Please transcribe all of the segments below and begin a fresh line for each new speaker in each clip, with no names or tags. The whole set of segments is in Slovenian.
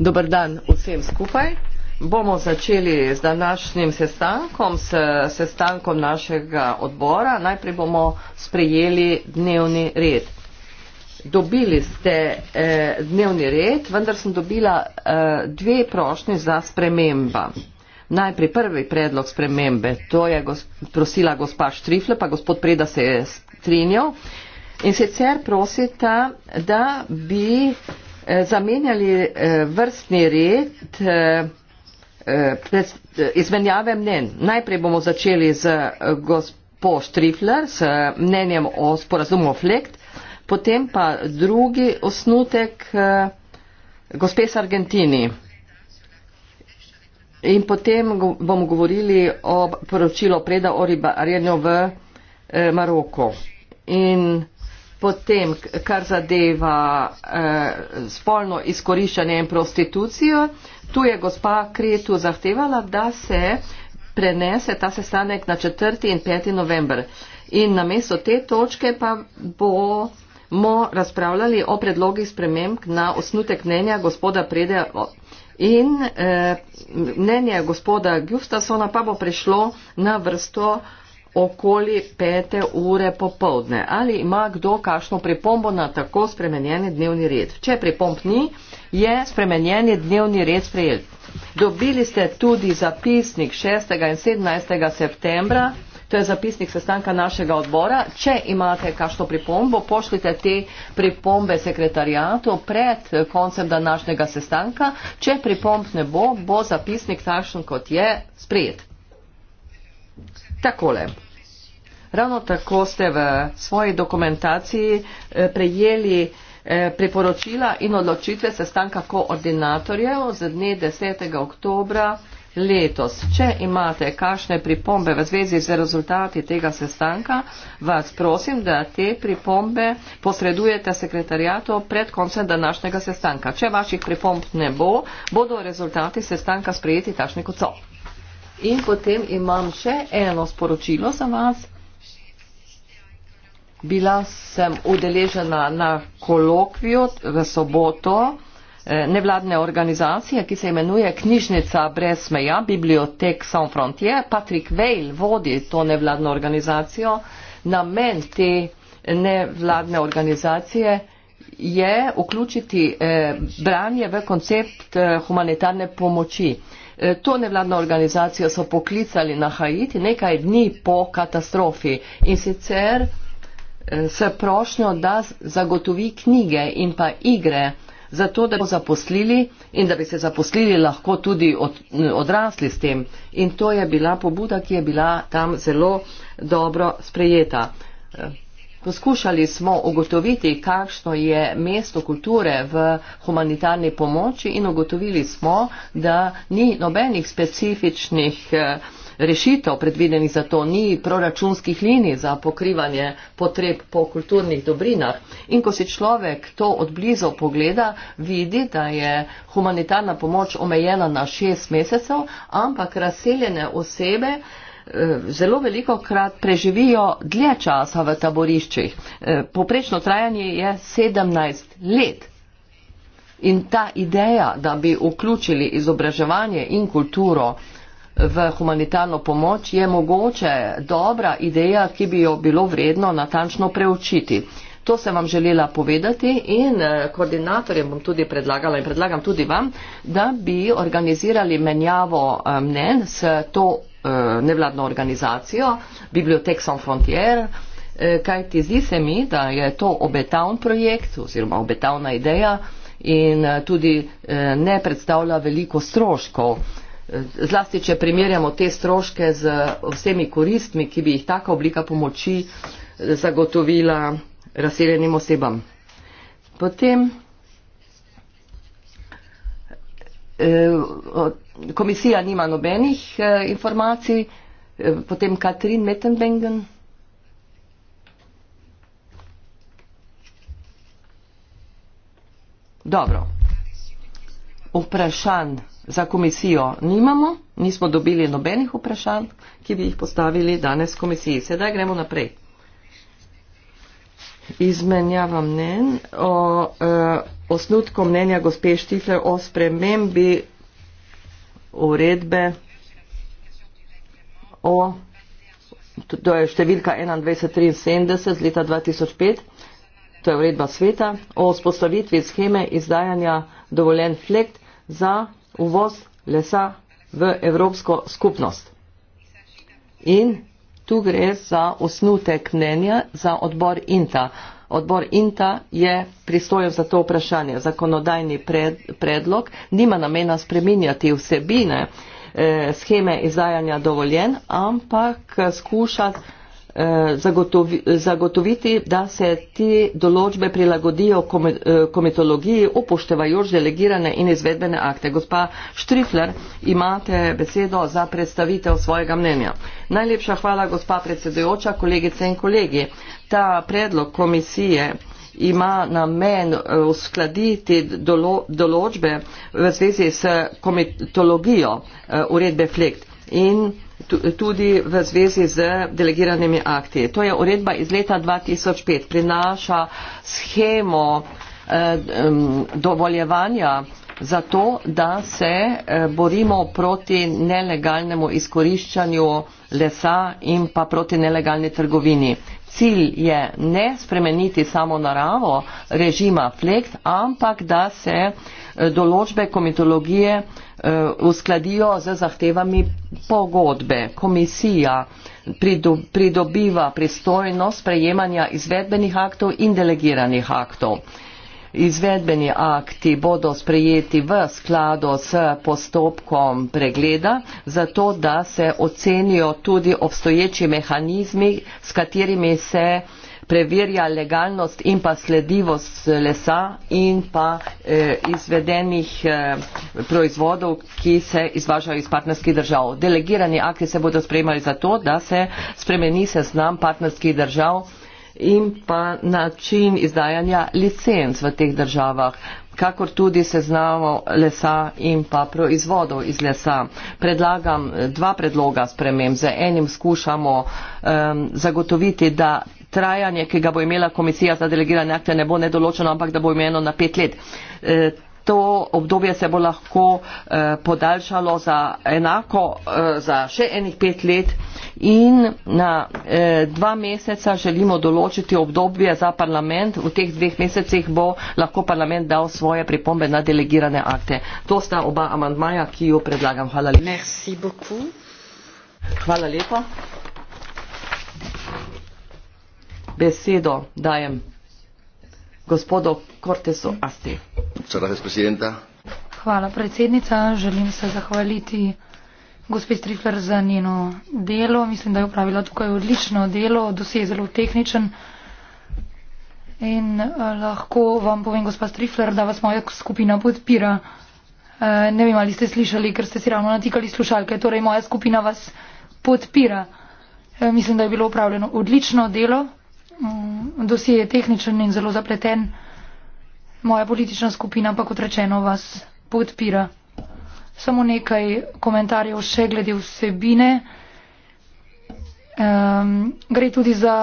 Dobar dan vsem skupaj. Bomo začeli z današnjim sestankom, s sestankom našega odbora. Najprej bomo sprejeli dnevni red. Dobili ste eh, dnevni red, vendar sem dobila eh, dve prošnje za sprememba. Najprej prvi predlog spremembe, to je gos prosila gospa Štrifle, pa gospod Preda se je strinjal, In sicer prosita, da bi eh, zamenjali eh, vrstni red eh, izmenjave mnen. Najprej bomo začeli z gospo Štrifler s mnenjem o sporazumu o flekt, potem pa drugi osnutek gospe s Argentini. In potem bomo govorili o poročilu preda o ribarjenju v Maroko. In potem kar zadeva eh, spolno izkoriščanje in prostitucijo, tu je gospa Kretu zahtevala, da se prenese ta sestanek na 4. in 5. november. In namesto te točke pa bomo razpravljali o predlogih sprememb na osnutek mnenja gospoda Prede in eh, mnenje gospoda Gjustasona pa bo prišlo na vrsto okoli pete ure popovdne. Ali ima kdo kakšno pripombo na tako spremenjeni dnevni red? Če pripomb ni, je spremenjeni dnevni red sprejel. Dobili ste tudi zapisnik 6. in 17. septembra, to je zapisnik sestanka našega odbora. Če imate kakšno pripombo, pošljite te pripombe sekretarijatu pred koncem današnjega sestanka. Če pripomb ne bo, bo zapisnik takšen, kot je, sprejet. Takole. Ravno tako ste v svoji dokumentaciji eh, prejeli eh, priporočila in odločitve sestanka koordinatorjev z dne 10. oktobra letos. Če imate kakšne pripombe v zvezi z rezultati tega sestanka, vas prosim, da te pripombe posredujete sekretarijatu pred koncem današnjega sestanka. Če vaših pripomb ne bo, bodo rezultati sestanka sprejeti takšni kot so. In potem imam še eno sporočilo za vas. Bila sem udeležena na kolokviju v soboto eh, nevladne organizacije, ki se imenuje Knjižnica brez meja, Bibliotek Sans Frontier. Patrick Veil vodi to nevladno organizacijo. Namen te nevladne organizacije je vključiti eh, branje v koncept eh, humanitarne pomoči. To nevladno organizacijo so poklicali na Haiti nekaj dni po katastrofi in sicer s prošnjo, da zagotovi knjige in pa igre, zato da bi se zaposlili in da bi se zaposlili lahko tudi od, odrasli s tem. In to je bila pobuda, ki je bila tam zelo dobro sprejeta. Poskušali smo ugotoviti, kakšno je mesto kulture v humanitarni pomoči in ugotovili smo, da ni nobenih specifičnih eh, rešitev predvidenih za to ni proračunskih linij za pokrivanje potreb po kulturnih dobrinah. In ko si človek to odblizu pogleda, vidi, da je humanitarna pomoč omejena na šest mesecev, ampak razseljene osebe eh, zelo veliko krat preživijo dlje časa v taboriščih. Eh, poprečno trajanje je 17 let. In ta ideja, da bi vključili izobraževanje in kulturo v humanitarno pomoč, je mogoče dobra ideja, ki bi jo bilo vredno natančno preučiti. To sem vam želela povedati in eh, koordinatorjem bom tudi predlagala in predlagam tudi vam, da bi organizirali menjavo eh, mnen s to eh, nevladno organizacijo Bibliotek Sans Frontier, kajti zdi se mi, da je to obetavn projekt oziroma obetavna ideja in tudi ne predstavlja veliko stroškov zlasti, če primerjamo te stroške z vsemi koristmi, ki bi jih taka oblika pomoči zagotovila razseljenim osebam. Potem eh, komisija nima nobenih eh, informacij, eh, potem Katrin Mettenbengen. Dobro. Vprašanje za komisijo nimamo, nismo dobili nobenih vprašanj, ki bi jih postavili danes komisiji. Sedaj gremo naprej. Izmenjava mnen o e, osnutku mnenja gospe Štifle o spremembi uredbe o. To je številka 2173 z leta 2005, to je uredba sveta o vzpostavitvi scheme izdajanja dovoljen flekt za uvoz lesa v Evropsko skupnost. In tu gre za osnutek mnenja za odbor INTA. Odbor INTA je pristojen za to vprašanje. Zakonodajni pred, predlog nima namena spreminjati vsebine eh, scheme izdajanja dovoljen, ampak skušati Eh, zagotoviti, da se te določbe prilagodijo eh, komitologiji, upoštevajoč delegirane in izvedbene akte. Gospa Štrifler, imate besedo za predstavitev svojega mnenja. Najlepša hvala, gospa predsedujoča, kolegice in kolegi. Ta predlog komisije ima namen eh, uskladiti določbe v zvezi s komitologijo uredbe FLEKT in tudi v zvezi z delegiranimi akti. To je uredba iz leta 2005, prinaša schemo eh, dovoljevanja za to, da se eh, borimo proti nelegalnemu izkoriščanju lesa in pa proti nelegalni trgovini. Cilj je ne spremeniti samo naravo režima FLEKT, ampak da se eh, določbe komitologije eh, uskladijo z zahtevami pogodbe. Komisija pridobiva pristojnost prejemanja izvedbenih aktov in delegiranih aktov. Izvedbeni akti bodo sprejeti v skladu s postopkom pregleda, zato da se ocenijo tudi obstoječi mehanizmi, s katerimi se eh, preverja legalnost in pa sledivost lesa in pa eh, izvedenih eh, proizvodov, ki se izvažajo iz partnerskih držav. Delegirani akti se bodo sprejemali zato, da se spremeni seznam partnerskih držav in pa način izdajanja licenc v teh državah kakor tudi seznamo lesa in pa proizvodov iz lesa. Predlagam eh, dva predloga sprememb. Z enim skušamo um, zagotoviti, da trajanje, ki ga bo imela komisija za delegirane akte, ne bo nedoločeno, ampak da bo imeno na pet let. E, to obdobje se bo lahko e, podaljšalo za enako, e, za še enih pet let in na dva meseca želimo določiti obdobje za parlament. V teh dveh mesecih bo lahko parlament dal svoje pripombe na delegirane akte. To sta oba amandmaja, ki jo predlagam. Hvala lepa. Merci beaucoup. Hvala lepa besedo dajem gospodu Cortesu Asti.
Hvala predsednica, želim se zahvaliti gospod Strifler za njeno delo. Mislim, da je upravila tukaj odlično delo, dosje je zelo tehničen. In eh, lahko vam povem, gospod Strifler, da vas moja skupina podpira. Eh, ne vem, ali ste slišali, ker ste si ravno natikali slušalke, torej moja skupina vas podpira. Eh, mislim, da je bilo upravljeno odlično delo. Mm, dosi je tehničen in zelo zapleten. Moja politična skupina pa kot rečeno vas podpira. Samo nekaj komentarjev še glede vsebine. Um, gre tudi za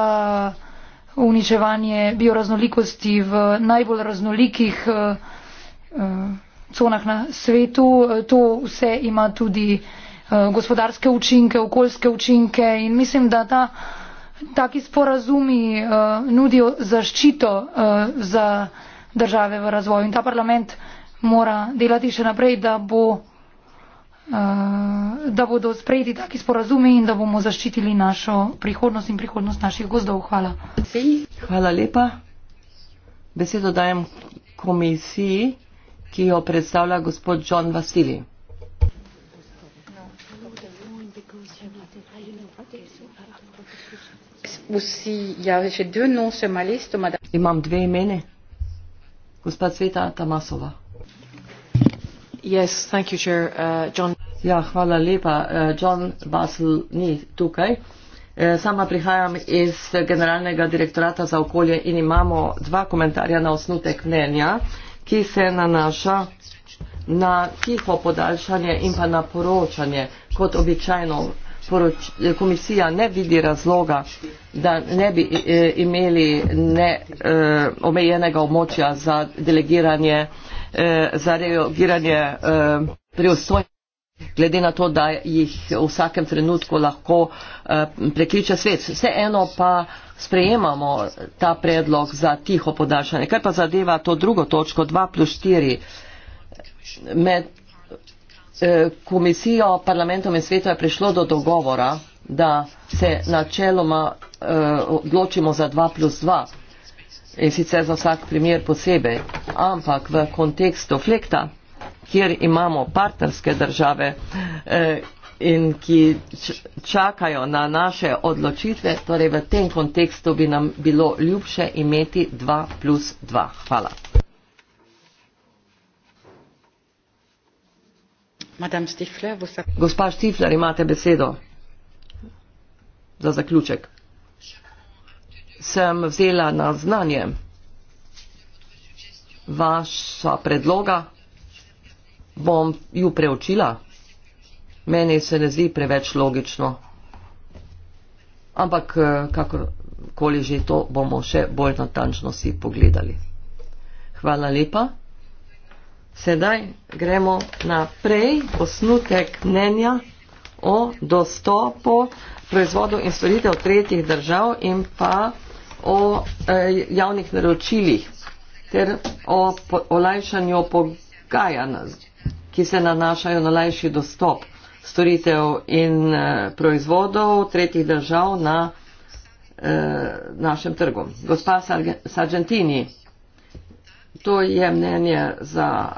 uničevanje bioraznolikosti v najbolj raznolikih uh, conah na svetu. To vse ima tudi uh, gospodarske učinke, okoljske učinke in mislim, da ta uh, taki sporazumi uh, nudijo zaščito uh, za države v razvoju. In ta parlament mora delati še naprej, da, bo, uh, da bodo sprejeti taki sporazumi in da bomo zaščitili našo prihodnost in prihodnost naših gozdov. Hvala.
Hvala lepa. Besedo dajem komisiji, ki jo predstavlja gospod John Vasili.
vsi javi, še dve no somalisti,
madam. Imam dve imene. Gospa Cveta Tamasova. Yes, thank you, chair, uh, ja, hvala lepa. Uh, John Basel ni tukaj. Uh, sama prihajam iz Generalnega direktorata za okolje in imamo dva komentarja na osnutek mnenja, ki se nanaša na tiho podaljšanje in pa na poročanje. Kot običajno poroč, komisija ne vidi razloga, da ne bi e, imeli ne, eh, omejenega območja za delegiranje, eh, za reagiranje eh, pri ostojih, glede na to, da jih v vsakem trenutku lahko eh, prekliče svet. Vseeno pa sprejemamo ta predlog za tiho podaljšanje. Kaj pa zadeva to drugo točko, 2 plus 4? Med Eh, komisijo, parlamentom in svetu je prišlo do dogovora, da se načeloma eh, odločimo za 2 plus 2 in sicer za vsak primer posebej, ampak v kontekstu flekta, kjer imamo partnerske države eh, in ki čakajo na naše odločitve, torej v tem kontekstu bi nam bilo ljubše imeti 2 plus 2. Hvala. Gospa Štifler, imate besedo za zaključek. Sem vzela na znanje vaša predloga, bom ju preučila. Meni se ne zdi preveč logično. Ampak eh, kakorkoli že to, bomo še bolj natančno si pogledali. Hvala lepa. Sedaj gremo naprej osnutek mnenja o dostopu proizvodov in storitev tretjih držav in pa o eh, javnih naročilih ter o po, olajšanju pogajan, ki se nanašajo na lajši dostop storitev in eh, proizvodov tretjih držav na eh, našem trgu. Gospa Sargentini. Sarge, To je mnenje za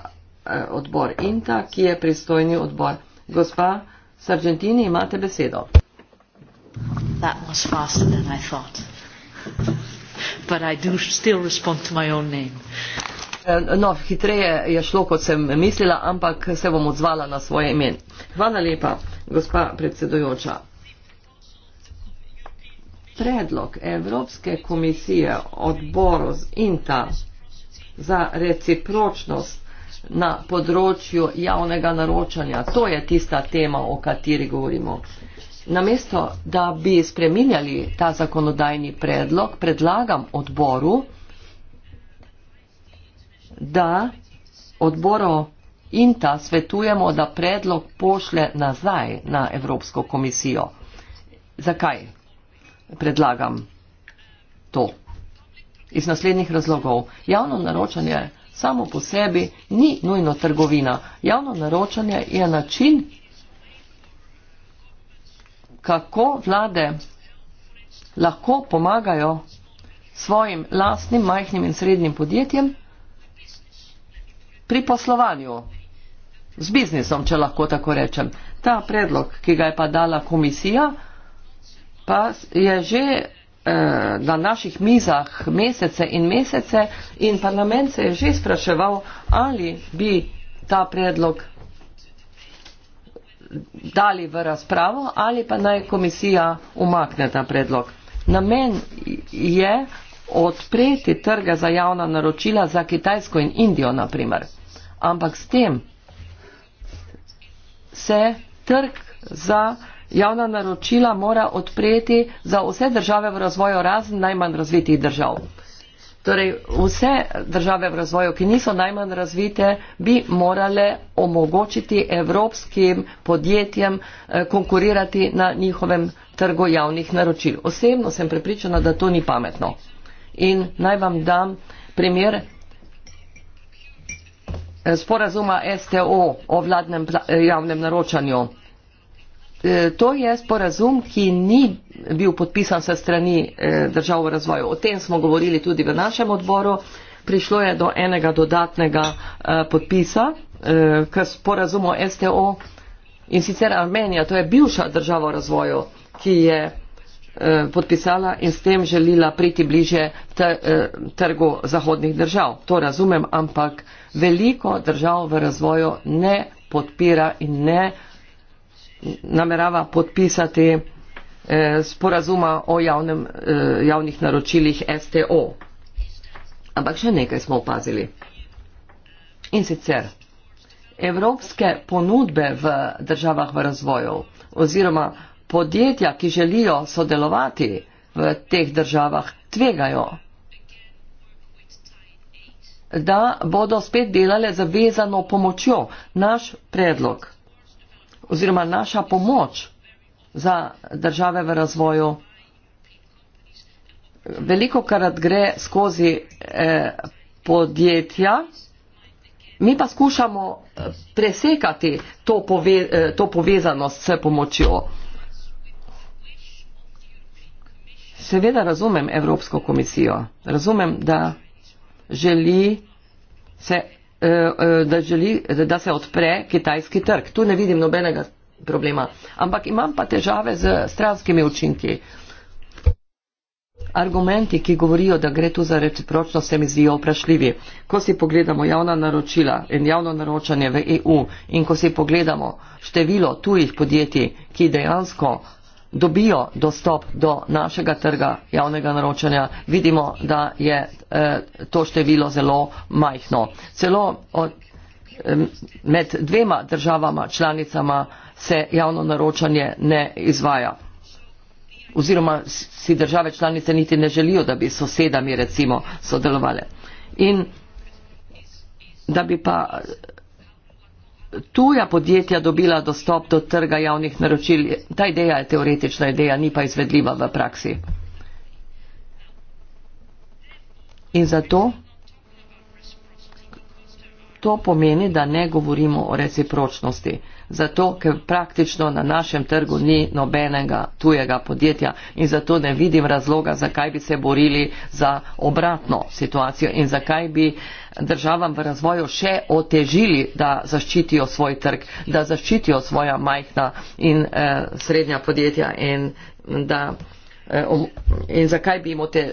eh, odbor INTA, ki je pristojni odbor. Gospa Sargentini, imate besedo. That was faster than I thought. But I do still respond to my own name. Eh, no, hitreje je šlo, kot sem mislila, ampak se bom odzvala na svoje ime. Hvala lepa, gospa predsedojoča. Predlog Evropske komisije odboru z INTA za recipročnost na področju javnega naročanja. To je tista tema, o kateri govorimo. Namesto, da bi spreminjali ta zakonodajni predlog, predlagam odboru, da odboru in ta svetujemo, da predlog pošle nazaj na Evropsko komisijo. Zakaj predlagam to? iz naslednjih razlogov. Javno naročanje samo po sebi ni nujno trgovina. Javno naročanje je način, kako vlade lahko pomagajo svojim lastnim majhnim in srednjim podjetjem pri poslovanju z biznisom, če lahko tako rečem. Ta predlog, ki ga je pa dala komisija, pa je že Eh, na naših mizah mesece in mesece in parlament se je že spraševal, ali bi ta predlog dali v razpravo ali pa naj komisija umakne ta predlog. Namen je odpreti trga za javna naročila za Kitajsko in Indijo, naprimer. Ampak s tem se trg za javna naročila mora odpreti za vse države v razvoju, razen najmanj razvitih držav. Torej, vse države v razvoju, ki niso najmanj razvite, bi morale omogočiti evropskim podjetjem eh, konkurirati na njihovem trgu javnih naročil. Osebno sem prepričana, da to ni pametno. In naj vam dam primer eh, sporazuma STO o vladnem eh, javnem naročanju. Eh, to je sporazum, ki ni bil podpisan se strani eh, držav v razvoju. O tem smo govorili tudi v našem odboru. Prišlo je do enega dodatnega eh, podpisa k sporazumu STO in sicer Armenija, to je bivša država v razvoju, ki je podpisala in s tem želila priti bliže trgu zahodnih držav. To razumem, ampak veliko držav v razvoju ne podpira in ne namerava podpisati eh, sporazuma o javnem, eh, javnih naročilih STO. Ampak še nekaj smo opazili. In sicer evropske ponudbe v državah v razvoju oziroma podjetja, ki želijo sodelovati v teh državah, tvegajo, da bodo spet delale zavezano pomočjo. Naš predlog oziroma naša pomoč za države v razvoju. Veliko krat gre skozi eh, podjetja, mi pa skušamo eh, presekati to, pove, eh, to povezanost s pomočjo. Seveda razumem Evropsko komisijo, razumem, da želi se Eh, eh, da, želi, da se odpre kitajski trg. Tu ne vidim nobenega problema. Ampak imam pa težave z stranskimi učinki. Argumenti, ki govorijo, da gre tu za recipročnost, se mi zdijo vprašljivi. Ko si pogledamo javna naročila in javno naročanje v EU in ko si pogledamo število tujih podjetij, ki dejansko dobijo dostop do našega trga javnega naročanja, vidimo, da je eh, to število zelo majhno. Celo od, med dvema državama članicama se javno naročanje ne izvaja. Oziroma si države članice niti ne želijo, da bi sosedami recimo sodelovali. In da bi pa tuja podjetja dobila dostop do trga javnih naročil. Ta ideja je teoretična ideja, ni pa izvedljiva v praksi. In zato to pomeni, da ne govorimo o recipročnosti. Zato, ker praktično na našem trgu ni nobenega tujega podjetja in zato ne vidim razloga, zakaj bi se borili za obratno situacijo in zakaj bi uh, državam v razvoju še otežili, da zaščitijo svoj trg, da zaščitijo svoja majhna in eh, srednja podjetja in, da, eh, in zakaj bi jim ote, eh,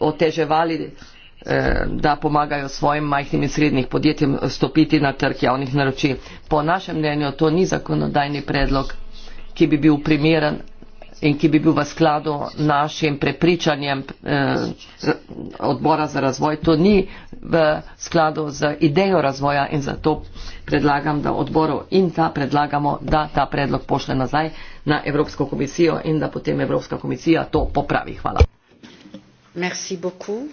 oteževali, eh, da pomagajo svojim majhnim in srednjim podjetjem stopiti na trg javnih naročil. Po našem mnenju to ni zakonodajni predlog, ki bi bil primeren in ki bi bil v skladu našim prepričanjem eh, odbora za razvoj. To ni v skladu z idejo razvoja in zato predlagam, da odboru in ta predlagamo, da ta predlog pošle nazaj na Evropsko komisijo in da potem Evropska komisija to popravi. Hvala.
Merci beaucoup.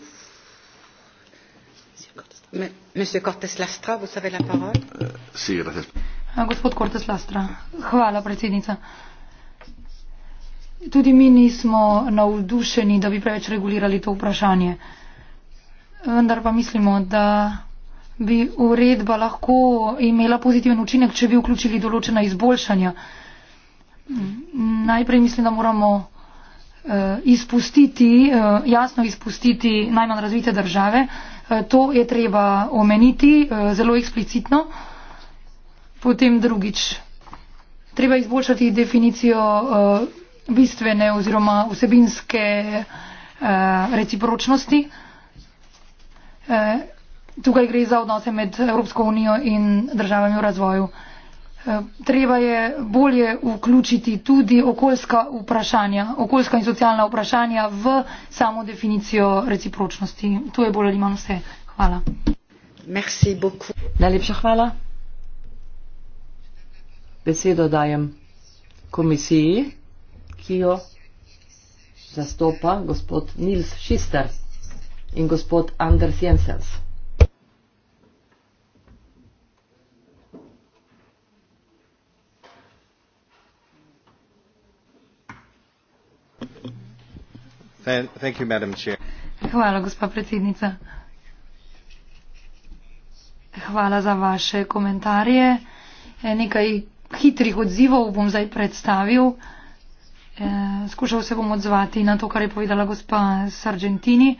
Monsieur Cortes Lastra, vous avez la parole. Uh, eh,
si, eh,
gospod Cortes Lastra, hvala predsednica. Uh, Tudi mi nismo navdušeni, da bi preveč regulirali to vprašanje. Vendar pa mislimo, da bi uredba lahko imela pozitiven učinek, če bi vključili določena izboljšanja. Najprej mislim, da moramo eh, izpustiti, eh, jasno izpustiti najmanj razvite države. Eh, to je treba omeniti zelo eksplicitno. Potem drugič. Treba izboljšati definicijo bistvene oziroma vsebinske eh, recipročnosti. Eh, tukaj gre za odnose med Evropsko unijo in državami v razvoju. Eh, treba je bolje vključiti tudi okoljska vprašanja, okoljska in socialna vprašanja v samo definicijo recipročnosti. To je bolj ali manj vse. Hvala.
Najlepša hvala. Besedo dajem komisiji ki jo zastopa gospod Nils Šister in gospod Anders Jensens.
Thank you,
Hvala, gospa predsednica. Hvala za vaše komentarje. E, nekaj hitrih odzivov bom zdaj predstavil. Eh, skušal se bom odzvati na to, kar je povedala gospa z Argentini.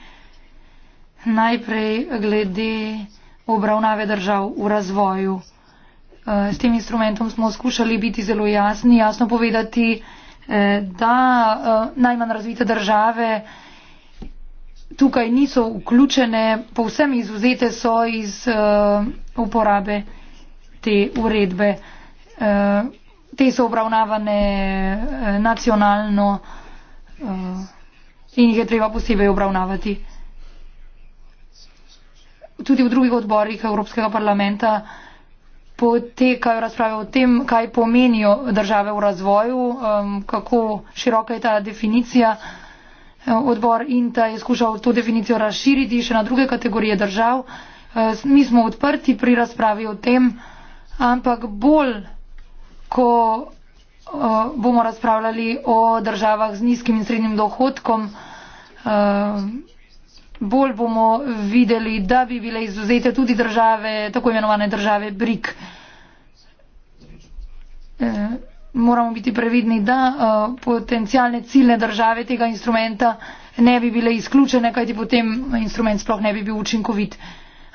Najprej glede obravnave držav v razvoju. Eh, s tem instrumentom smo skušali biti zelo jasni, jasno povedati, eh, da najmanj razvite države tukaj niso vključene, povsem izuzete so iz uporabe te uredbe te so obravnavane eh, nacionalno eh, in jih je treba posebej obravnavati. Tudi v drugih odborih Evropskega parlamenta potekajo razprave o tem, kaj pomenijo države v razvoju, kako široka je ta definicija. Eh, odbor INTA je skušal to definicijo razširiti še na druge kategorije držav. Mi smo odprti pri razpravi o tem, ampak bolj ko uh, bomo razpravljali o državah z nizkim in srednjim dohodkom, uh, bolj bomo videli, da bi bile izuzete tudi države, tako imenovane države BRIC. Eh, moramo biti previdni, da potencijalne ciljne države tega instrumenta ne bi bile izključene, kajti potem instrument sploh ne bi bil učinkovit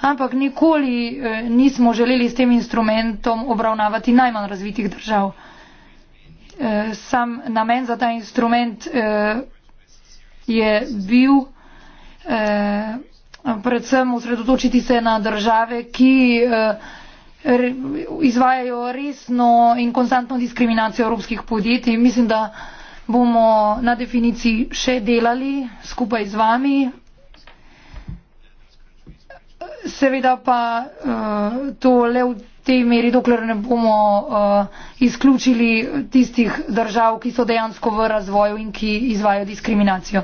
ampak nikoli eh, nismo želeli s tem instrumentom obravnavati najmanj razvitih držav. Eh, sam namen za ta instrument eh, je bil predvsem usredotočiti se na države, ki izvajajo resno in konstantno diskriminacijo evropskih podjetij. Mislim, da bomo na definiciji še delali skupaj z vami, seveda pa uh, to le v tej meri, dokler ne bomo uh, izključili tistih držav, ki so dejansko v razvoju in ki izvajo diskriminacijo.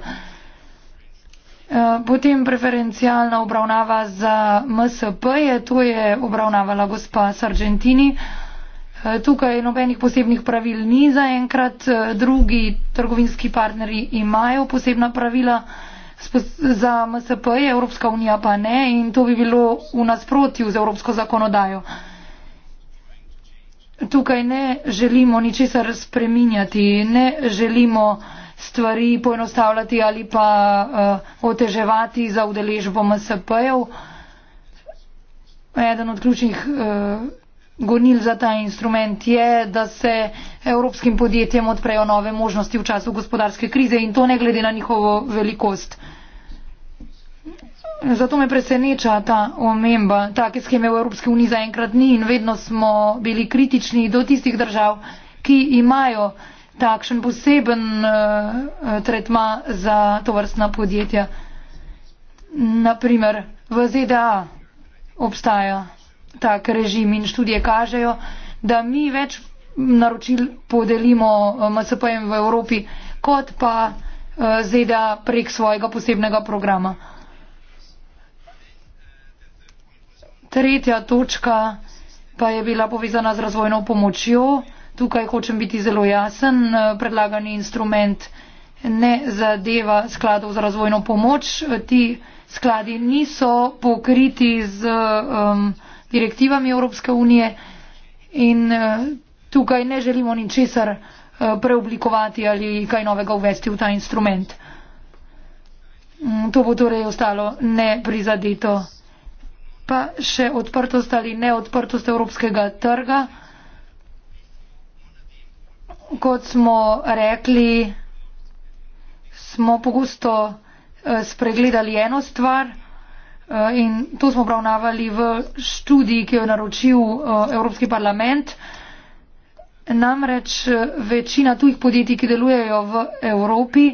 Eh, potem preferencialna obravnava za MSP je, to je obravnavala gospa Sargentini. Tukaj nobenih posebnih pravil ni zaenkrat, drugi trgovinski partneri imajo posebna pravila za MSP, Evropska unija pa ne in to bi bilo v nasprotju z evropsko zakonodajo. Tukaj ne želimo ničesar spreminjati, ne želimo stvari poenostavljati ali pa uh, oteževati za udeležbo MSP-jev. Eden od ključnih uh, gonil za ta instrument je, da se evropskim podjetjem odprejo nove možnosti v času gospodarske krize in to ne glede na njihovo velikost. Zato me preseneča ta omemba. Take scheme v Evropski uniji zaenkrat ni in vedno smo bili kritični do tistih držav, ki imajo takšen poseben uh, tretma za to vrstna podjetja. Naprimer, v ZDA obstaja tak režim in študije kažejo, da mi več naročil podelimo eh, MCP-jem v Evropi, kot pa eh, ZDA prek svojega posebnega programa. Tretja točka pa je bila povezana z razvojno pomočjo. Tukaj hočem biti zelo jasen. Eh, predlagani instrument ne zadeva skladov za razvojno pomoč. Ti skladi niso pokriti z. Um, direktivami Evropske unije in eh, tukaj ne želimo ničesar eh, preoblikovati ali kaj novega uvesti v ta instrument. Mm, to bo torej ostalo neprizadeto. Pa še odprtost ali neodprtost evropskega trga. Kot smo rekli, smo pogosto eh, spregledali eno stvar, Eh, in to smo obravnavali v študiji, ki jo je naročil eh, Evropski parlament. Namreč eh, večina tujih podjetij, ki delujejo v Evropi,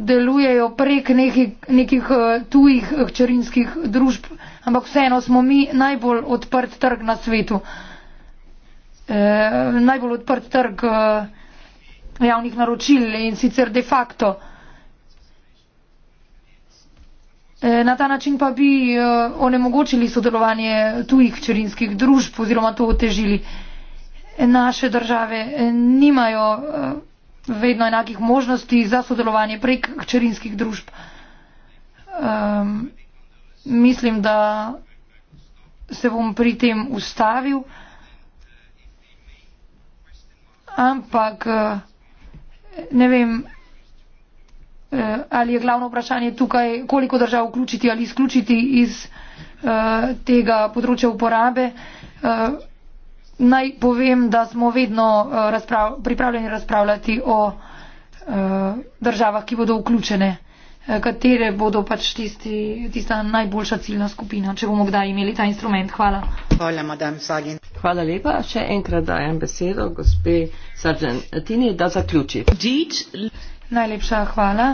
delujejo prek nekih, nekih tujih hčerinskih družb, ampak vseeno smo mi najbolj odprt trg na svetu. Najbolj odprt trg javnih naročil in sicer de facto. Eh, na ta način pa bi eh, onemogočili sodelovanje tujih čerinskih družb oziroma to otežili. Naše države eh, nimajo vedno enakih možnosti za sodelovanje prek čerinskih družb. Um, mislim, da se bom pri tem ustavil, ampak ne vem, Eh, ali je glavno vprašanje tukaj, koliko držav vključiti ali izključiti iz eh, tega področja uporabe. Eh, naj povem, da smo vedno razprav pripravljeni razpravljati o državah, ki bodo vključene, katere bodo pač tisti, tista najboljša ciljna skupina, če bomo kdaj imeli ta instrument. Hvala.
Hvala, madam Sagin. Hvala lepa. Še enkrat dajem besedo gospe Sargentini, da zaključi. Deet.
Najlepša hvala.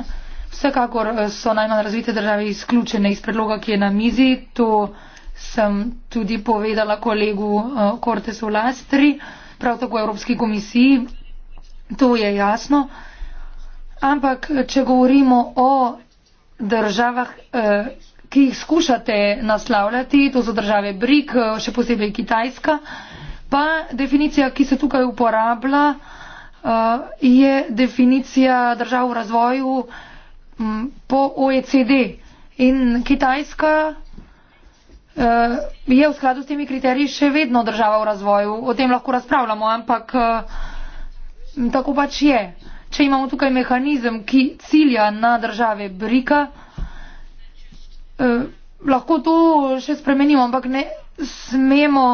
Vsekakor eh, so najmanj razvite države izključene iz predloga, ki je na mizi. To sem tudi povedala kolegu Kortesu eh, Lastri, prav tako Evropski komisiji. To je jasno. Ampak, če govorimo o državah, eh, ki jih skušate naslavljati, to so države BRIC, še posebej Kitajska, pa definicija, ki se tukaj uporablja, Eh, je definicija držav v razvoju mm, po OECD. In Kitajska eh, je v skladu s temi kriteriji še vedno država v razvoju. O tem lahko razpravljamo, ampak eh, tako pač je. Če imamo tukaj mehanizem, ki cilja na države brika, lahko to še spremenimo, ampak ne smemo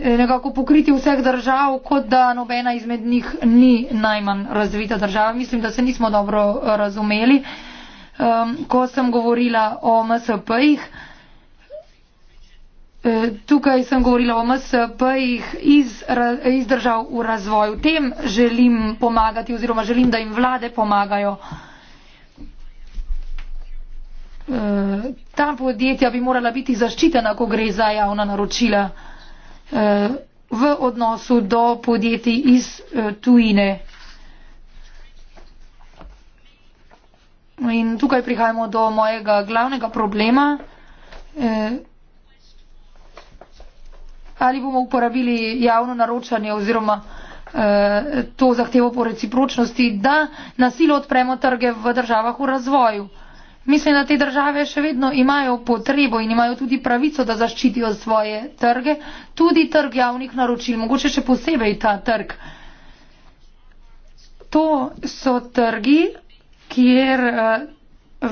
nekako pokriti vseh držav, kot da nobena izmed njih ni najmanj razvita država. Mislim, da se nismo dobro razumeli. Um, ko sem govorila o MSP-jih, e, tukaj sem govorila o MSP-jih iz, iz držav v razvoju. Tem želim pomagati oziroma želim, da jim vlade pomagajo. E, ta podjetja bi morala biti zaščitena, ko gre za javna naročila. Eh, v odnosu do podjetij iz eh, tujine. In tukaj prihajamo do mojega glavnega problema. Eh, ali bomo uporabili javno naročanje oziroma to zahtevo po recipročnosti, da nasilo odpremo trge v državah v razvoju. Mislim, da te države še vedno imajo potrebo in imajo tudi pravico, da zaščitijo svoje trge, tudi trg javnih naročil, mogoče še posebej ta trg. To so trgi, kjer eh,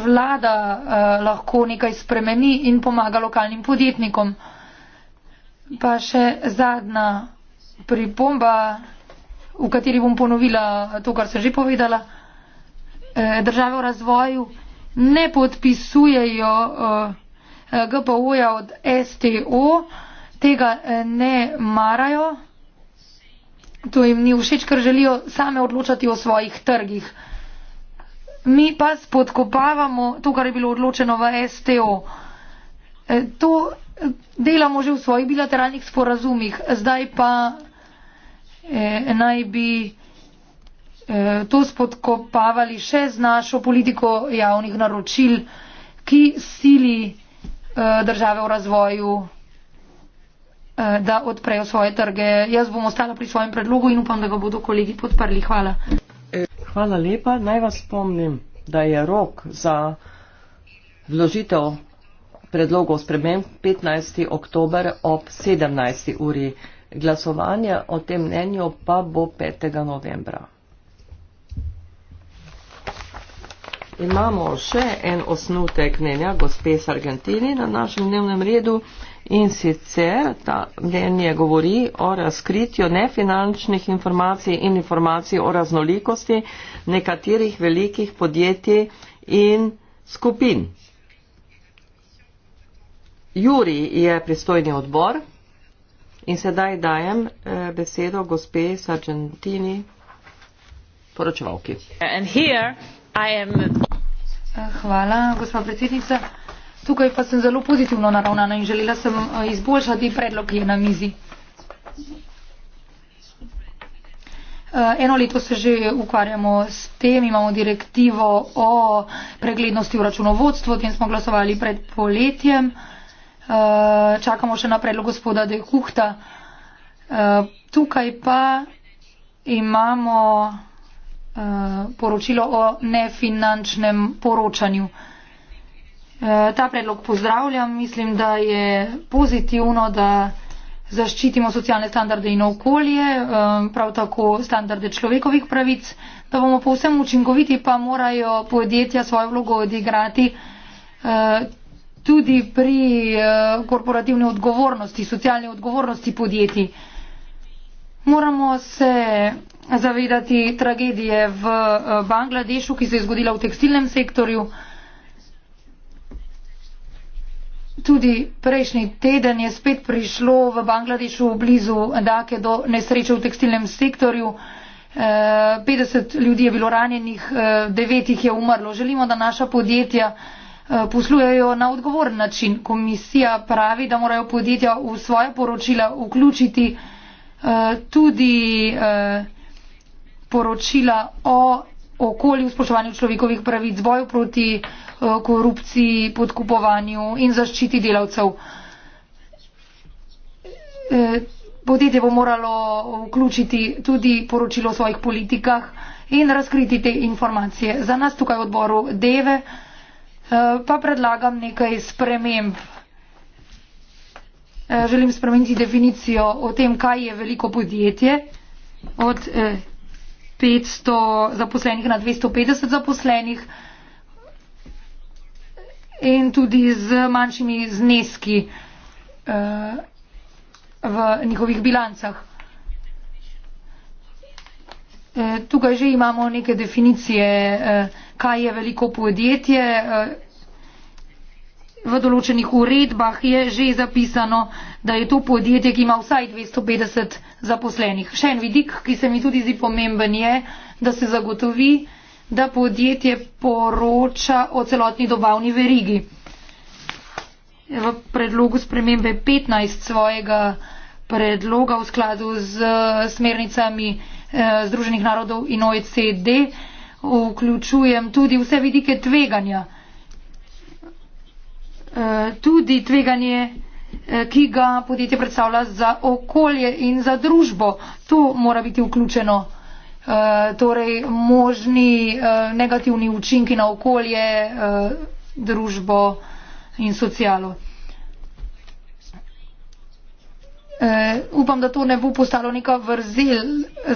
vlada eh, lahko nekaj spremeni in pomaga lokalnim podjetnikom. Pa še zadnja pripomba, v kateri bom ponovila to, kar sem že povedala. Eh, države v razvoju ne podpisujejo eh, GPO-ja od STO, tega eh, ne marajo, to jim ni všeč, ker želijo same odločati o svojih trgih. Mi pa spodkopavamo to, kar je bilo odločeno v STO. Eh, to delamo že v svojih bilateralnih sporazumih. Zdaj pa eh, naj bi. Eh, to spodkopavali še z našo politiko javnih naročil, ki sili eh, države v razvoju, eh, da odprejo svoje trge. Jaz bom ostala pri svojem predlogu in upam, da ga bodo kolegi podprli. Hvala.
Hvala lepa. Naj vas spomnim, da je rok za vložitev predlogov sprememb 15. oktober ob 17. uri. Glasovanje o tem mnenju pa bo 5. novembra. imamo še en osnutek mnenja gospe Sargentini na našem dnevnem redu in sicer ta mnenje govori o razkritju nefinančnih informacij in informacij o raznolikosti nekaterih velikih podjetij in skupin. Juri je pristojni odbor in sedaj dajem eh, besedo gospe Sargentini.
And here Eh, hvala, gospa predsednica. Tukaj pa sem zelo pozitivno naravnana in želela sem eh, izboljšati predlog, ki je na mizi. Eh, eno leto se že ukvarjamo s tem, imamo direktivo o preglednosti v računovodstvu, o tem smo glasovali pred poletjem. Čakamo še na predlog gospoda Dehuhta. Tukaj pa imamo. Eh, poročilo o nefinančnem poročanju. Eh, ta predlog pozdravljam, mislim, da je pozitivno, da zaščitimo socialne standarde in okolje, eh, prav tako standarde človekovih pravic, da bomo povsem učinkoviti, pa morajo podjetja svojo vlogo odigrati tudi pri korporativni odgovornosti, socialni odgovornosti podjetij. Moramo se zavedati tragedije v eh, Bangladešu, ki se je zgodila v tekstilnem sektorju. Tudi prejšnji teden je spet prišlo v Bangladešu blizu Dake do nesreče v tekstilnem sektorju. 50 eh, ljudi je bilo ranjenih, 9 eh, jih je umrlo. Želimo, da naša podjetja poslujejo na odgovoren način. Komisija pravi, da morajo podjetja v svoje poročila vključiti tudi poročila o okolju spoštovanju človekovih pravic, boju proti eh, korupciji, podkupovanju in zaščiti delavcev. Eh, podjetje bo moralo vključiti tudi poročilo o svojih politikah in razkriti te informacije. Za nas tukaj v odboru Deve eh, pa predlagam nekaj sprememb. Želim spremeniti definicijo o tem, kaj je veliko podjetje od 500 zaposlenih na 250 zaposlenih in tudi z manjšimi zneski eh, v njihovih bilancah. Eh, tukaj že imamo neke definicije, eh, kaj je veliko podjetje v določenih uredbah je že zapisano, da je to podjetje, ki ima vsaj 250 zaposlenih. Še en vidik, ki se mi tudi zdi pomemben, je, da se zagotovi, da podjetje poroča o celotni dobavni verigi. V predlogu spremembe 15 svojega predloga v skladu z smernicami eh, Združenih narodov in OECD vključujem tudi vse vidike tveganja Eh, tudi tveganje, eh, ki ga podjetje predstavlja za okolje in za družbo. To mora biti vključeno. Eh, torej možni negativni učinki na okolje, družbo in socialo. Uh, upam, da to ne bo postalo neka vrzel,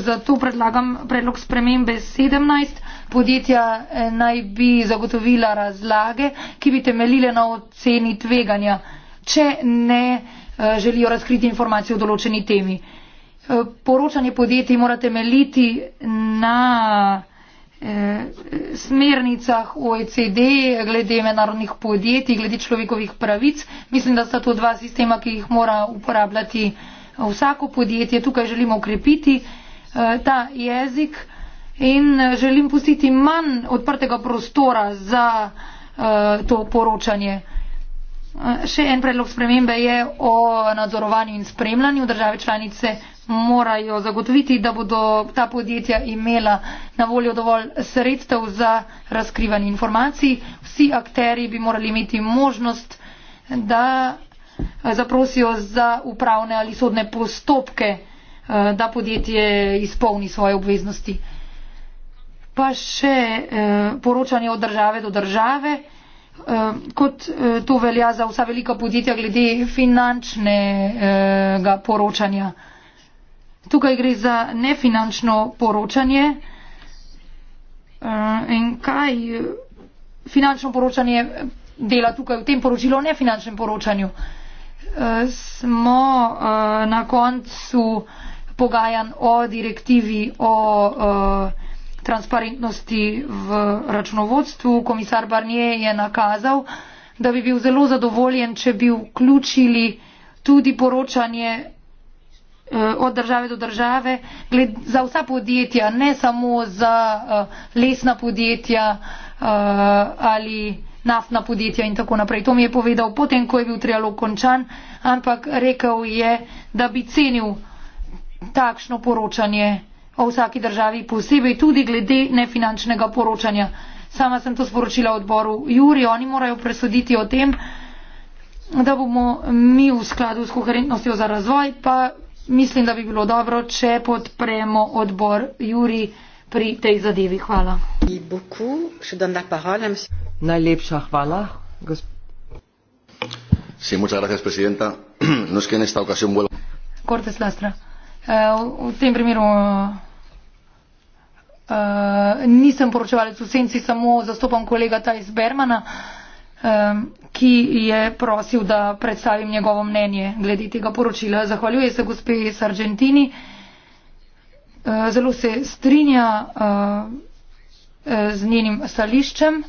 zato predlagam predlog spremembe 17. Uh, Podjetja eh, naj bi zagotovila razlage, ki bi temeljile na oceni tveganja, če ne eh, želijo razkriti informacije o določeni temi. Eh, poročanje podjetij mora temeljiti na smernicah OECD glede mednarodnih podjetij, glede človekovih pravic. Mislim, da sta to dva sistema, ki jih mora uporabljati vsako podjetje. Tukaj želimo ukrepiti ta jezik in eh, želim pustiti manj odprtega prostora za uh, to poročanje. Eh, še en predlog spremembe je o nadzorovanju in spremljanju. Države članice morajo zagotoviti, da bodo ta podjetja imela na voljo dovolj sredstev za razkrivanje informacij. Vsi akteri bi morali imeti možnost, da zaprosijo za upravne ali sodne postopke, da podjetje izpolni svoje obveznosti pa še eh, poročanje od države do države, eh, kot eh, to velja za vsa velika podjetja glede finančnega poročanja. Tukaj gre za nefinančno poročanje. In kaj finančno poročanje dela tukaj v tem poročilu o nefinančnem poročanju? Smo na koncu pogajan o direktivi o transparentnosti v računovodstvu. Komisar Barnier je nakazal, da bi bil zelo zadovoljen, če bi vključili tudi poročanje eh, od države do države gled, za vsa podjetja, ne samo za uh, lesna podjetja uh, ali naftna podjetja in tako naprej. To mi je povedal potem, ko je bil trialog končan, ampak rekel je, da bi cenil takšno poročanje uh, o vsaki državi posebej tudi glede nefinančnega poročanja. Sama sem to sporočila odboru Juri, oni morajo presuditi o tem, da bomo mi v skladu s koherentnostjo za razvoj, pa mislim, da bi bilo dobro, če podpremo odbor Juri pri tej zadevi. Hvala.
Najlepša hvala.
Sí, muchas gracias, presidenta. No es que en esta ocasión vuelva.
Cortes Lastra. Eh, v tem primeru uh, nisem poročevalec v senci, samo zastopam kolega Tajs Bermana, um, ki je prosil, da predstavim njegovo mnenje glede tega poročila. Zahvaljuje se gospe iz Argentini. Zelo se strinja z njenim stališčem.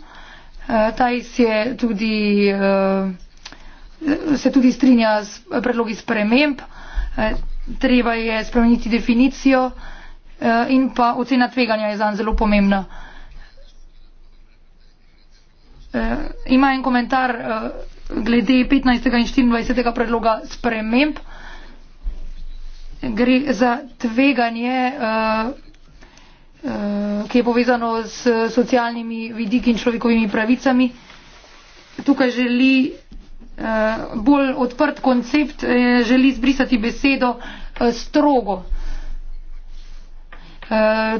Tajs je tudi, se tudi strinja s predlogi sprememb treba je spremeniti definicijo eh, in pa ocena tveganja je zanj zelo pomembna. Eh, ima en komentar eh, glede 15. in 24. predloga sprememb. Gre za tveganje, ki je povezano s socialnimi vidiki in človekovimi pravicami. Tukaj želi Eh, bolj odprt koncept, eh, želi zbrisati besedo eh, strogo.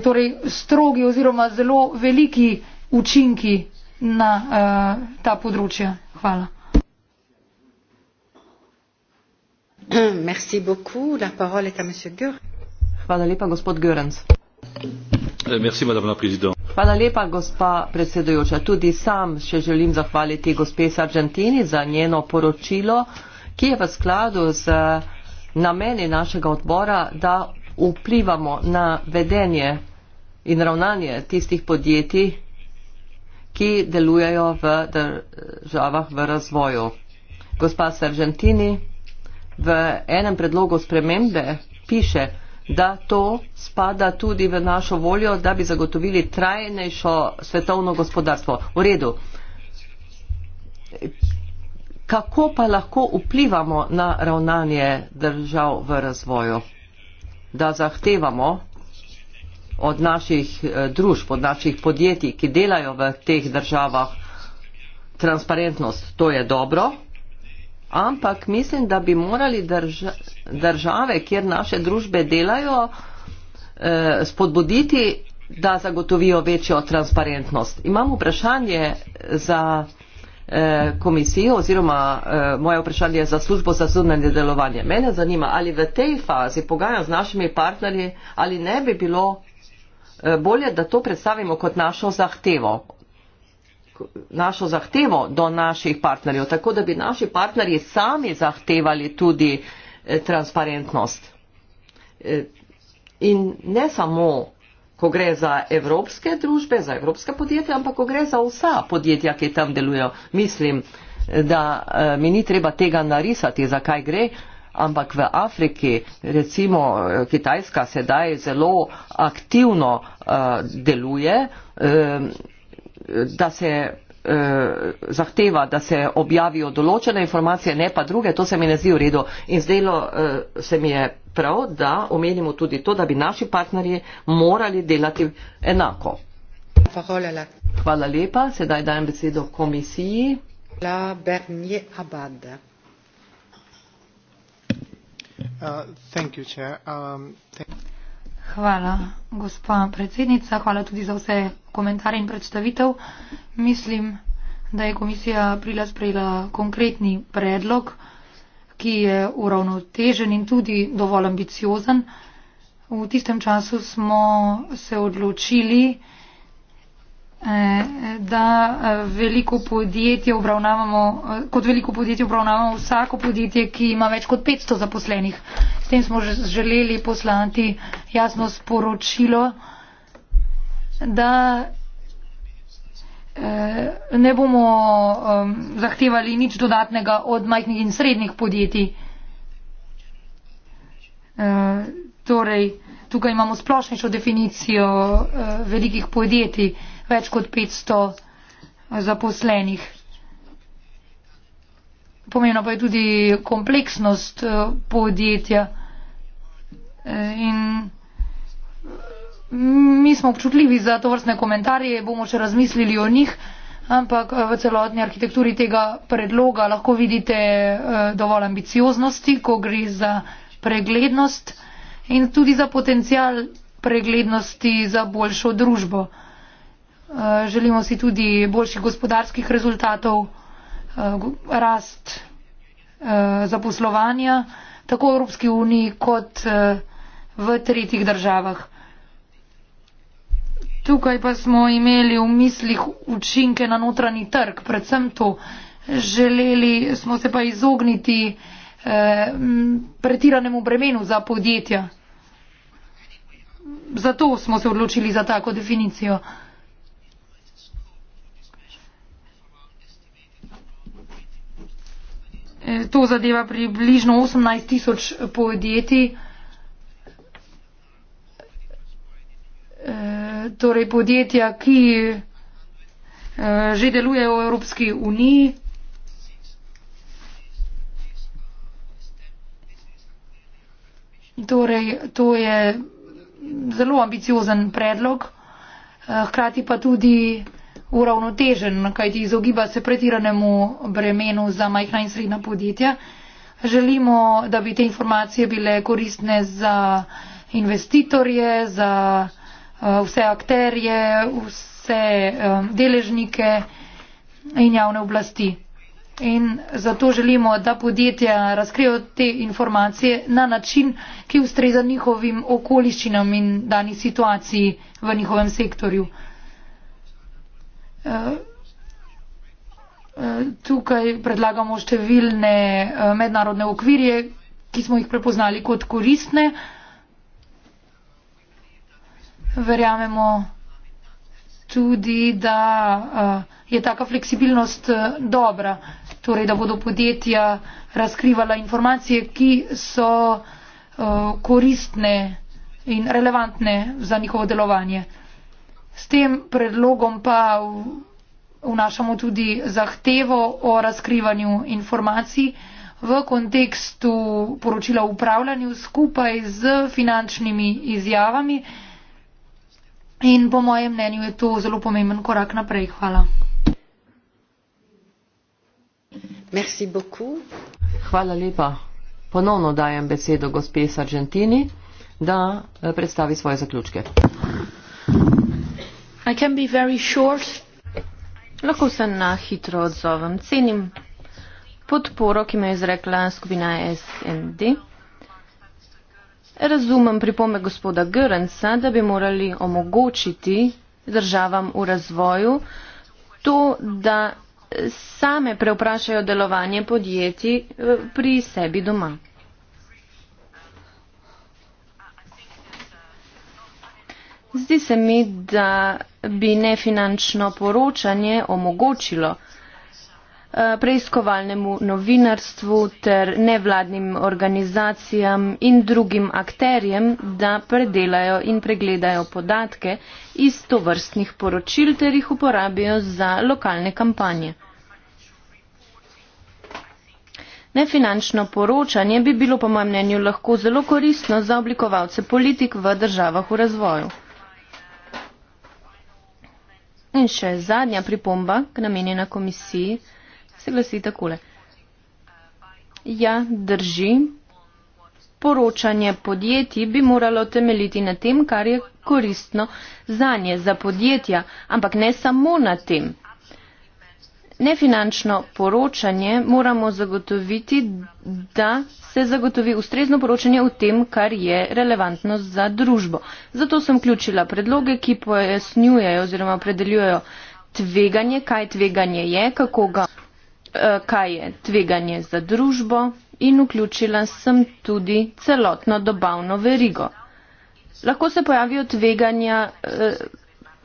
Torej strogi oziroma zelo veliki učinki na ta področja. Hvala.
Merci beaucoup. La parole est à monsieur Gur.
Hvala lepa, gospod Görans.
Merci, madame la
Hvala lepa, gospa predsedujoča. Tudi sam še želim zahvaliti gospe Sargentini za njeno poročilo, ki je v skladu z nameni našega odbora, da vplivamo na vedenje in ravnanje tistih podjetij, ki delujejo v državah v razvoju. Gospa Sargentini v enem predlogu spremembe piše, da to spada tudi v našo voljo, da bi zagotovili trajnejšo svetovno gospodarstvo. V redu. Kako pa lahko vplivamo na ravnanje držav v razvoju? Da zahtevamo od naših eh, družb, od naših podjetij, ki delajo v teh državah, transparentnost, to je dobro, ampak mislim, da bi morali drža, države, kjer naše družbe delajo, eh, spodbuditi, da zagotovijo večjo transparentnost. Imam vprašanje za eh, komisijo oziroma eh, moje vprašanje za službo za zunanje delovanje. Mene zanima, ali v tej fazi pogajam z našimi partnerji, ali ne bi bilo. Eh, bolje, da to predstavimo kot našo zahtevo našo zahtevo do naših partnerjev, tako da bi naši partnerji sami zahtevali tudi eh, transparentnost. Eh, in ne samo, ko gre za evropske družbe, za evropske podjetja, ampak ko gre za vsa podjetja, ki tam delujejo. Mislim, da eh, mi ni treba tega narisati, zakaj gre, ampak v Afriki, recimo Kitajska sedaj zelo aktivno deluje da se eh, zahteva, da se objavijo določene informacije, ne pa druge, to se mi ne zdi v redu. In zdelo eh, se mi je prav, da omenimo tudi to, da bi naši partnerji morali delati enako. Hvala, Hvala lepa. Sedaj dajem besedo komisiji. La Bernier Abad.
Uh, thank you, Chair. Um,
thank Hvala, gospa predsednica. Hvala tudi za vse komentarje in predstavitev. Mislim, da je komisija aprila sprejela konkretni predlog, ki je uravnotežen in tudi dovolj ambiciozen. V tistem času smo se odločili, da eh, veliko podjetje obravnavamo, eh, kot veliko podjetje obravnavamo vsako podjetje, ki ima več kot 500 zaposlenih. S tem smo želeli poslati jasno sporočilo, da eh, ne bomo zahtevali nič dodatnega od majhnih in srednjih podjetij. Torej, tukaj imamo splošnejšo definicijo velikih podjetij več kot 500 zaposlenih. Pomembno pa je tudi kompleksnost eh, podjetja. Eh, in mi smo občutljivi za to vrstne komentarje, bomo še razmislili o njih, ampak eh, v celotni arhitekturi tega predloga lahko vidite dovolj ambicioznosti, ko gre za preglednost in tudi za potencial preglednosti za boljšo družbo. Eh, želimo si tudi boljših gospodarskih rezultatov, eh, rast eh, zaposlovanja, tako v Evropski uniji kot v tretjih državah. Tukaj pa smo imeli v mislih učinke na notranji trg, predvsem to. Želeli smo se pa izogniti pretiranemu bremenu za podjetja. Zato smo se odločili za tako definicijo. to zadeva približno 18 tisoč podjetij, eh, torej podjetja, ki eh, že delujejo v Evropski uniji. Torej, to je zelo ambiciozen predlog, eh, hkrati pa tudi uravnotežen, kajti izogiba se pretiranemu bremenu za majhna in srednja podjetja. Želimo, da bi te informacije bile koristne za investitorje, za eh, vse akterje, vse eh, deležnike in javne oblasti. In zato želimo, da podjetja razkrijo te informacije na način, ki ustreza njihovim okoliščinam in dani situaciji v njihovem sektorju. Tukaj predlagamo številne eh, mednarodne okvirje, ki smo jih prepoznali kot koristne. Verjamemo tudi, da eh, je taka fleksibilnost eh, dobra, torej da bodo podjetja razkrivala informacije, ki so koristne in relevantne za njihovo delovanje. S tem predlogom pa vnašamo tudi zahtevo o razkrivanju informacij v kontekstu poročila o upravljanju skupaj z finančnimi izjavami. In po mojem mnenju je to zelo pomemben korak naprej. Hvala.
Hvala lepa. Ponovno dajem besedo gospe Sargentini, da eh, predstavi svoje zaključke.
I can be very short. Lahko se na hitro odzovem. Cenim podporo, ki me je izrekla skupina SND. Razumem pripome gospoda Görnca, da bi morali omogočiti državam v razvoju to, da same preuprašajo delovanje podjetij eh, pri sebi doma. Zdi se mi, da bi nefinančno poročanje omogočilo eh, preiskovalnemu novinarstvu ter nevladnim organizacijam in drugim akterjem, da predelajo in pregledajo podatke iz tovrstnih poročil ter jih uporabijo za lokalne kampanje. Nefinančno poročanje bi bilo po mojem mnenju lahko zelo koristno za oblikovalce politik v državah v razvoju. In še zadnja pripomba, ki namenja na komisiji, se glasi takole. Ja, drži. Poročanje podjetij bi moralo temeljiti na tem, kar je koristno zanje, za podjetja, ampak ne samo na tem nefinančno poročanje moramo zagotoviti, da se zagotovi ustrezno poročanje o tem, kar je relevantno za družbo. Zato sem vključila predloge, ki pojasnjujejo oziroma opredeljujejo tveganje, kaj tveganje je, kako ga, eh, kaj je tveganje za družbo in vključila sem tudi celotno dobavno verigo. Lahko se pojavijo tveganja. Eh,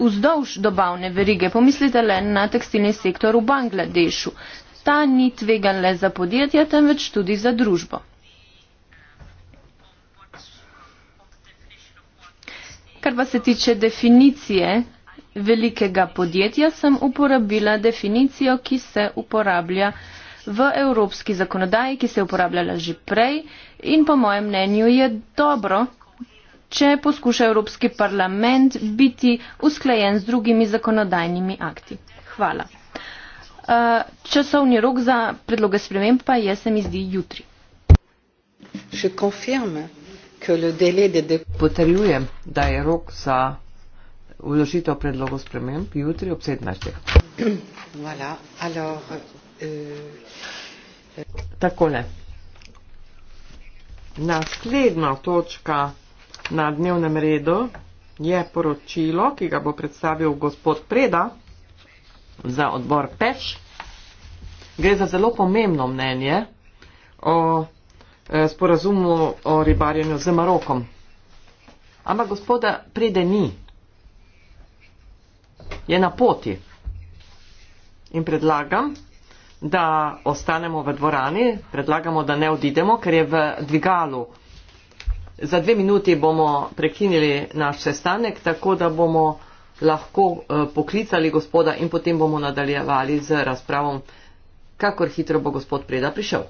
vzdolž dobavne verige. Pomislite le na tekstilni sektor v Bangladešu. Ta ni tvegan le za podjetja, temveč tudi za družbo. Kar pa se tiče definicije velikega podjetja, sem uporabila definicijo, ki se uporablja v evropski zakonodaji, ki se je uporabljala že prej in po mojem mnenju je dobro, če poskuša Evropski parlament biti usklajen z drugimi zakonodajnimi akti. Hvala. Uh, časovni rok za predloge sprememb pa je, se mi zdi, jutri.
Potrjujem, da je rok za vložitev predlogov sprememb jutri ob 17. Euh, euh, Takole. Naslednja točka na dnevnem redu je poročilo, ki ga bo predstavil gospod Preda za odbor Peš. Gre za zelo pomembno mnenje o e, sporazumu o ribarjenju z Marokom. Ampak gospoda Prede ni. Je na poti. In predlagam, da ostanemo v dvorani, predlagamo, da ne odidemo, ker je v dvigalu Za dve minuti bomo prekinili naš sestanek, tako da bomo lahko eh, poklicali gospoda in potem bomo nadaljevali z razpravom, kakor hitro bo gospod Preda prišel.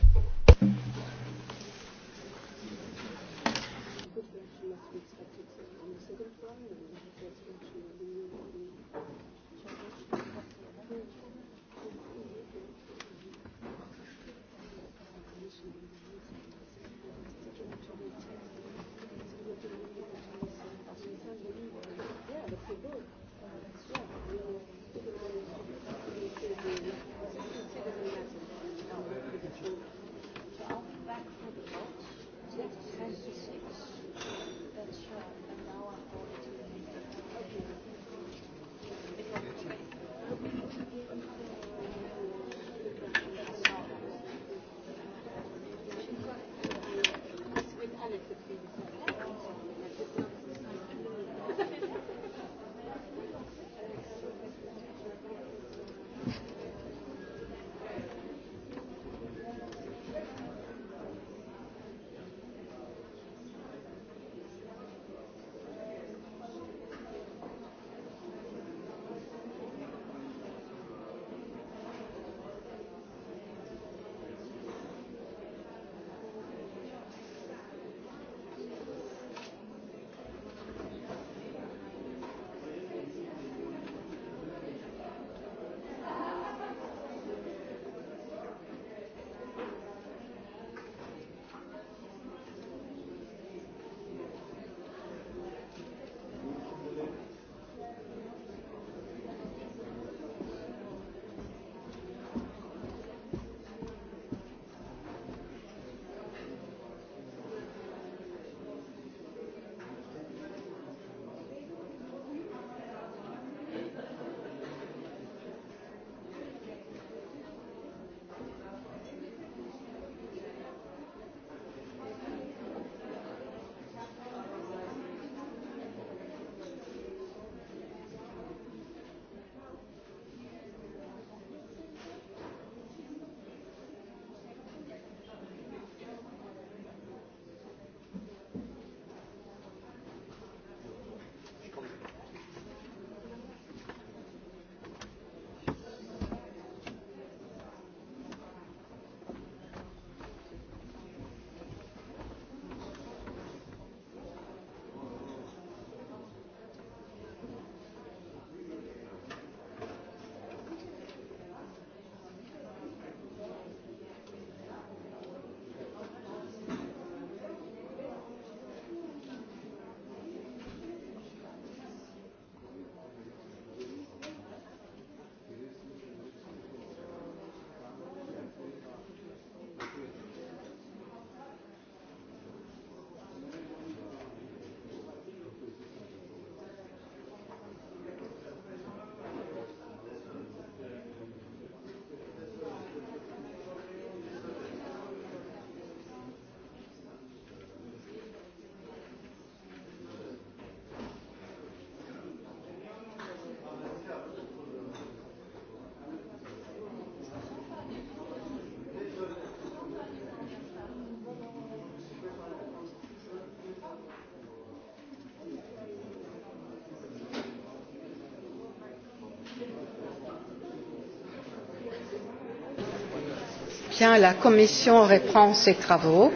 soutien la commission reprend ses travaux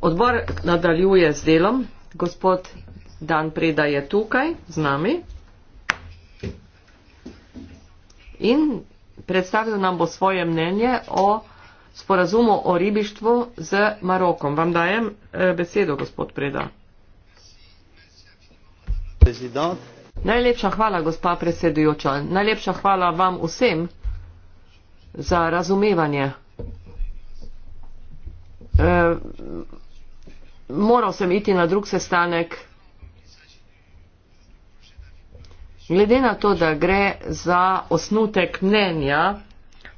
Odbor nadaljuje z delom. Gospod Dan Preda je tukaj z nami in predstavil nam bo svoje mnenje o sporazumu o ribištvu z Marokom. Vam dajem eh, besedo, gospod Preda. President. Najlepša hvala, gospa predsedujoča. Najlepša hvala vam vsem za razumevanje moral sem iti na drug sestanek. Glede na to, da gre za osnutek mnenja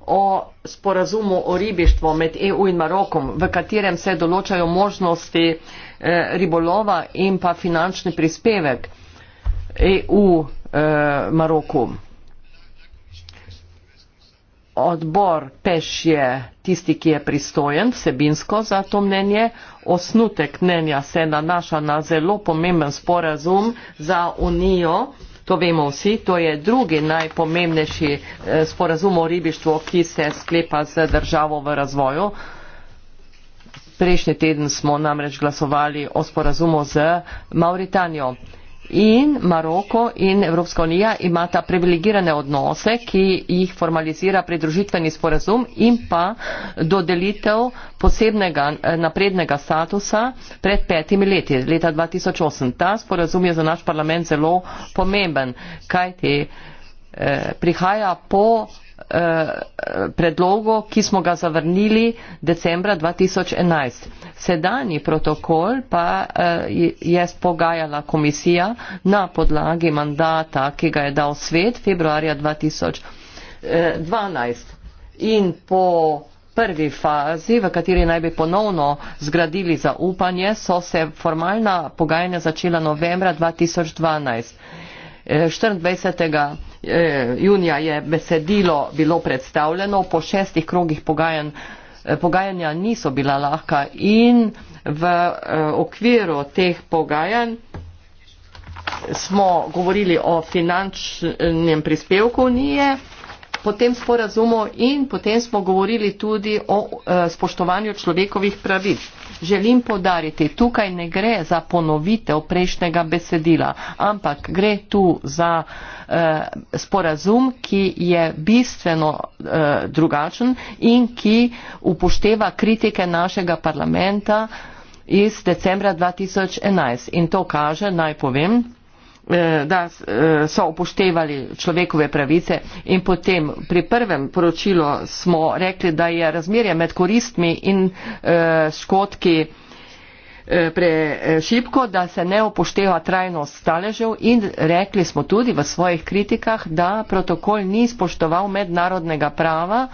o sporazumu o ribištvu med EU in Marokom, v katerem se določajo možnosti eh, ribolova in pa finančni prispevek EU eh, Marokom odbor peš je tisti, ki je pristojen vsebinsko za to mnenje. Osnutek mnenja se nanaša na zelo pomemben sporazum za Unijo. To vemo vsi, to je drugi najpomembnejši eh, sporazum o ribištvu, ki se sklepa z državo v razvoju. Prejšnji teden smo namreč glasovali o sporazumu z Mauritanijo. In Maroko in Evropska unija imata privilegirane odnose, ki jih formalizira pridružitveni sporazum in pa dodelitev posebnega eh, naprednega statusa pred petimi leti, leta 2008. Ta sporazum je za naš parlament zelo pomemben, kajti eh, prihaja po Eh, predlogu, ki smo ga zavrnili decembra 2011. Sedanji protokol pa eh, je spogajala komisija na podlagi mandata, ki ga je dal svet februarja 2012. Eh, In po prvi fazi, v kateri naj bi ponovno zgradili zaupanje, so se formalna pogajanja začela novembra 2012. 24. Eh, junija je besedilo bilo predstavljeno, po šestih krogih pogajan, eh, pogajanja niso bila lahka in v eh, okviru teh pogajanj smo govorili o finančnem prispevku unije, potem sporazumu in potem smo govorili tudi o spoštovanju človekovih pravic. Želim podariti, tukaj ne gre za ponovitev prejšnjega besedila, ampak gre tu za eh, sporazum, ki je bistveno eh, drugačen in ki upošteva kritike našega parlamenta iz decembra 2011. In to kaže, naj povem, Eh, da eh, so upoštevali človekove pravice in potem pri prvem poročilu smo rekli, da je razmerje med koristmi in eh, škotki prešipko, da se ne upošteva trajnost staležev in rekli smo tudi v svojih kritikah, da protokol ni spoštoval mednarodnega prava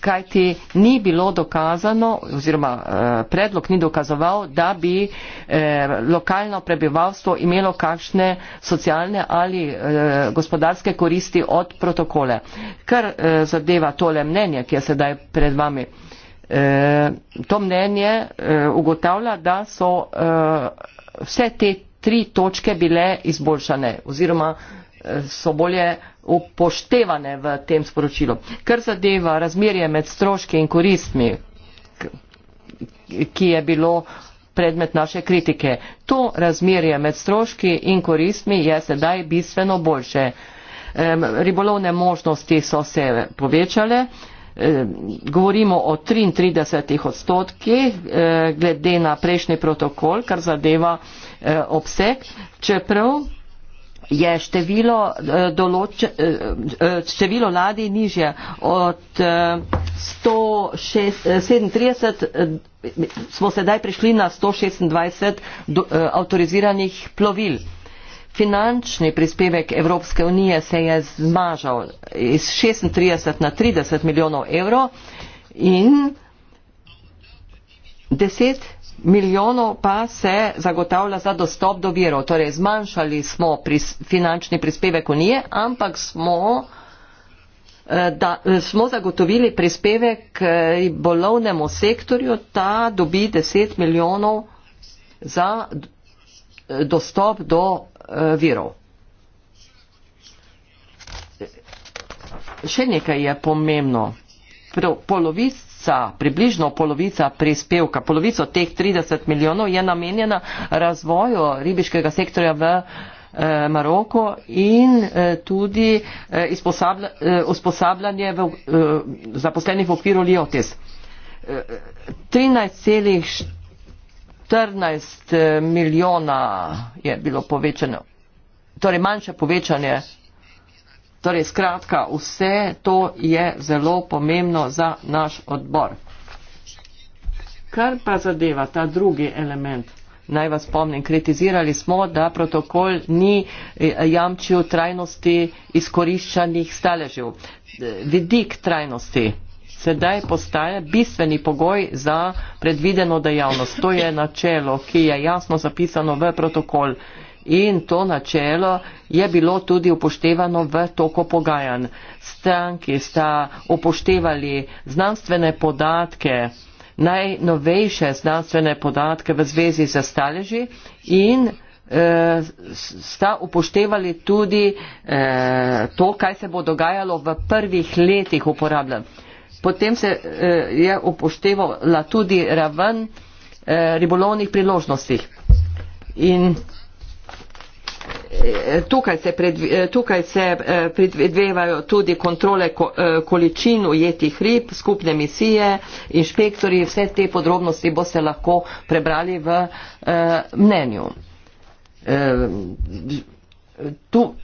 kajti ni bilo dokazano oziroma eh, predlog ni dokazoval, da bi eh, lokalno prebivalstvo imelo kakšne socialne ali eh, gospodarske koristi od protokole. Kar zadeva tole mnenje, ki je sedaj pred vami. To mnenje ugotavlja, da so vse te tri točke bile izboljšane oziroma so bolje upoštevane v tem sporočilu. Kar zadeva razmerje med stroški in koristmi, ki je bilo predmet naše kritike. To razmerje med stroški in koristmi je sedaj bistveno boljše. Ribolovne možnosti so se povečale. Govorimo o 33 odstotkih e, glede na prejšnji protokol, kar zadeva e, obseg. Čeprav je število, eh, določ, eh, eh, število ladij nižje od 137, smo sedaj prišli na 126 avtoriziranih plovil. Finančni prispevek Evropske unije se je zmažal iz 36 na 30 milijonov evrov in 10 milijonov milijonov pa se zagotavlja za dostop do virov. Torej, zmanjšali smo pris, finančni prispevek unije, ampak smo, eh, da, eh, smo zagotovili prispevek bolovnemu sektorju, ta dobi 10 milijonov za eh, dostop do virov. Še nekaj je pomembno. Polovic polovica, približno polovica prispevka, polovico teh 30 milijonov je namenjena razvoju ribiškega sektorja v eh, Maroko in eh, tudi eh, usposabljanje v, zaposlenih v okviru Liotis. 13,14 milijona je bilo povečano, torej manjše povečanje Torej, skratka, vse to je zelo pomembno za naš odbor. Kar pa zadeva ta drugi element. Naj vas spomnim, kritizirali smo, da protokol ni eh, jamčil trajnosti izkoriščanih staležev. Vidik trajnosti sedaj postaje bistveni pogoj za predvideno dejavnost. To je načelo, ki je jasno zapisano v protokol in to načelo je bilo tudi upoštevano v toko pogajanj. Stranki sta upoštevali znanstvene podatke, najnovejše znanstvene podatke v zvezi z staleži in eh, sta upoštevali tudi eh, to, kaj se bo dogajalo v prvih letih uporabe. Potem se eh, je upoštevala tudi raven eh, ribolovnih priložnostih. In tukaj se, predvi, eh, tukaj se eh, predvevajo tudi kontrole eh, količin ujetih rib, skupne misije, inšpektori, vse te podrobnosti boste lahko prebrali v mnenju. Tu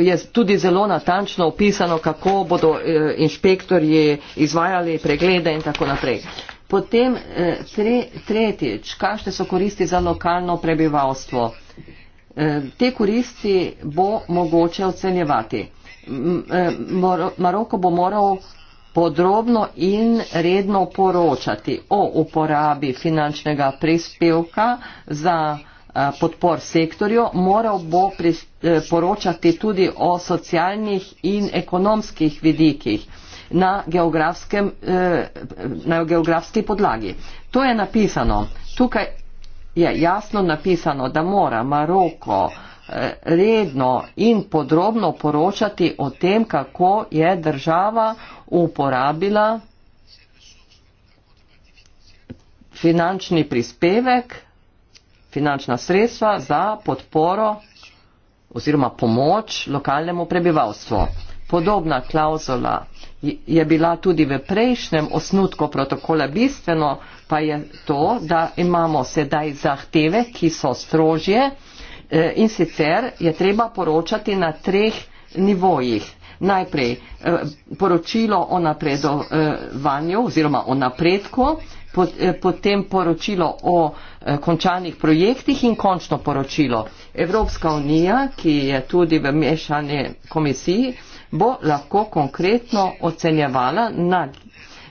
je tudi zelo natančno opisano, kako bodo inšpektorji izvajali preglede in tako naprej. Potem tretjič, kakšne so koristi za lokalno prebivalstvo? Eh, te koristi bo mogoče ocenjevati. Eh, Maroko bo moral podrobno in redno poročati o uporabi finančnega prispevka za eh, podpor sektorju, moral bo poročati tudi o socialnih in ekonomskih vidikih na, na geografski podlagi. To je napisano. Tukaj je jasno napisano, da mora Maroko eh, redno in podrobno poročati o tem, kako je država uporabila finančni prispevek, finančna sredstva za podporo oziroma pomoč lokalnemu prebivalstvu. Podobna klauzula je bila tudi v prejšnjem osnutku protokola bistveno pa je to, da imamo sedaj zahteve, ki so strožje eh, in sicer je treba poročati na treh nivojih. Najprej eh, poročilo o napredovanju oziroma o napredku, eh, potem poročilo o končanih projektih in končno poročilo. Evropska unija, ki je tudi v mešanje komisiji, bo lahko konkretno ocenjevala na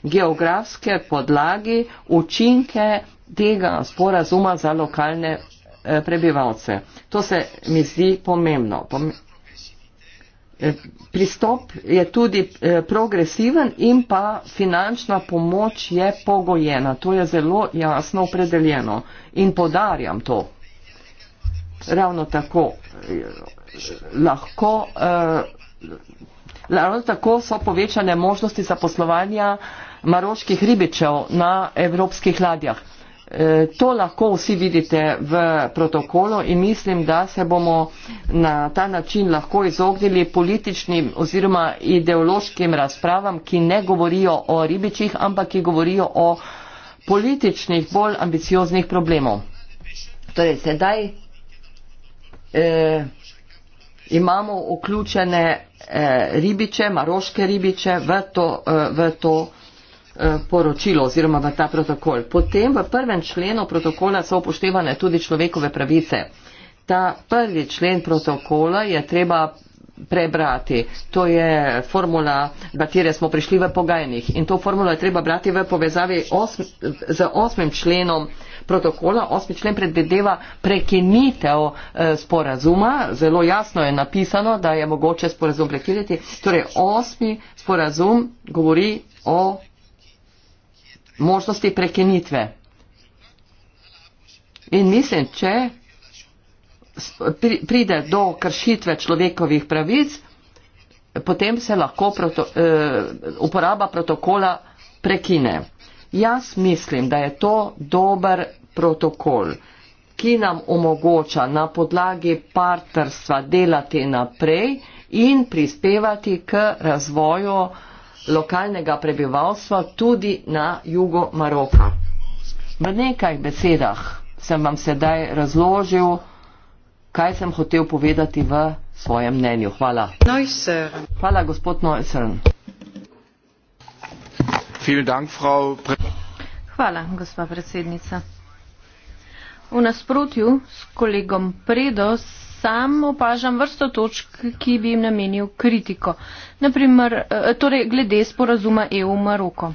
geografske podlagi učinke tega sporazuma za lokalne eh, prebivalce. To se mi zdi pomembno. Eh, pristop je tudi eh, progresiven in pa finančna pomoč je pogojena. To je zelo jasno opredeljeno in podarjam to. Ravno tako, lahko, eh, ravno tako so povečane možnosti zaposlovanja eh, maroških ribičev na evropskih ladjah. E, to lahko vsi vidite v protokolu in mislim, da se bomo na ta način lahko izognili političnim oziroma ideološkim razpravam, ki ne govorijo o ribičih, ampak ki govorijo o političnih bolj ambicioznih problemov. Torej, sedaj eh, imamo vključene eh, ribiče, maroške ribiče v to. Eh, v to Eh, poročilo oziroma v ta protokol. Potem v prvem členu protokola so upoštevane tudi človekove pravice. Ta prvi člen protokola je treba prebrati. To je formula, v kateri smo prišli v pogajnih. In to formulo je treba brati v povezavi osm, z osmim členom protokola. Osmi člen predvedeva prekinitev eh, sporazuma. Zelo jasno je napisano, da je mogoče sporazum prekiniti. Torej, osmi sporazum govori o možnosti prekenitve. In mislim, če pride do kršitve človekovih pravic, potem se lahko proto, uh, uporaba protokola prekine. Jaz mislim, da je to dober protokol, ki nam omogoča na podlagi partnerstva delati naprej in prispevati k razvoju uh, lokalnega prebivalstva tudi na jugu Maroka. V nekaj besedah sem vam sedaj razložil, kaj sem hotel povedati v svojem mnenju. Hvala. Hvala, gospod Neusern.
Hvala, gospa predsednica. V nasprotju s kolegom Predos sam opažam vrsto točk, ki bi jim namenil kritiko. Naprimer, eh, torej glede sporazuma EU Maroko.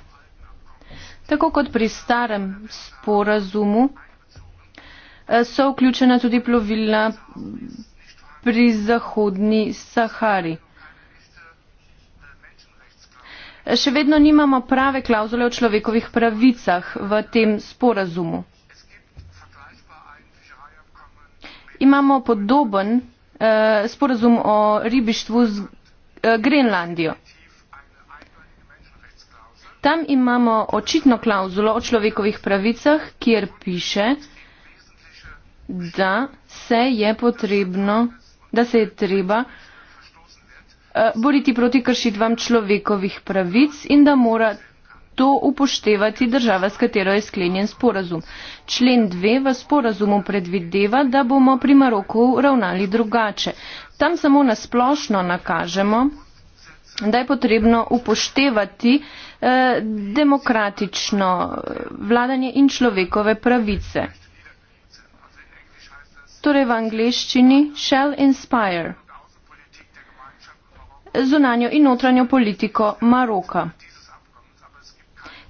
Tako kot pri starem sporazumu eh, so vključena tudi plovila pri zahodni Sahari. Še vedno nimamo prave klauzule o človekovih pravicah v tem sporazumu. imamo podoben eh, sporazum o ribištvu z eh, Grenlandijo. Tam imamo očitno klauzulo o človekovih pravicah, kjer piše, da se je potrebno, da se je treba eh, boriti proti kršitvam človekovih pravic in da mora to upoštevati država, s katero je sklenjen sporazum. Člen 2 v sporazumu predvideva, da bomo pri Maroku ravnali drugače. Tam samo nasplošno nakažemo, da je potrebno upoštevati eh, demokratično eh, vladanje in človekove pravice. Torej v angleščini shall inspire zunanjo in notranjo politiko Maroka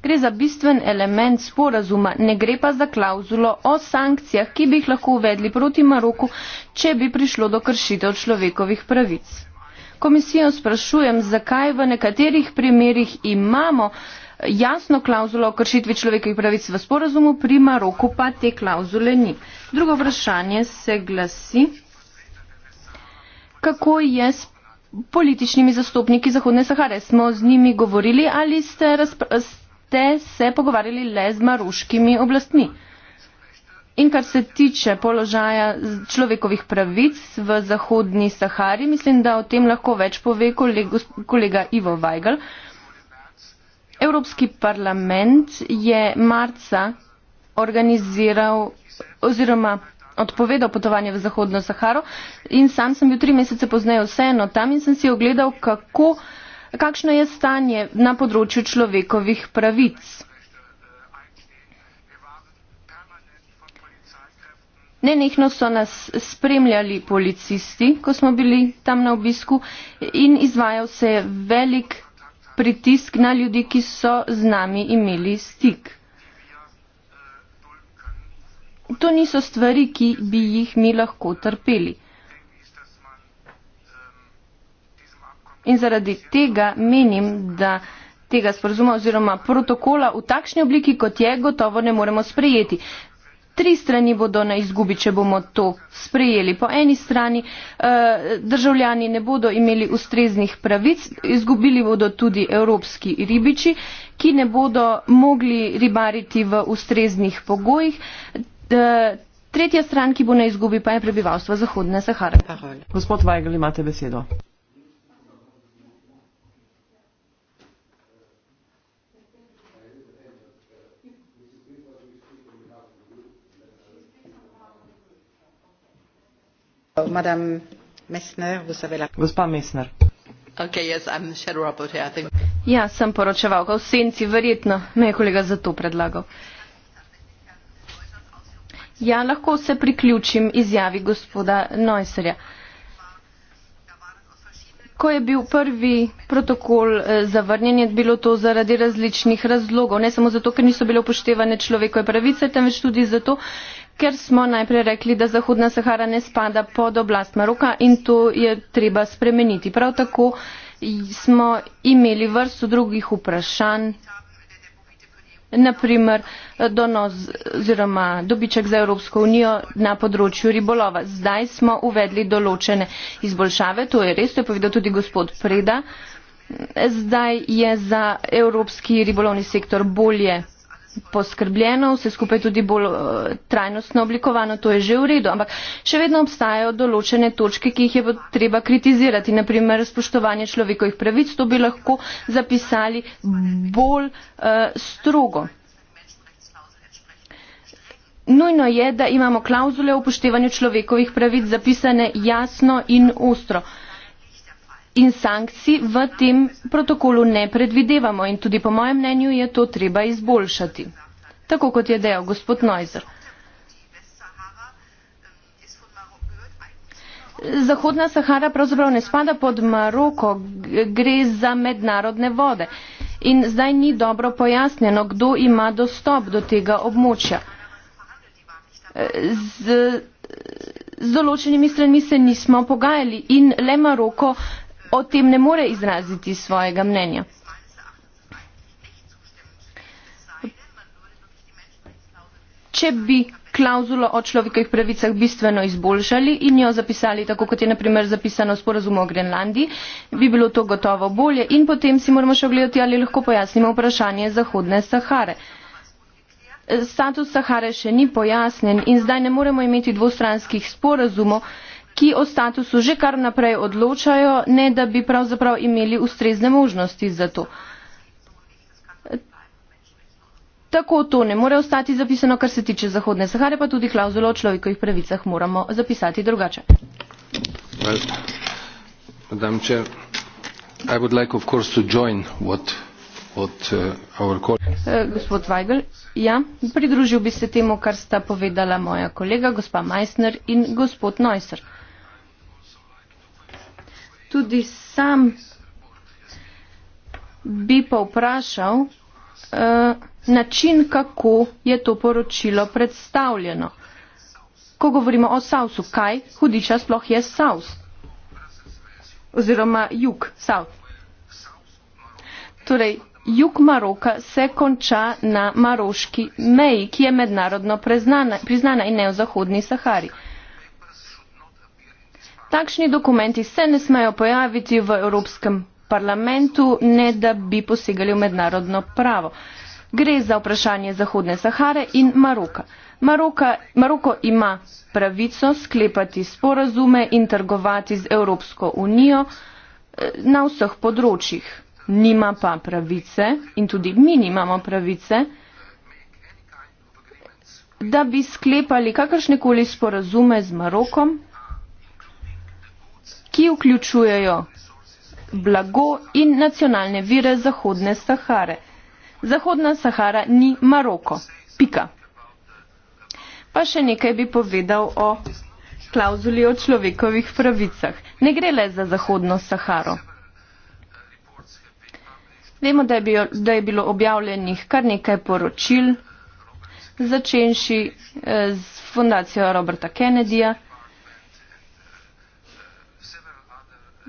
gre za bistven element sporazuma, ne gre pa za klauzulo o sankcijah, ki bi jih lahko uvedli proti Maroku, če bi prišlo do kršitev človekovih pravic. Komisijo sprašujem, zakaj v nekaterih primerjih imamo eh, jasno klauzulo o kršitvi človekovih pravic v sporazumu, pri Maroku pa te klauzule ni. Drugo vprašanje se glasi, kako je s političnimi zastopniki Zahodne Sahare. Smo z njimi govorili ali ste razpravljali? ste se pogovarjali le z maruškimi oblastmi. In kar se tiče položaja človekovih pravic v Zahodni Sahari, mislim, da o tem lahko več pove kolega Ivo Weigl. Evropski parlament je marca organiziral oziroma odpovedal potovanje v Zahodno Saharo in sam sem bil tri mesece pozneje vseeno tam in sem si ogledal, kako kakšno je stanje na področju človekovih pravic. Nenehno so nas spremljali policisti, ko smo bili tam na obisku in izvajal se je velik pritisk na ljudi, ki so z nami imeli stik. To niso stvari, ki bi jih mi lahko trpeli. In zaradi tega menim, da tega sporozuma oziroma protokola v takšni obliki, kot je, gotovo ne moremo sprejeti. Tri strani bodo na izgubi, če bomo to sprejeli. Po eni strani eh, državljani ne bodo imeli ustreznih pravic, izgubili bodo tudi evropski ribiči, ki ne bodo mogli ribariti v ustreznih pogojih. Eh, tretja stran, ki bo na izgubi, pa je
prebivalstvo Zahodne Sahare. Gospod Weigl, imate besedo.
Oh,
gospa Messner. Okay, yes, I'm shadow rapporteur, I think.
Ja, sem poročevalka v senci, verjetno me je kolega zato predlagal. Ja, lahko se priključim izjavi gospoda Neuserja. Ko je bil prvi protokol eh, zavrnjen, je bilo to zaradi različnih razlogov. Ne samo zato, ker niso bile upoštevane človekove pravice, temveč tudi zato, ker smo najprej rekli, da Zahodna Sahara ne spada pod oblast Maroka in to je treba spremeniti. Prav tako smo imeli vrsto drugih vprašanj, naprimer donos oziroma dobiček za Evropsko unijo na področju ribolova. Zdaj smo uvedli določene izboljšave, to je res, to je povedal tudi gospod Preda. Zdaj je za evropski ribolovni sektor bolje poskrbljeno, vse skupaj tudi bolj uh, trajnostno oblikovano, to je že v redu, ampak še vedno obstajajo določene točke, ki jih je treba kritizirati, naprimer spoštovanje človekovih pravic, to bi lahko zapisali bolj uh, strogo. Nujno je, da imamo klauzule o upoštevanju človekovih pravic zapisane jasno in ostro. Uh, in sankcij v tem protokolu ne predvidevamo in tudi po mojem mnenju je to treba izboljšati. Tako kot je dejal gospod Neuser. Zahodna Sahara pravzaprav ne spada pod Maroko, gre za mednarodne vode. In zdaj ni dobro pojasnjeno, kdo ima dostop do tega območja.
Z, z
določenimi stranmi se nismo pogajali in le Maroko o tem ne more izraziti svojega mnenja. Če bi klauzulo o človekovih pravicah bistveno izboljšali in jo zapisali tako, kot je naprimer zapisano v sporazumu o Grenlandiji, bi bilo to gotovo bolje in potem si moramo še ogledati, ali lahko pojasnimo vprašanje Zahodne Sahare. Status Sahare še ni pojasnen in zdaj ne moremo imeti dvostranskih sporazumov, ki o statusu že kar naprej odločajo, ne da bi pravzaprav imeli ustrezne možnosti za to. Tako to ne more ostati zapisano, kar se tiče Zahodne Sahare, pa tudi klauzulo o človekovih pravicah moramo zapisati drugače.
Well, What, uh, uh,
gospod Weigel, ja, pridružil bi se temu, kar sta povedala moja kolega, gospa Meissner in gospod Neusser tudi sam bi pa vprašal uh, način, kako je to poročilo predstavljeno. Ko govorimo o Sausu, kaj hudiča sploh je Saus oziroma jug, South. Torej, jug Maroka se konča na maroški meji, ki je mednarodno priznana, priznana in ne v zahodni Sahari takšni dokumenti se ne smejo pojaviti v Evropskem parlamentu, ne da bi posegali v mednarodno pravo. Gre za vprašanje Zahodne Sahare in Maroka. Maroka. Maroko ima pravico sklepati sporazume in trgovati z Evropsko unijo eh, na vseh področjih. Nima pa pravice in tudi mi nimamo pravice, da bi sklepali kakršnekoli sporazume z Marokom ki vključujejo blago in nacionalne vire Zahodne Sahare. Zahodna Sahara ni Maroko. Pika. Pa še nekaj bi povedal o klauzuli o človekovih pravicah. Ne gre le za Zahodno Saharo. Vemo, da je, bil, da je bilo objavljenih kar nekaj poročil, začenši z eh, fundacijo Roberta Kennedyja.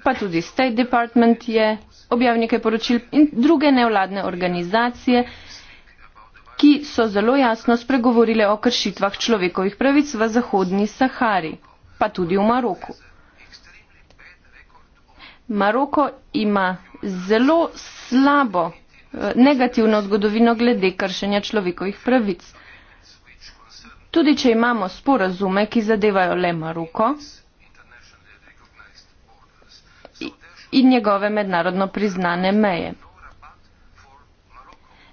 pa tudi State Department je objavil nekaj poročil in druge nevladne organizacije, ki so zelo jasno spregovorile o kršitvah človekovih pravic v Zahodni Sahari, pa tudi v Maroku. Maroko ima zelo slabo eh, negativno zgodovino glede kršenja človekovih pravic. Tudi, če imamo sporazume, ki zadevajo le Maroko, in njegove mednarodno priznane meje.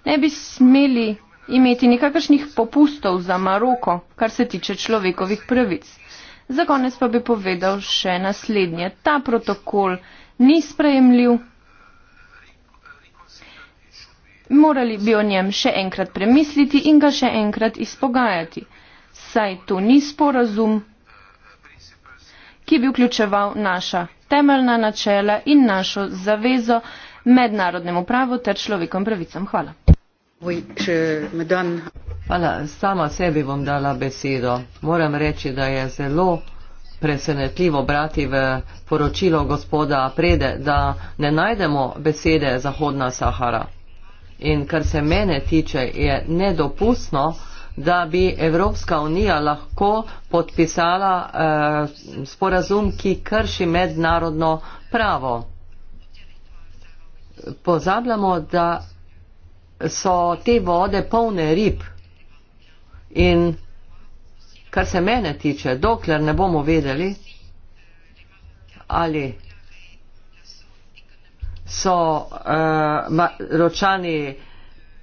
Ne bi smeli imeti nikakršnih popustov za Maroko, kar se tiče človekovih pravic. Za konec pa bi povedal še naslednje. Ta protokol ni sprejemljiv. Morali bi o njem še enkrat premisliti in ga še enkrat izpogajati. Saj to ni sporazum, ki bi vključeval naša temeljna načela in našo zavezo mednarodnemu pravu ter človekom pravicam. Hvala.
Hvala. Sama sebi bom dala besedo. Moram reči, da je zelo presenetljivo brati v poročilo gospoda Prede, da ne najdemo besede Zahodna Sahara. In kar se mene tiče, je nedopustno, da bi Evropska unija lahko podpisala eh, sporazum, ki krši mednarodno pravo. Pozabljamo, da so te vode polne rib in kar se mene tiče, dokler ne bomo vedeli, ali so eh, ročani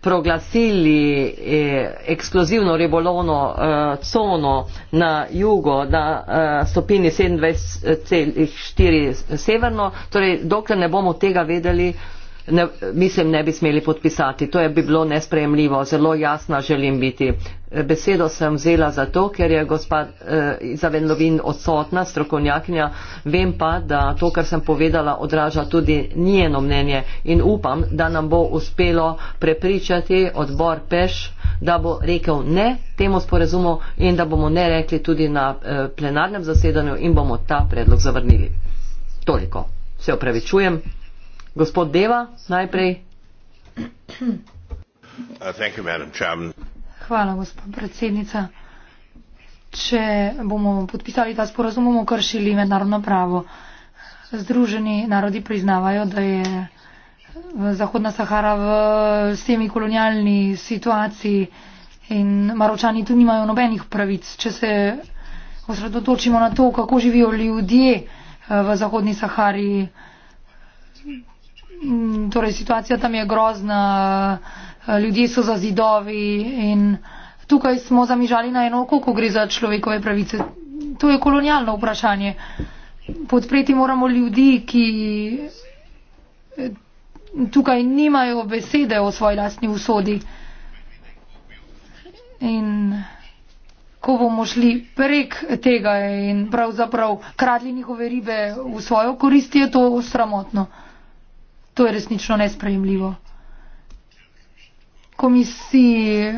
proglasili eh, ekskluzivno ribolovno eh, cono na jugo na eh, stopini 27,4 severno, torej dokler ne bomo tega vedeli, ne, mislim, ne bi smeli podpisati. To je bi bilo nespremljivo, zelo jasna želim biti. Besedo sem vzela zato, ker je gospa eh, Izavenlovin odsotna, strokovnjakinja. Vem pa, da to, kar sem povedala, odraža tudi njeno mnenje in upam, da nam bo uspelo prepričati odbor Peš, da bo rekel ne temu sporezumu in da bomo ne rekli tudi na eh, plenarnem zasedanju in bomo ta predlog zavrnili. Toliko. Se opravičujem. Gospod
Deva, najprej.
Uh,
Hvala, gospod predsednica. Če bomo podpisali ta sporazum, bomo kršili mednarodno pravo. Združeni narodi priznavajo, da je Zahodna Sahara v semi kolonialni situaciji in Maročani tu nimajo nobenih pravic. Če se osredotočimo na to, kako živijo ljudje eh, v Zahodni Sahari, Mm, torej situacija tam je grozna, eh, ljudje so za zidovi in tukaj smo zamižali na eno oko, ko gre za človekove pravice. To je kolonialno vprašanje. Podpreti moramo ljudi, ki eh, tukaj nimajo besede o svoji lastni usodi. In ko bomo šli prek tega in pravzaprav kradli njihove ribe v svojo korist, je to sramotno. To je resnično nespremljivo. Komisiji eh,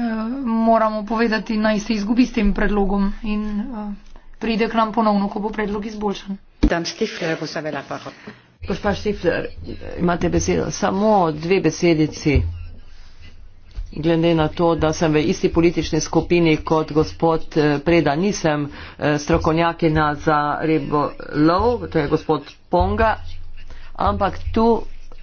moramo povedati, naj se izgubi s tem predlogom in eh, pride k nam ponovno, ko bo predlog izboljšan.
Gospa Štifler, imate besedo. Samo dve besedici, glede na to, da sem v isti politični skupini kot gospod eh, Preda. Nisem strokovnjakina za ribolov, to je gospod Ponga, ampak tu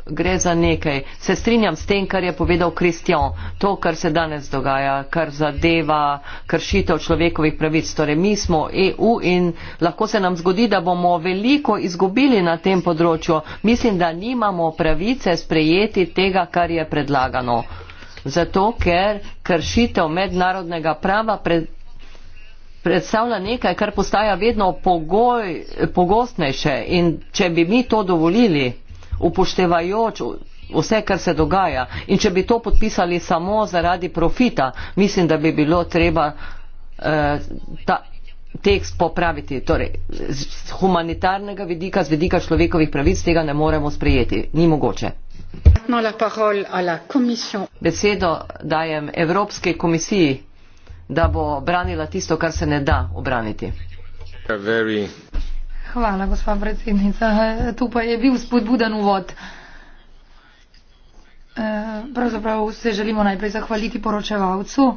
gre za nekaj. Se strinjam s tem, kar je povedal Kristjan. To, kar se danes dogaja, kar zadeva kršitev človekovih pravic. Torej, mi smo EU in lahko se nam zgodi, da bomo veliko izgubili na tem področju. Mislim, da nimamo pravice sprejeti tega, kar je predlagano. Zato, ker kršitev mednarodnega prava pred predstavlja nekaj, kar postaja vedno pogoj, pogostnejše in če bi mi to dovolili, upoštevajoč vse, kar se dogaja. In če bi to podpisali samo zaradi profita, mislim, da bi bilo treba eh, ta tekst popraviti. Torej, z humanitarnega vidika, z vidika človekovih pravic tega ne moremo sprejeti. Ni mogoče. Besedo dajem Evropske komisiji, da bo branila tisto, kar se ne da obraniti.
Hvala, gospa predsednica. Tu pa je bil spodbuden uvod. E, pravzaprav se želimo najprej zahvaliti poročevalcu.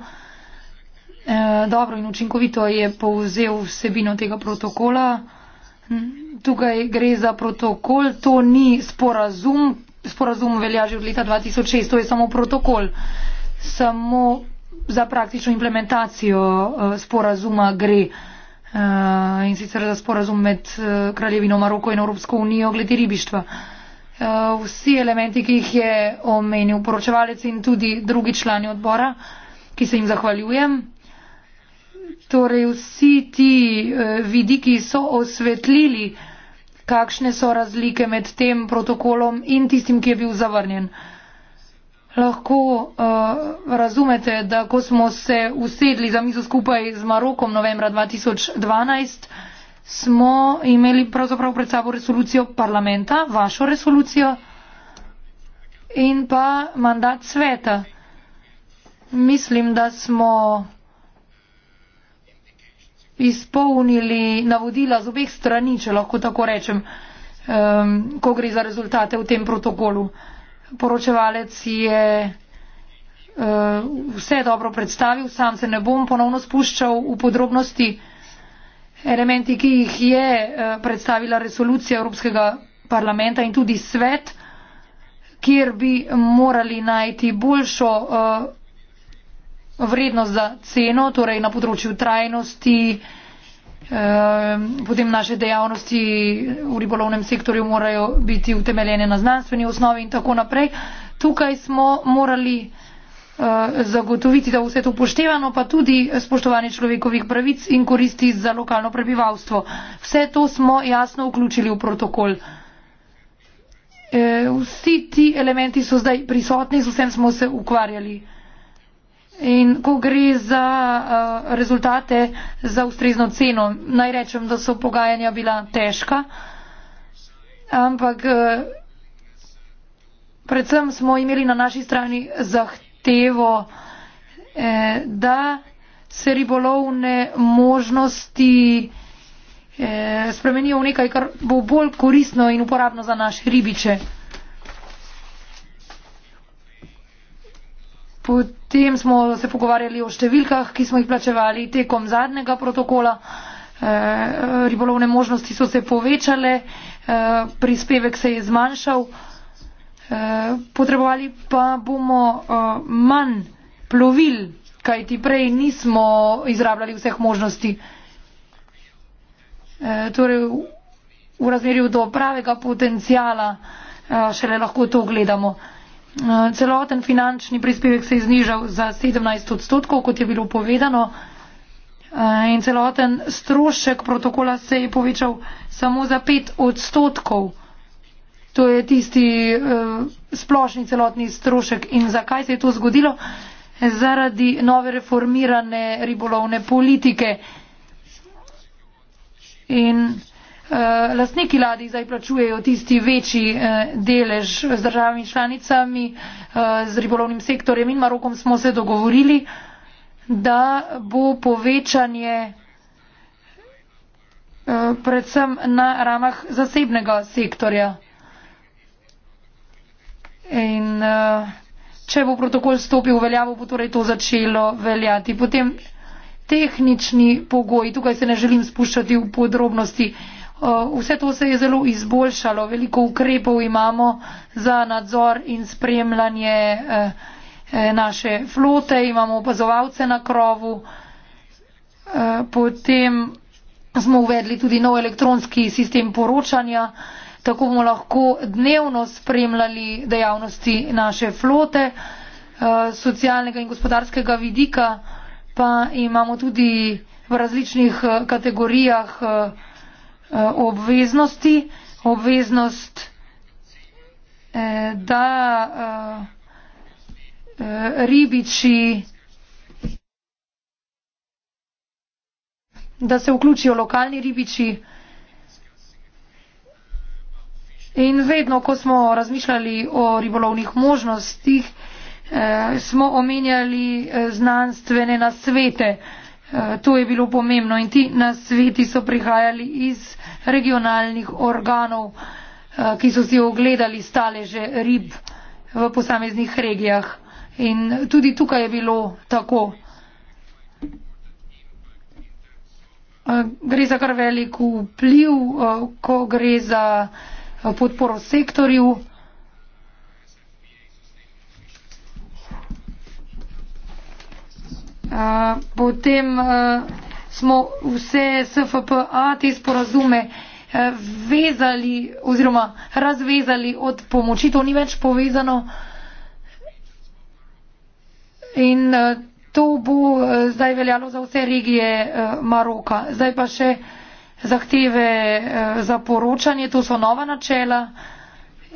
E, dobro in učinkovito je povzel vsebino tega protokola. Tukaj gre za protokol, to ni sporazum. Sporazum velja že od leta 2006, to je samo protokol. Samo za praktično implementacijo e, sporazuma gre. Eh, in sicer za sporazum med eh, Kraljevino Maroko in Evropsko unijo glede ribištva. Eh, vsi elementi, ki jih je omenil poročevalec in tudi drugi člani odbora, ki se jim zahvaljujem. Torej, vsi ti vidiki so osvetlili, kakšne so razlike med tem protokolom in tistim, ki je bil zavrnjen. Uh, lahko uh, razumete, da ko smo se usedli za mizo skupaj z Marokom novembra 2012, smo imeli pravzaprav pred sabo resolucijo parlamenta, vašo resolucijo in pa mandat sveta. Mislim, da smo izpolnili navodila z obeh strani, če lahko tako rečem, um, ko gre za rezultate v tem protokolu. Uh, poročevalec je eh, vse dobro predstavil, sam se ne bom ponovno spuščal v podrobnosti. Elementi, ki jih je eh, predstavila resolucija Evropskega parlamenta in tudi svet, kjer bi morali najti boljšo eh, vrednost za ceno, torej na področju trajnosti, Ehm, potem naše dejavnosti v ribolovnem sektorju morajo biti utemeljene na znanstveni osnovi in tako naprej. Tukaj smo morali eh, zagotoviti, da vse to upoštevano, pa tudi spoštovanje človekovih pravic in koristi za lokalno prebivalstvo. Vse to smo jasno vključili v protokol. Eh, vsi ti elementi so zdaj prisotni, z vsem smo se ukvarjali. In ko gre za uh, rezultate za ustrezno ceno, naj rečem, da so pogajanja bila težka, ampak uh, predvsem smo imeli na naši strani zahtevo, eh, da se ribolovne možnosti eh, spremenijo v nekaj, kar bo bolj koristno in uporabno za naše ribiče. Potem smo se pogovarjali o številkah, ki smo jih plačevali tekom zadnjega protokola. Eh, ribolovne možnosti so se povečale, eh, prispevek se je zmanjšal. Eh, potrebovali pa bomo manj plovil, kajti prej nismo izrabljali vseh možnosti. Torej v razmerju do pravega potencijala šele lahko to gledamo. Eh, celoten finančni prispevek se je znižal za 17 odstotkov, kot je bilo povedano, eh, in celoten strošek protokola se je povečal samo za 5 odstotkov. To je tisti eh, splošni celotni strošek. In zakaj se je to zgodilo? Zaradi nove reformirane ribolovne politike. In Eh, lastniki ladij zdaj plačujejo tisti večji eh, delež z državami članicami, eh, z ribolovnim sektorjem in Marokom smo se dogovorili, da bo povečanje predvsem na ramah zasebnega sektorja. In če bo protokol stopil v veljavo, bo torej to začelo veljati. Potem tehnični pogoji, tukaj se ne želim spuščati v podrobnosti. Vse to se je zelo izboljšalo, veliko ukrepov imamo za nadzor in spremljanje eh, eh, naše flote, imamo opazovalce na krovu, eh, potem smo uvedli tudi nov elektronski sistem poročanja, tako bomo lahko dnevno spremljali dejavnosti naše flote, socialnega in gospodarskega vidika, pa imamo tudi v različnih kategorijah Eh, obveznosti, obveznost, eh, da eh, ribiči, da se vključijo lokalni ribiči. In vedno, ko smo razmišljali o ribolovnih možnostih, smo omenjali znanstvene nasvete. Eh, to je bilo pomembno in ti nasveti so prihajali iz regionalnih organov, eh, ki so si ogledali staleže rib v posameznih regijah. In tudi tukaj je bilo tako. Eh, gre za kar velik vpliv, ko gre za podporo sektorju. potem uh, smo vse SFPA te sporazume uh, vezali oziroma razvezali od pomoči, to ni več povezano. In uh, to bo uh, zdaj veljalo za vse regije uh, Maroka. Zdaj pa še zahteve uh, za poročanje, to so nova načela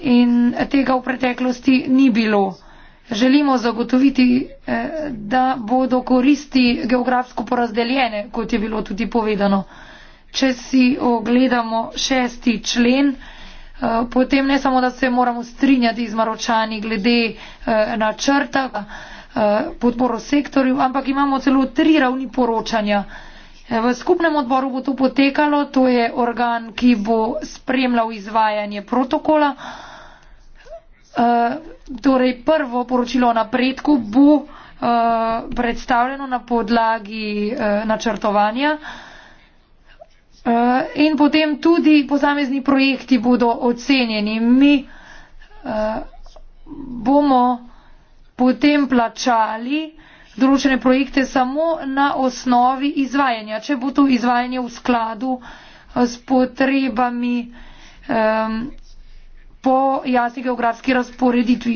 in tega v preteklosti ni bilo želimo zagotoviti, eh, da bodo koristi geografsko porazdeljene, kot je bilo tudi povedano. Če si ogledamo šesti člen, eh, potem ne samo, da se moramo strinjati z maročani glede eh, načrta, podporo sektorju, ampak imamo celo tri ravni poročanja. V skupnem odboru bo to potekalo, to je organ, ki bo spremljal izvajanje protokola. Eh, torej prvo poročilo o napredku bo uh, predstavljeno na podlagi uh, načrtovanja. Uh, in potem tudi posamezni projekti bodo ocenjeni. Mi uh, bomo potem plačali določene projekte samo na osnovi izvajanja, če bo to izvajanje v skladu uh, s potrebami um, po jasni geografski razporeditvi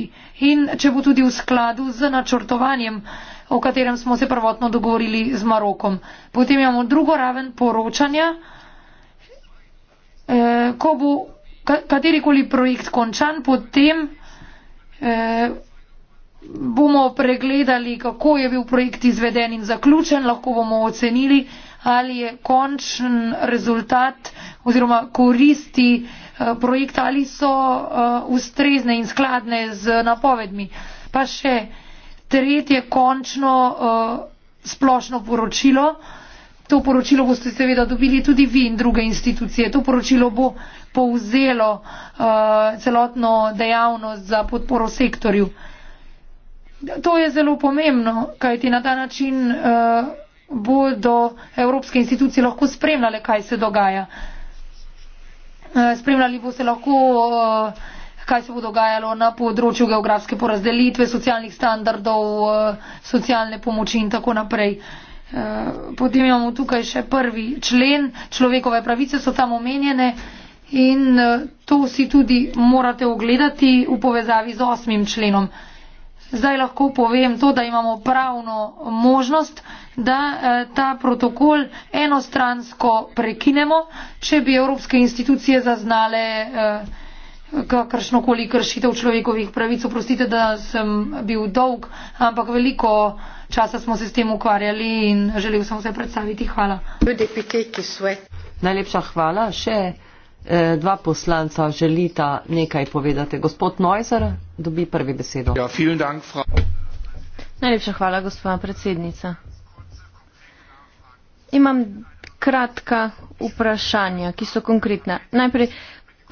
in če bo tudi v skladu z načrtovanjem, o katerem smo se prvotno dogovorili z Marokom. Potem imamo drugo raven poročanja, eh, ko bo katerikoli projekt končan, potem eh, bomo pregledali, kako je bil projekt izveden in zaključen, lahko bomo ocenili, ali je končen rezultat oziroma koristi eh, Eh, projekta ali so eh, ustrezne in skladne z napovedmi. Pa še tretje končno eh, splošno poročilo. To poročilo boste seveda dobili tudi vi in druge institucije. To poročilo bo povzelo uh, celotno dejavnost za podporo sektorju. To je zelo pomembno, kajti na ta način uh, bodo evropske institucije lahko spremljale, kaj se dogaja. Uh, Eh, spremljali boste lahko, eh, kaj se bo dogajalo na področju geografske porazdelitve, socialnih standardov, eh, socialne pomoči in tako naprej. Potem imamo tukaj še prvi člen, človekove pravice so tam omenjene in to si tudi morate ogledati v povezavi z osmim členom. Zdaj lahko povem to, da imamo pravno možnost, da eh, ta protokol enostransko prekinemo, če bi evropske institucije zaznale eh, kakršnokoli kršitev človekovih pravic. Oprostite, da sem bil dolg, ampak veliko časa smo se s tem ukvarjali in želel sem vse predstaviti. Hvala.
Najlepša hvala. Še eh, dva poslanca želita nekaj povedati. Gospod Neuser, Ja,
najlepša hvala gospa predsednica imam kratka vprašanja ki so konkretna najprej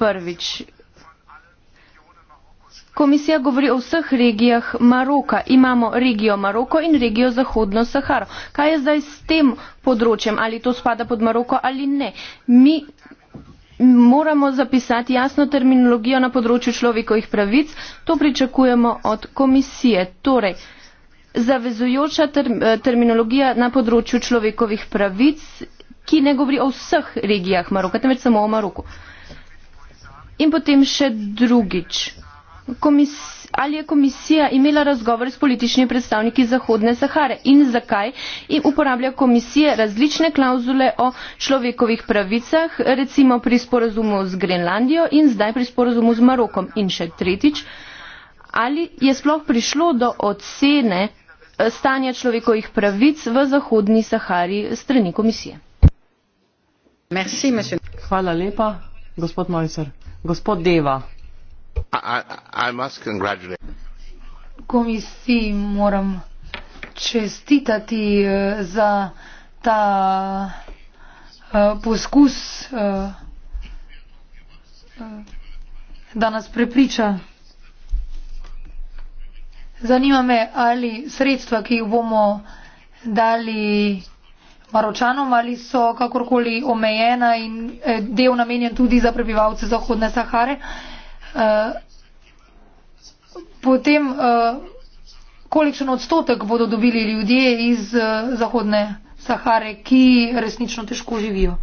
prvič komisija govori o vseh regijah maroka imamo regijo maroko in regijo zahodno saharo kaj je zdaj s tem področjem ali to spada pod maroko ali ne mi smo v regiji maroko in tam je moramo zapisati jasno terminologijo na področju človekovih pravic. To pričakujemo od komisije. Torej, zavezujoča ter, eh, terminologija na področju človekovih pravic, ki ne govori o vseh regijah Maroka, temveč samo o Maroku. In potem še drugič. Komisija ali je komisija imela razgovor s političnimi predstavniki Zahodne Sahare in zakaj in uporablja komisija različne klauzule o človekovih pravicah, recimo pri sporazumu z Grenlandijo in zdaj pri sporazumu z Marokom. In še tretjič, ali je sploh prišlo do ocene eh, stanja človekovih pravic v Zahodni Sahari strani komisije.
Merci, Hvala lepa, gospod Mojcer. Gospod Deva. I, I must congratulate.
Komisiji moram čestitati eh, za ta eh, poskus, eh, da nas prepriča. Zanima me, ali sredstva, ki jih bomo dali Maročanom, ali so kakorkoli omejena in del namenjen tudi za prebivalce Zahodne Sahare. Eh, potem eh, kolikšen odstotek bodo dobili ljudje iz eh, Zahodne Sahare, ki resnično težko živijo.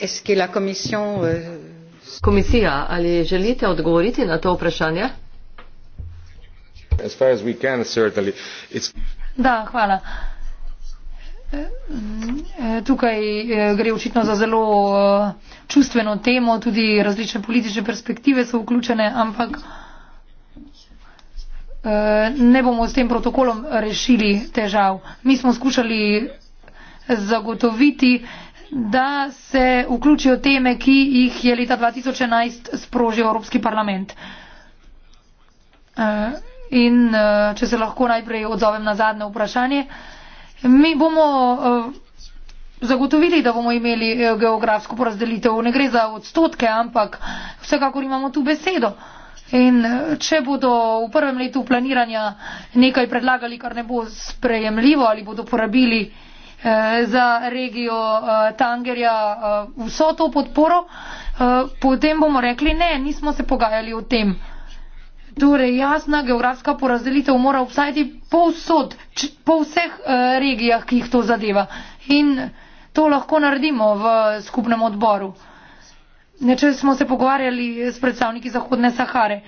Euh, Komisija, ali želite odgovoriti na to vprašanje?
As far as we can, certainly. It's...
Da, hvala. Uh, tukaj eh, gre očitno za zelo eh, čustveno temo, tudi različne politične perspektive so vključene, ampak eh, ne bomo s tem protokolom rešili težav. Mi smo skušali zagotoviti, da se vključijo teme, ki jih je leta 2011 sprožil Evropski parlament. In če se lahko najprej odzovem na zadnje vprašanje. Mi bomo eh, zagotovili, da bomo imeli eh, geografsko porazdelitev. Ne gre za odstotke, ampak vsekakor imamo tu besedo. In eh, če bodo v prvem letu planiranja nekaj predlagali, kar ne bo sprejemljivo ali bodo porabili za regijo Tangerja vso to podporo, potem bomo rekli ne, nismo se pogajali o tem. Torej, jasna geografska porazdelitev mora obstajati povsod, č, po vseh uh, regijah, ki jih to zadeva. In to lahko naredimo v skupnem odboru. Neče smo se pogovarjali s predstavniki Zahodne Sahare.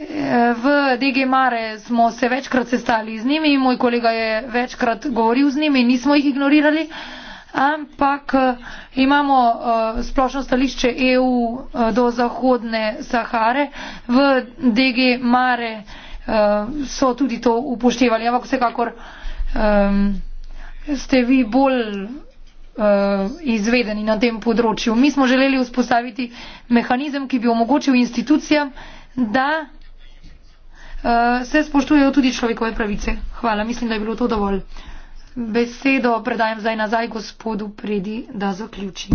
Eh, v DG Mare smo se večkrat sestali z njimi, moj kolega je večkrat govoril z njimi, nismo jih ignorirali. Uh, ampak eh, imamo eh, splošno stališče EU eh, do Zahodne Sahare. V DG Mare so tudi to upoštevali, ampak vsekakor ehm, ste vi bolj izvedeni na tem področju. Mi smo želeli vzpostaviti mehanizem, ki bi omogočil institucijam, da se spoštujejo tudi človekove pravice. Hvala, mislim, da je bilo to dovolj. Besedo predajam zdaj nazaj gospodu Predi, da zaključi.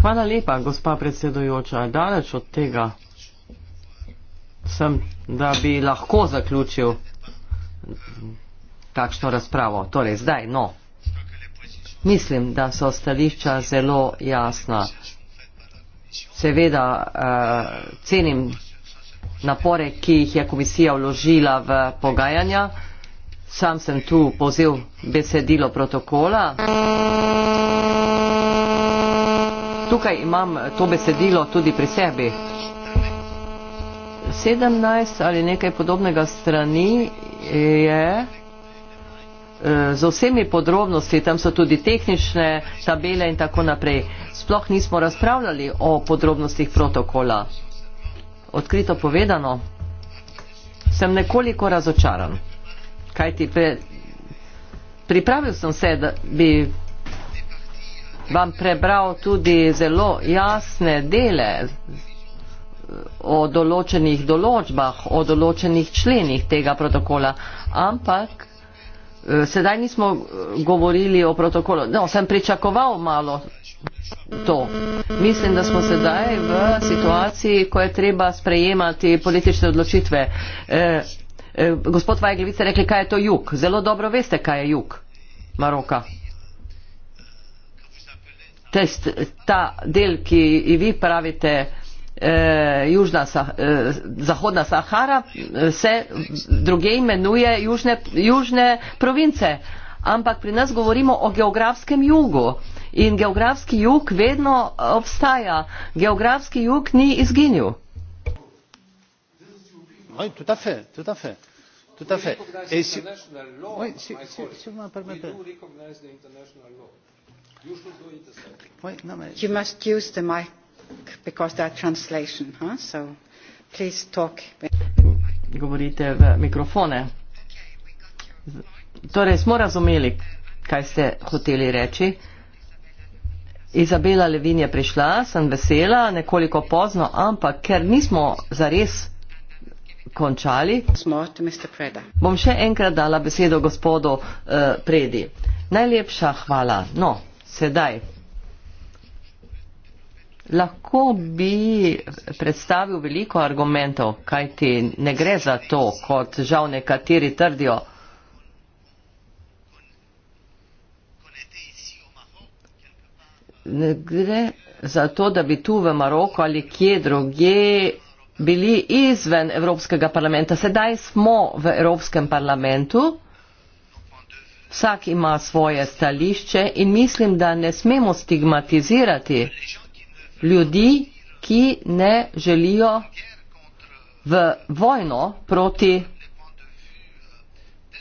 Hvala lepa, gospa predsedojoča. Daleč od tega sem, da bi lahko zaključil takšno razpravo. Torej, zdaj, no. Mislim, da so stališča zelo jasna. Seveda eh, cenim napore, ki jih je komisija vložila v pogajanja. Sam sem tu povzel besedilo protokola. Tukaj imam to besedilo tudi pri sebi. 17 ali nekaj podobnega strani je eh, z vsemi podrobnosti, tam so tudi tehnične tabele in tako naprej. Sploh nismo razpravljali o podrobnostih protokola. Odkrito povedano, sem nekoliko razočaran kaj ti pre... pripravil sem se, da bi vam prebral tudi zelo jasne dele o določenih določbah, o določenih členih tega protokola, ampak eh, sedaj nismo eh, govorili o protokolu. No, sem pričakoval malo to. Mislim, da smo sedaj v situaciji, ko je treba sprejemati politične odločitve. Eh, Eh, gospod Vajgl, vi ste rekli, kaj je to jug. Zelo dobro veste, kaj je jug Maroka. Test, ta del, ki ji vi pravite eh, južna, eh, zahodna Sahara, eh, se druge imenuje južne, južne province. Ampak pri nas govorimo o geografskem jugu. In geografski jug vedno obstaja. Geografski jug ni
izginil oui tout à fait tout à fait tout à fait et si vous me permettez
Wait, no, mais... You must use the mic because there are translation,
huh? so please talk. Govorite v mikrofone. Torej smo razumeli, kaj ste hoteli reči. Izabela Levin je prišla, sem vesela, nekoliko pozno, ampak ker nismo zares končali, bom še enkrat dala besedo gospodu uh, Predi. Najlepša hvala. No, sedaj. Lahko bi predstavil veliko argumentov, kaj ti ne gre za to, kot žal nekateri trdijo. Ne gre za to, da bi tu v Maroku ali kje drugje bili izven Evropskega parlamenta, sedaj smo v Evropskem parlamentu, vsak ima svoje stališče in mislim, da ne smemo stigmatizirati ljudi, ki ne želijo v vojno proti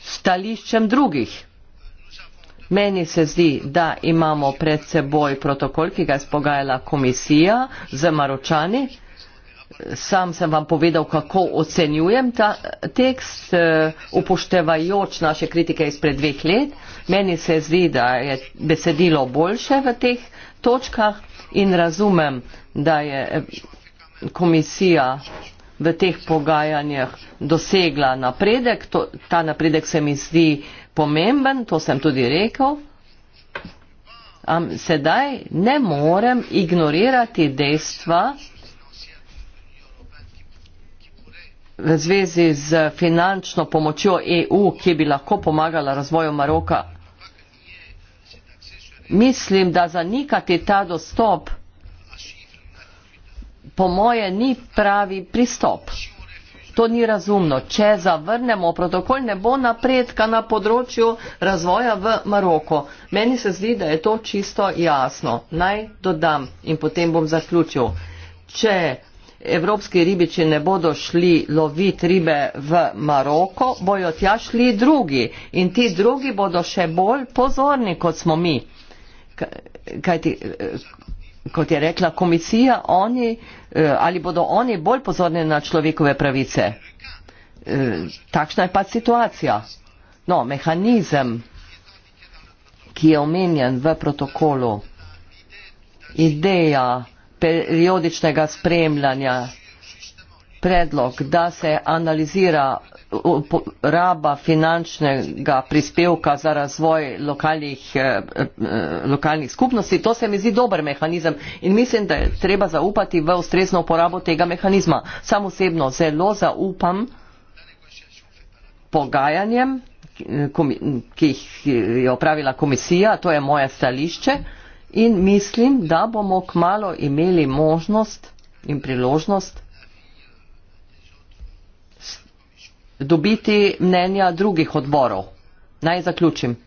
stališčem drugih. Meni se zdi, da imamo pred seboj protokol, ki ga je spogajala komisija z Maročani sam sem vam povedal, kako ocenjujem ta tekst, eh, upoštevajoč naše kritike izpred dveh let. Meni se zdi, da je besedilo boljše v teh točkah in razumem, da je eh, komisija v teh pogajanjih dosegla napredek. To, ta napredek se mi zdi pomemben, to sem tudi rekel. Am sedaj ne morem ignorirati dejstva, v zvezi z finančno pomočjo EU, ki bi lahko pomagala razvoju Maroka. Mislim, da zanikati ta dostop po moje ni pravi pristop. To ni razumno. Če zavrnemo protokol, ne bo napredka na področju razvoja v Maroko. Meni se zdi, da je to čisto jasno. Naj dodam in potem bom zaključil. Če evropski ribiči ne bodo šli loviti ribe v Maroko, bojo tja šli drugi in ti drugi bodo še bolj pozorni, kot smo mi. Kaj ti, eh, kot je rekla komisija, oni, eh, ali bodo oni bolj pozorni na človekove pravice? Eh, takšna je pa situacija. No, mehanizem, ki je omenjen v protokolu, ideja, periodičnega spremljanja predlog, da se analizira raba finančnega prispevka za razvoj lokalnih, eh, eh, lokalnih skupnosti. To se mi zdi dober mehanizem in mislim, da je treba zaupati v ustrezno uporabo tega mehanizma. Sam osebno zelo zaupam pogajanjem, ki eh, jih je opravila komisija, to je moje stališče in mislim, da bomo kmalo imeli možnost in priložnost dobiti mnenja drugih odborov. Naj zaključim.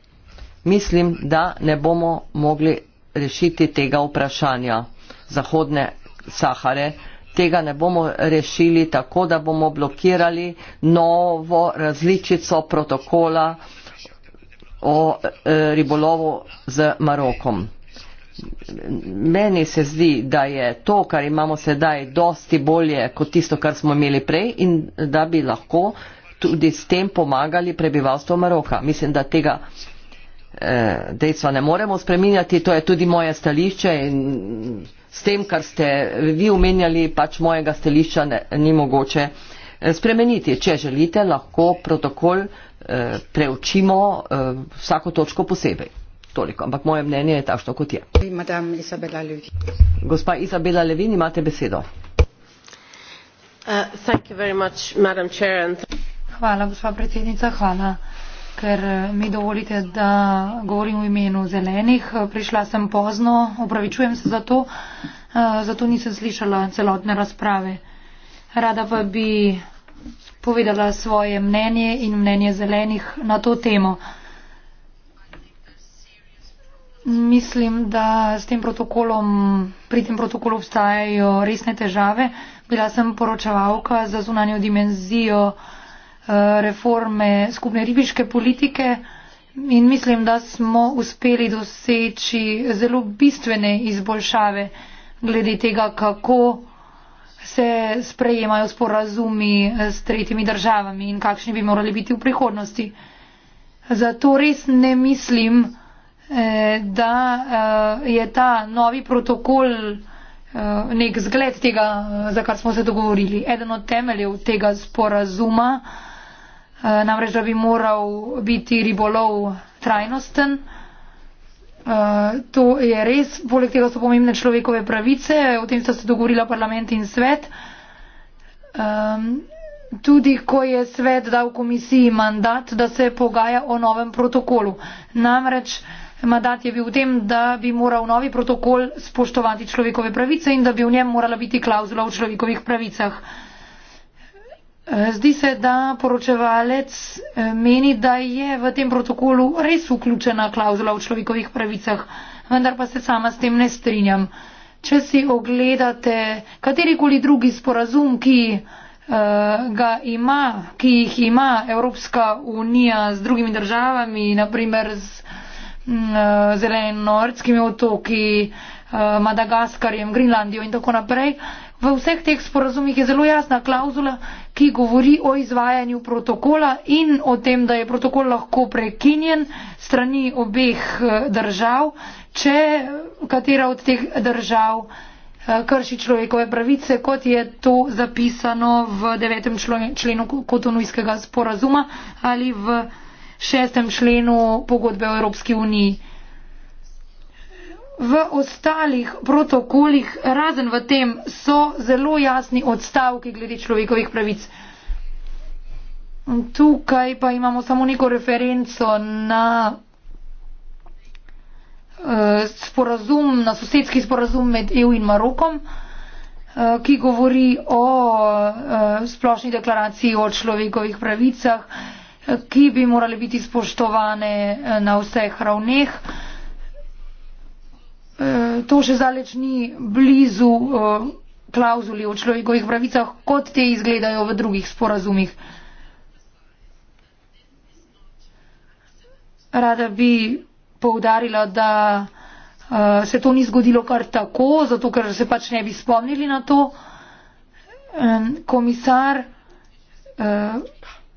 Mislim, da ne bomo mogli rešiti tega vprašanja Zahodne Sahare. Tega ne bomo rešili tako, da bomo blokirali novo različico protokola o eh, ribolovu z Marokom meni se zdi, da je to, kar imamo sedaj, dosti bolje kot tisto, kar smo imeli prej in da bi lahko tudi s tem pomagali prebivalstvo Maroka. Mislim, da tega eh, dejstva ne moremo spreminjati, to je tudi moje stališče in s tem, kar ste vi omenjali, pač mojega stališča ne, ni mogoče eh, spremeniti. Če želite, lahko protokol eh, preučimo eh, vsako točko posebej toliko. Ampak moje mnenje je takšno, kot je. Gospa Izabela Levin, imate besedo.
Uh, much, hvala, gospa predsednica, hvala, ker eh, mi dovolite, da govorim v imenu zelenih. Eh, prišla sem pozno, opravičujem se za to, uh, zato nisem slišala celotne razprave. Rada pa bi povedala svoje mnenje in mnenje zelenih na to temo. Uh, Mislim, da s tem protokolom, pri tem protokolu obstajajo resne težave. Bila sem poročevalka za zunanjo dimenzijo eh, reforme skupne ribiške politike in mislim, da smo uspeli doseči zelo bistvene izboljšave glede tega, kako se sprejemajo sporazumi eh, s tretjimi državami in kakšni bi morali biti v prihodnosti. Zato res ne mislim, da. Eh, da eh, je ta novi protokol eh, nek zgled tega, za kar smo se dogovorili. Eden od temeljev tega sporazuma namreč, da bi moral biti ribolov trajnosten. To je res, poleg tega so pomembne človekove pravice, o tem sta se dogovorila parlament in svet. Ehm, tudi ko je svet dal komisiji mandat, da se pogaja o novem protokolu. Namreč, mandat je bil v tem, da bi moral novi protokol spoštovati človekove pravice in da bi v njem morala biti klauzula o človekovih pravicah. Zdi se, da poročevalec eh, meni, da je v tem protokolu res vključena klauzula o človekovih pravicah, vendar pa se sama s tem ne strinjam. Če si ogledate katerikoli drugi sporazum, ki eh, ga ima, ki jih ima Evropska unija z drugimi državami, naprimer z. Mm, eh, zelen nordskimi otoki, eh, Madagaskarjem, Grenlandijo in tako naprej. V vseh teh sporazumih je zelo jasna klauzula, ki govori o izvajanju protokola in o tem, da je protokol lahko prekinjen strani obeh eh, držav, če katera od teh držav krši človekove pravice, kot je to zapisano v devetem členu Kotonujskega sporazuma ali v šestem členu pogodbe o Evropski uniji. V ostalih protokolih, razen v tem, so zelo jasni odstavki glede človekovih pravic. Tukaj pa imamo samo neko referenco na eh, sporazum, na sosedski sporazum med EU in Marokom, eh, ki govori o eh, splošni deklaraciji o človekovih pravicah ki bi morali biti spoštovane eh, na vseh ravneh. Eh, to še zaleč ni blizu eh, klauzuli o človekovih pravicah, kot te izgledajo v drugih sporazumih. Rada bi poudarila, da se to ni zgodilo kar tako, zato ker se pač ne bi spomnili na to. Komisar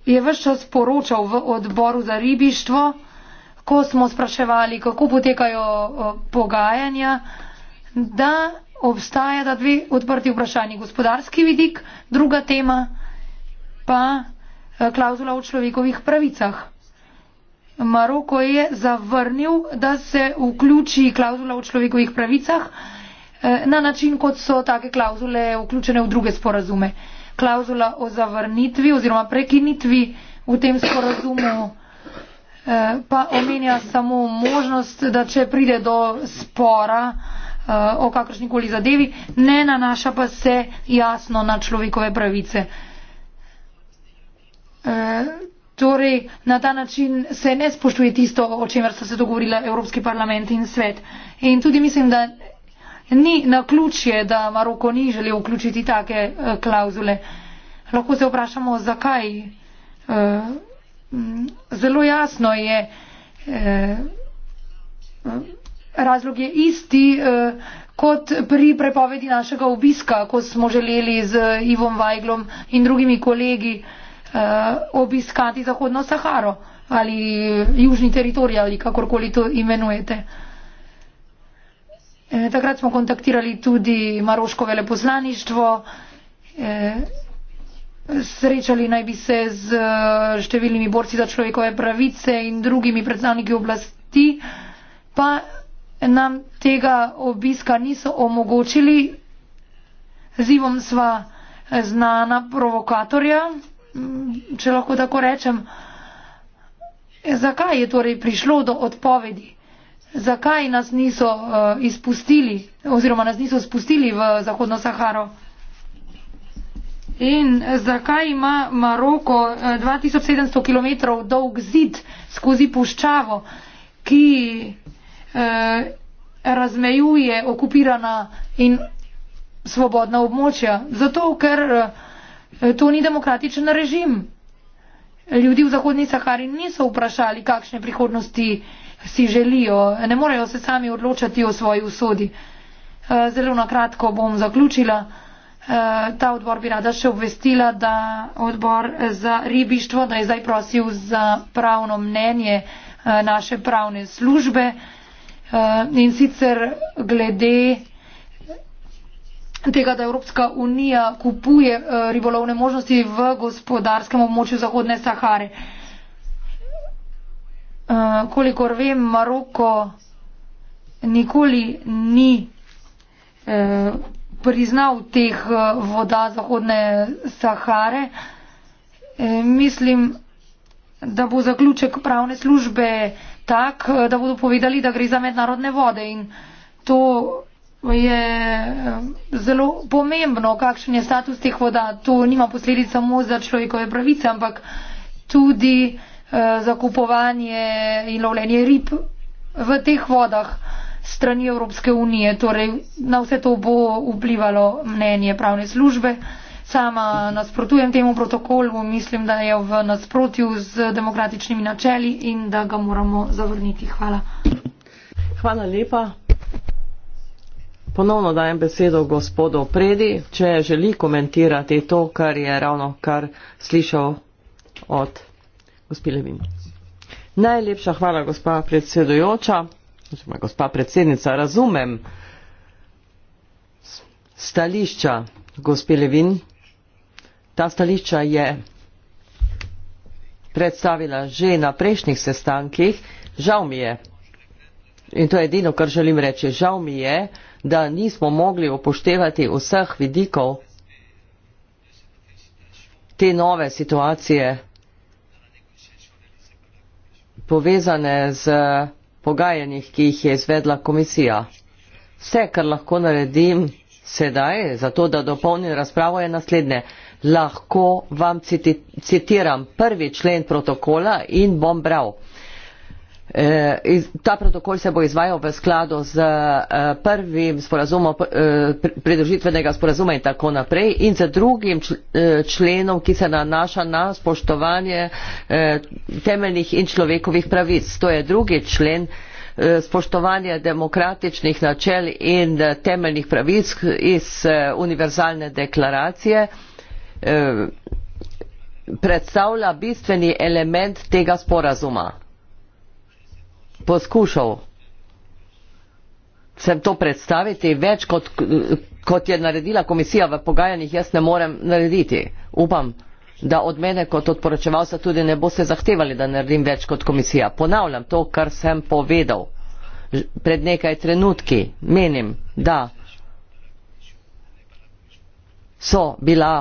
je vse čas poročal v odboru za ribištvo, ko smo spraševali, kako potekajo pogajanja, da obstaja ta dve odprti vprašanji. Gospodarski vidik, druga tema pa e, klauzula o človekovih pravicah. Maroko je zavrnil, da se vključi klauzula o človekovih pravicah e, na način, kot so take klauzule vključene v druge sporazume klauzula o zavrnitvi oziroma prekinitvi v tem sporazumu eh, pa omenja samo možnost, da če pride do spora eh, o kakršnikoli zadevi, ne nanaša pa se jasno na človekove pravice. Eh, torej, na ta način se ne spoštuje tisto, o čemer so se dogovorila Evropski parlament in svet. In tudi mislim, da ni na ključje, da Maroko ni želel vključiti take eh, klauzule. Lahko se vprašamo, zakaj. Eh, zelo jasno je, eh, razlog je isti kot pri prepovedi našega obiska, ko smo želeli z Ivom Vajglom in drugimi kolegi obiskati Zahodno Saharo ali južni teritorij ali kakorkoli to imenujete. Eh, takrat smo kontaktirali tudi Maroško veleposlaništvo. Eh, srečali naj bi se z eh, številnimi borci za človekove pravice in drugimi predstavniki oblasti, pa nam tega obiska niso omogočili. Zivom sva znana provokatorja, mm, če lahko tako rečem. Zakaj je torej prišlo do odpovedi? zakaj nas niso uh, izpustili oziroma nas niso spustili v Zahodno Saharo. In zakaj ima Maroko 2700 eh, km dolg zid skozi puščavo, ki eh, razmejuje okupirana in svobodna območja? Zato, ker eh, to ni demokratičen režim. Ljudi v Zahodni Sahari niso vprašali, kakšne prihodnosti eh, si želijo, ne morejo se sami odločati o svoji usodi. Eh, zelo na kratko bom zaključila. Eh, ta odbor bi rada še obvestila, da odbor za ribištvo, da je zdaj prosil za pravno mnenje eh, naše pravne službe in sicer glede tega, da Evropska unija kupuje ribolovne možnosti v gospodarskem območju Zahodne Sahare. Eh, kolikor vem, Maroko nikoli ni uh, priznal teh uh, voda Zahodne Sahare. E, mislim, da bo zaključek pravne službe tak, da bodo povedali, da gre za mednarodne vode in to je zelo pomembno, kakšen je status teh voda. To nima posledic samo za človekove pravice, ampak tudi uh, Eh, zakupovanje in lovljenje rib v teh vodah strani Evropske unije. Torej, na vse to bo vplivalo mnenje pravne službe. Sama nasprotujem temu protokolu, mislim, da je v nasprotju z demokratičnimi načeli in da ga moramo zavrniti. Hvala. Hvala lepa.
Ponovno dajem besedo gospodu Predi, če želi komentirati to, kar je ravno kar slišal od gospod Levin. Najlepša hvala, gospa predsedujoča, oziroma gospa predsednica, razumem stališča gospod Levin. Ta stališča je predstavila že na prejšnjih sestankih. Žal mi je, in to je edino, kar želim reči, žal mi je, da nismo mogli upoštevati vseh vidikov te nove situacije povezane z pogajanjih, ki jih je izvedla komisija. Vse, kar lahko naredim sedaj, zato da dopolnim razpravo, je naslednje. Lahko vam citi citiram prvi člen protokola in bom bral. Eh, iz, ta protokol se bo izvajal v skladu z uh, prvim sporazumom uh, pridružitvenega sporazuma in tako naprej in z drugim čl, uh, členom, ki se nanaša na spoštovanje uh, temeljnih in človekovih pravic. To je drugi člen spoštovanje demokratičnih načel in temeljnih pravic iz univerzalne deklaracije predstavlja bistveni element tega sporazuma poskušal sem to predstaviti več kot, kot je naredila komisija v pogajanjih, jaz ne morem narediti. Upam, da od mene kot odporočevalca tudi ne boste zahtevali, da naredim več kot komisija. Ponavljam to, kar sem povedal pred nekaj trenutki. Menim, da so bila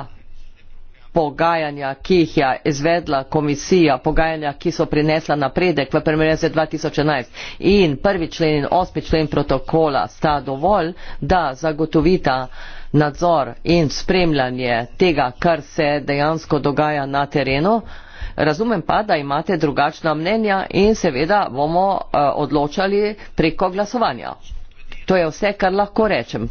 pogajanja, ki jih je izvedla komisija, pogajanja, ki so prinesla napredek v primerjavi z 2011 in prvi člen in osmi člen protokola sta dovolj, da zagotovita nadzor in spremljanje tega, kar se dejansko dogaja na terenu. Razumem pa, da imate drugačna mnenja in seveda bomo uh, odločali preko glasovanja. To je vse, kar lahko rečem.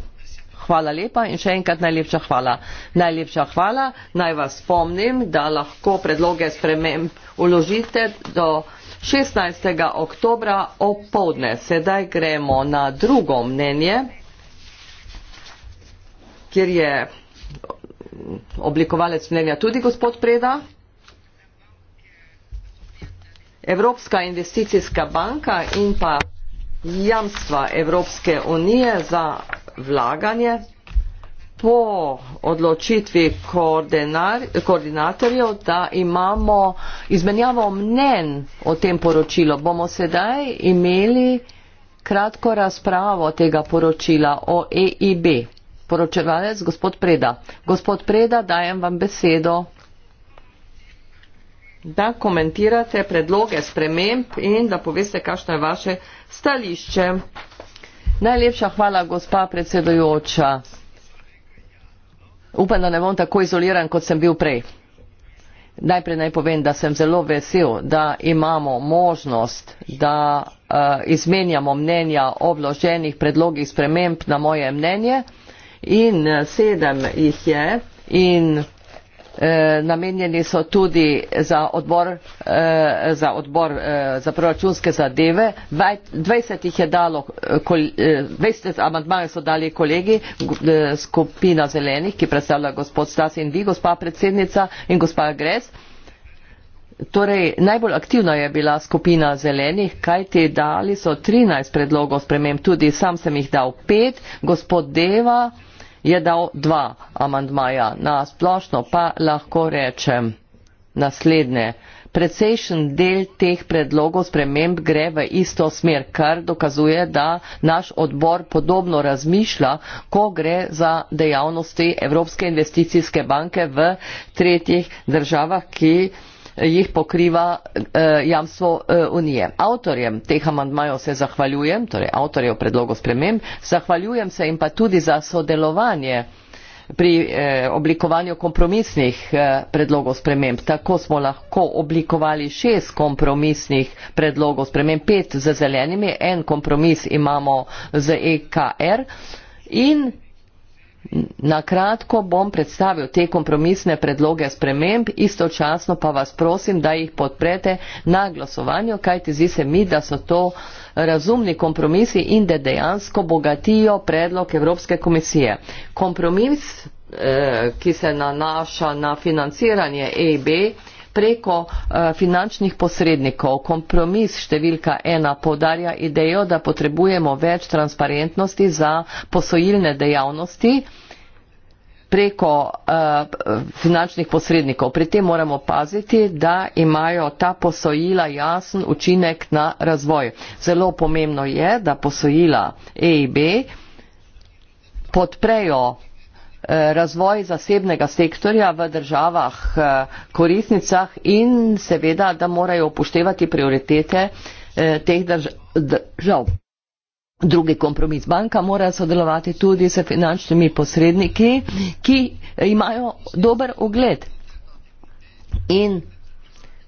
Hvala lepa in še enkrat najlepša hvala. Najlepša hvala. Naj vas spomnim, da lahko predloge sprememb uložite do 16. oktobra opovdne. Sedaj gremo na drugo mnenje, kjer je oblikovalec mnenja tudi gospod Preda. Evropska investicijska banka in pa jamstva Evropske unije za vlaganje po odločitvi koordinatorjev, da imamo izmenjavo mnen o tem poročilu. Bomo sedaj imeli kratko razpravo tega poročila o EIB. Poročevalec gospod Preda. Gospod Preda, dajem vam besedo, da komentirate predloge sprememb in da poveste, kakšno je vaše stališče. Najlepša hvala, gospa predsedujoča. Upam, da ne bom tako izoliran, kot sem bil prej. Najprej naj povem, da sem zelo vesel, da imamo možnost, da uh, izmenjamo mnenja o vloženih predlogih sprememb na moje mnenje. In eh, sedem jih je. In eh, namenjeni so tudi za odbor, eh, za, odbor eh, za proračunske zadeve. 20 jih je dalo, eh, kol, eh, 20 amantmajev so dali kolegi eh, skupina zelenih, ki predstavlja gospod Stas in vi, gospa predsednica in gospa Gres. Torej, najbolj aktivna je bila skupina zelenih, kajti dali so 13 predlogov spremem, tudi sam sem jih dal 5, gospod Deva, eh, je dal dva amandmaja. Na splošno pa lahko rečem naslednje. Precejšen del teh predlogov sprememb gre v isto smer, kar dokazuje, da naš odbor podobno razmišlja, ko gre za dejavnosti Evropske investicijske banke v tretjih državah, ki jih pokriva eh, jamstvo eh, unije. Avtorjem teh amandmajev se zahvaljujem, torej avtorjev predlogov sprememb, zahvaljujem se jim pa tudi za sodelovanje pri eh, oblikovanju kompromisnih predlogov sprememb. Tako smo lahko oblikovali šest kompromisnih predlogov sprememb, pet z zelenimi, en kompromis imamo z EKR in Na kratko bom predstavil te kompromisne predloge sprememb, istočasno pa vas prosim, da jih podprete na glasovanju, kajti zdi se mi, da so to razumni kompromisi in da dejansko bogatijo predlog Evropske komisije. Kompromis, eh, ki se nanaša na financiranje EIB, eh, preko eh, finančnih posrednikov. Kompromis številka ena podarja idejo, da potrebujemo več transparentnosti za posojilne dejavnosti preko uh, finančnih posrednikov. Pri tem moramo paziti, da imajo ta posojila jasen učinek na razvoj. Zelo pomembno je, da posojila EIB podprejo razvoj zasebnega sektorja v državah eh, korisnicah in seveda, da morajo upoštevati prioritete eh, teh držav. Drugi kompromis. Banka mora sodelovati tudi s finančnimi posredniki, ki imajo dober ogled. In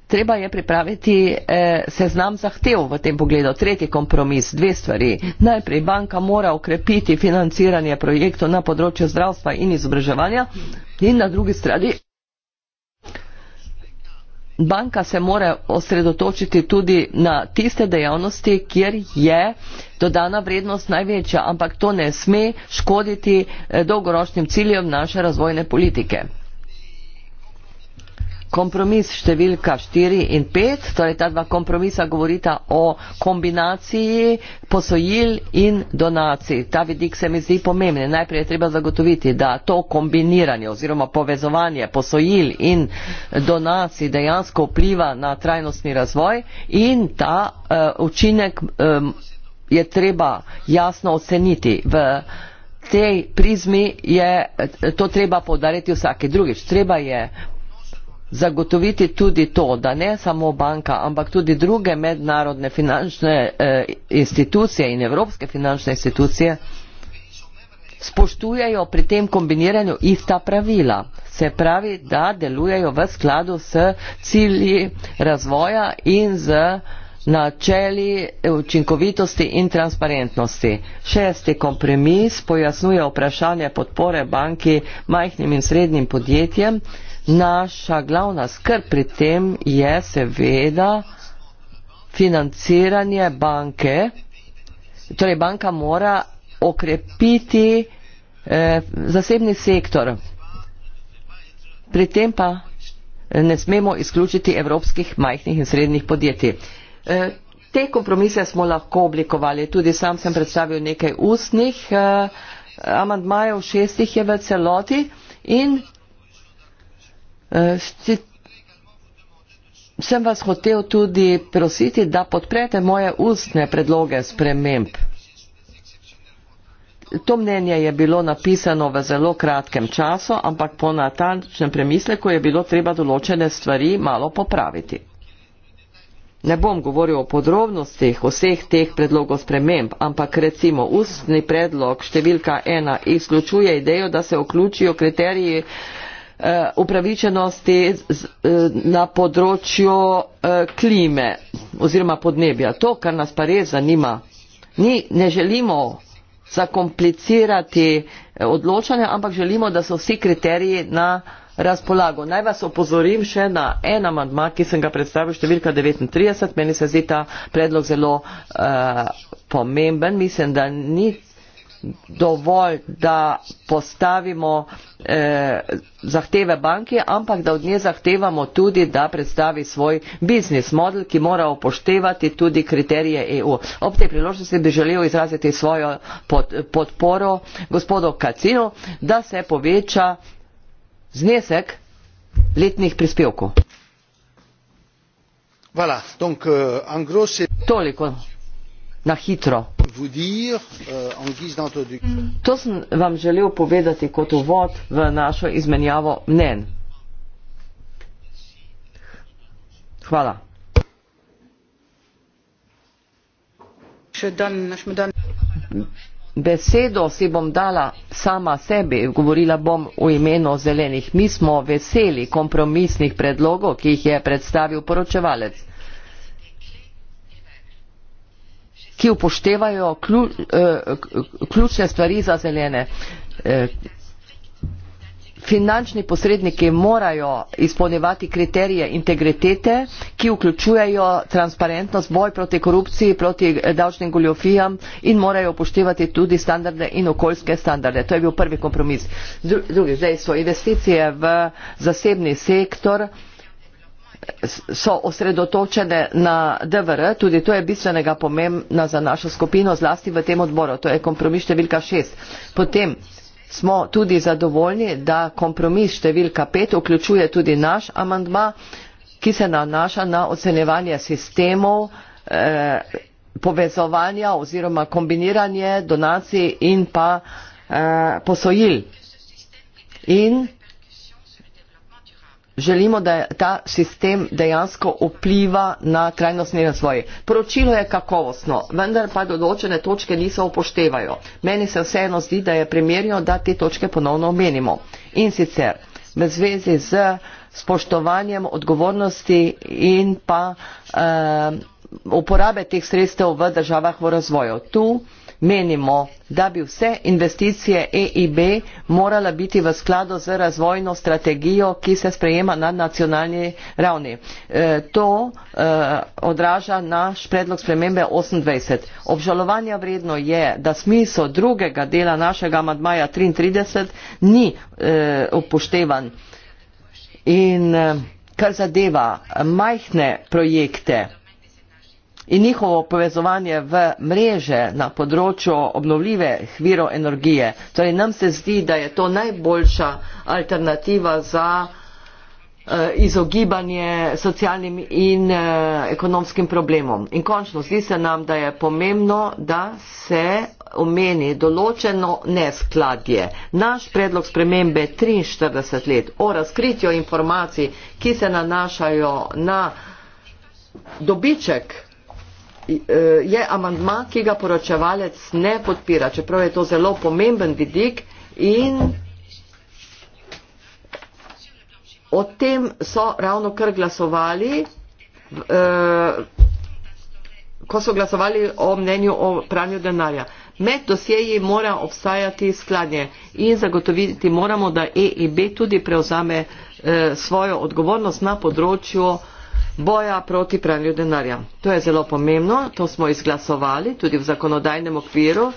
treba je pripraviti eh, seznam zahtev v tem pogledu. Tretji kompromis, dve stvari. Najprej banka mora ukrepiti financiranje projektov na področju zdravstva in izobraževanja in na drugi strani banka se mora osredotočiti tudi na tiste dejavnosti, kjer je dodana vrednost največja, ampak to ne sme škoditi eh, dolgoročnim ciljem naše razvojne politike kompromis številka 4 in 5, torej ta dva kompromisa govorita o kombinaciji posojil in donacij. Ta vidik se mi zdi pomembne. Najprej je treba zagotoviti, da to kombiniranje oziroma povezovanje posojil in donacij dejansko vpliva na trajnostni razvoj in ta uh, učinek um, je treba jasno oceniti. V tej prizmi je eh, to treba podariti vsake drugič. Treba je zagotoviti tudi to, da ne samo banka, ampak tudi druge mednarodne finančne eh, institucije in evropske finančne institucije spoštujejo pri tem kombiniranju ista pravila. Se pravi, da delujejo v skladu s cilji razvoja in z načeli učinkovitosti in transparentnosti. Šesti kompromis pojasnuje vprašanje podpore banki majhnim in srednjim podjetjem. Eh, Naša glavna skrb pri tem je seveda financiranje banke. Torej, banka mora okrepiti eh, zasebni sektor. Pri tem pa ne smemo izključiti evropskih majhnih in srednjih podjetij. Eh, te kompromise smo lahko oblikovali. Tudi sam sem predstavil nekaj ustnih eh, amandmajev, šestih je v celoti. In Eh, sem vas hotel tudi prositi, da podprete moje ustne predloge sprememb. To mnenje je bilo napisano v zelo kratkem času, ampak po natančnem premisleku je bilo treba določene stvari malo popraviti. Ne bom govoril o podrobnostih vseh teh predlogov sprememb, ampak recimo ustni predlog številka ena izključuje idejo, da se vključijo kriteriji Eh, upravičenosti eh, na področju eh, klime oziroma podnebja. To, kar nas pa res zanima, ni, ne želimo zakomplicirati odločanja, ampak želimo, da so vsi kriteriji na razpolago. Naj vas opozorim še na en amandma, ki sem ga predstavil, številka 39. Meni se zdi ta predlog zelo uh, pomemben. Mislim, da ni dovolj, da postavimo eh, zahteve banki, ampak da od nje zahtevamo tudi, da predstavi svoj biznis model, ki mora upoštevati tudi kriterije EU. Ob tej priložnosti bi želel izraziti svojo pod, podporo gospodu Kacinu, da se poveča znesek letnih prispevkov.
Voilà. Donc, euh, en gros, c'est... Toliko
na hitro.
Euh,
to sem vam želel povedati kot uvod v našo izmenjavo mnen. Hvala. Besedo si bom dala sama sebi, govorila bom v imenu zelenih. Mi smo veseli kompromisnih predlogov, ki jih je predstavil poročevalec. ki upoštevajo klju, eh, ključne stvari za zelene. Eh, finančni posredniki morajo izpolnjevati kriterije integritete, ki vključujejo transparentnost, boj proti korupciji, proti eh, davčnim goljofijam in morajo upoštevati tudi standarde in okoljske standarde. To je bil prvi kompromis. Dru, drugi, zdaj so investicije v zasebni sektor. Eh, so osredotočene na DVR, tudi to je bistvenega pomembna za našo skupino, zlasti v tem odboru, to je kompromis številka šest. Potem smo tudi zadovoljni, da kompromis številka pet vključuje tudi naš amandma, ki se nanaša na ocenjevanje sistemov eh, povezovanja oziroma kombiniranje donacij in pa eh, posojil. In želimo, da ta sistem dejansko vpliva na trajnostni razvoj. Poročilo je kakovostno, vendar pa določene točke niso upoštevajo. Meni se vseeno zdi, da je primerno, da te točke ponovno omenimo. In sicer v zvezi z spoštovanjem odgovornosti in pa uh, uporabe teh sredstev v državah v razvoju. Tu menimo, da bi vse investicije EIB morala biti v skladu z razvojno strategijo, ki se sprejema na nacionalni ravni. E, to e, odraža naš predlog spremembe 28. Obžalovanja vredno je, da smisel drugega dela našega amadmaja 33 ni e, upoštevan. In e, kar zadeva majhne projekte, in njihovo povezovanje v mreže na področju obnovljive hviro energije. Torej nam se zdi, da je to najboljša alternativa za eh, izogibanje socialnim in eh, ekonomskim problemom. In končno zdi se nam, da je pomembno, da se omeni določeno neskladje. Naš predlog spremembe 43 let o razkritju informacij, ki se nanašajo na dobiček Eh, je amandma, ki ga poročevalec ne podpira, čeprav je to zelo pomemben vidik in o tem so ravno kar glasovali, eh, ko so glasovali o mnenju o pranju denarja. Med dosjeji mora obstajati skladnje in zagotoviti moramo, da EIB tudi prevzame eh, svojo odgovornost na področju boja proti pranju denarja. To je zelo pomembno, to smo izglasovali tudi v zakonodajnem okviru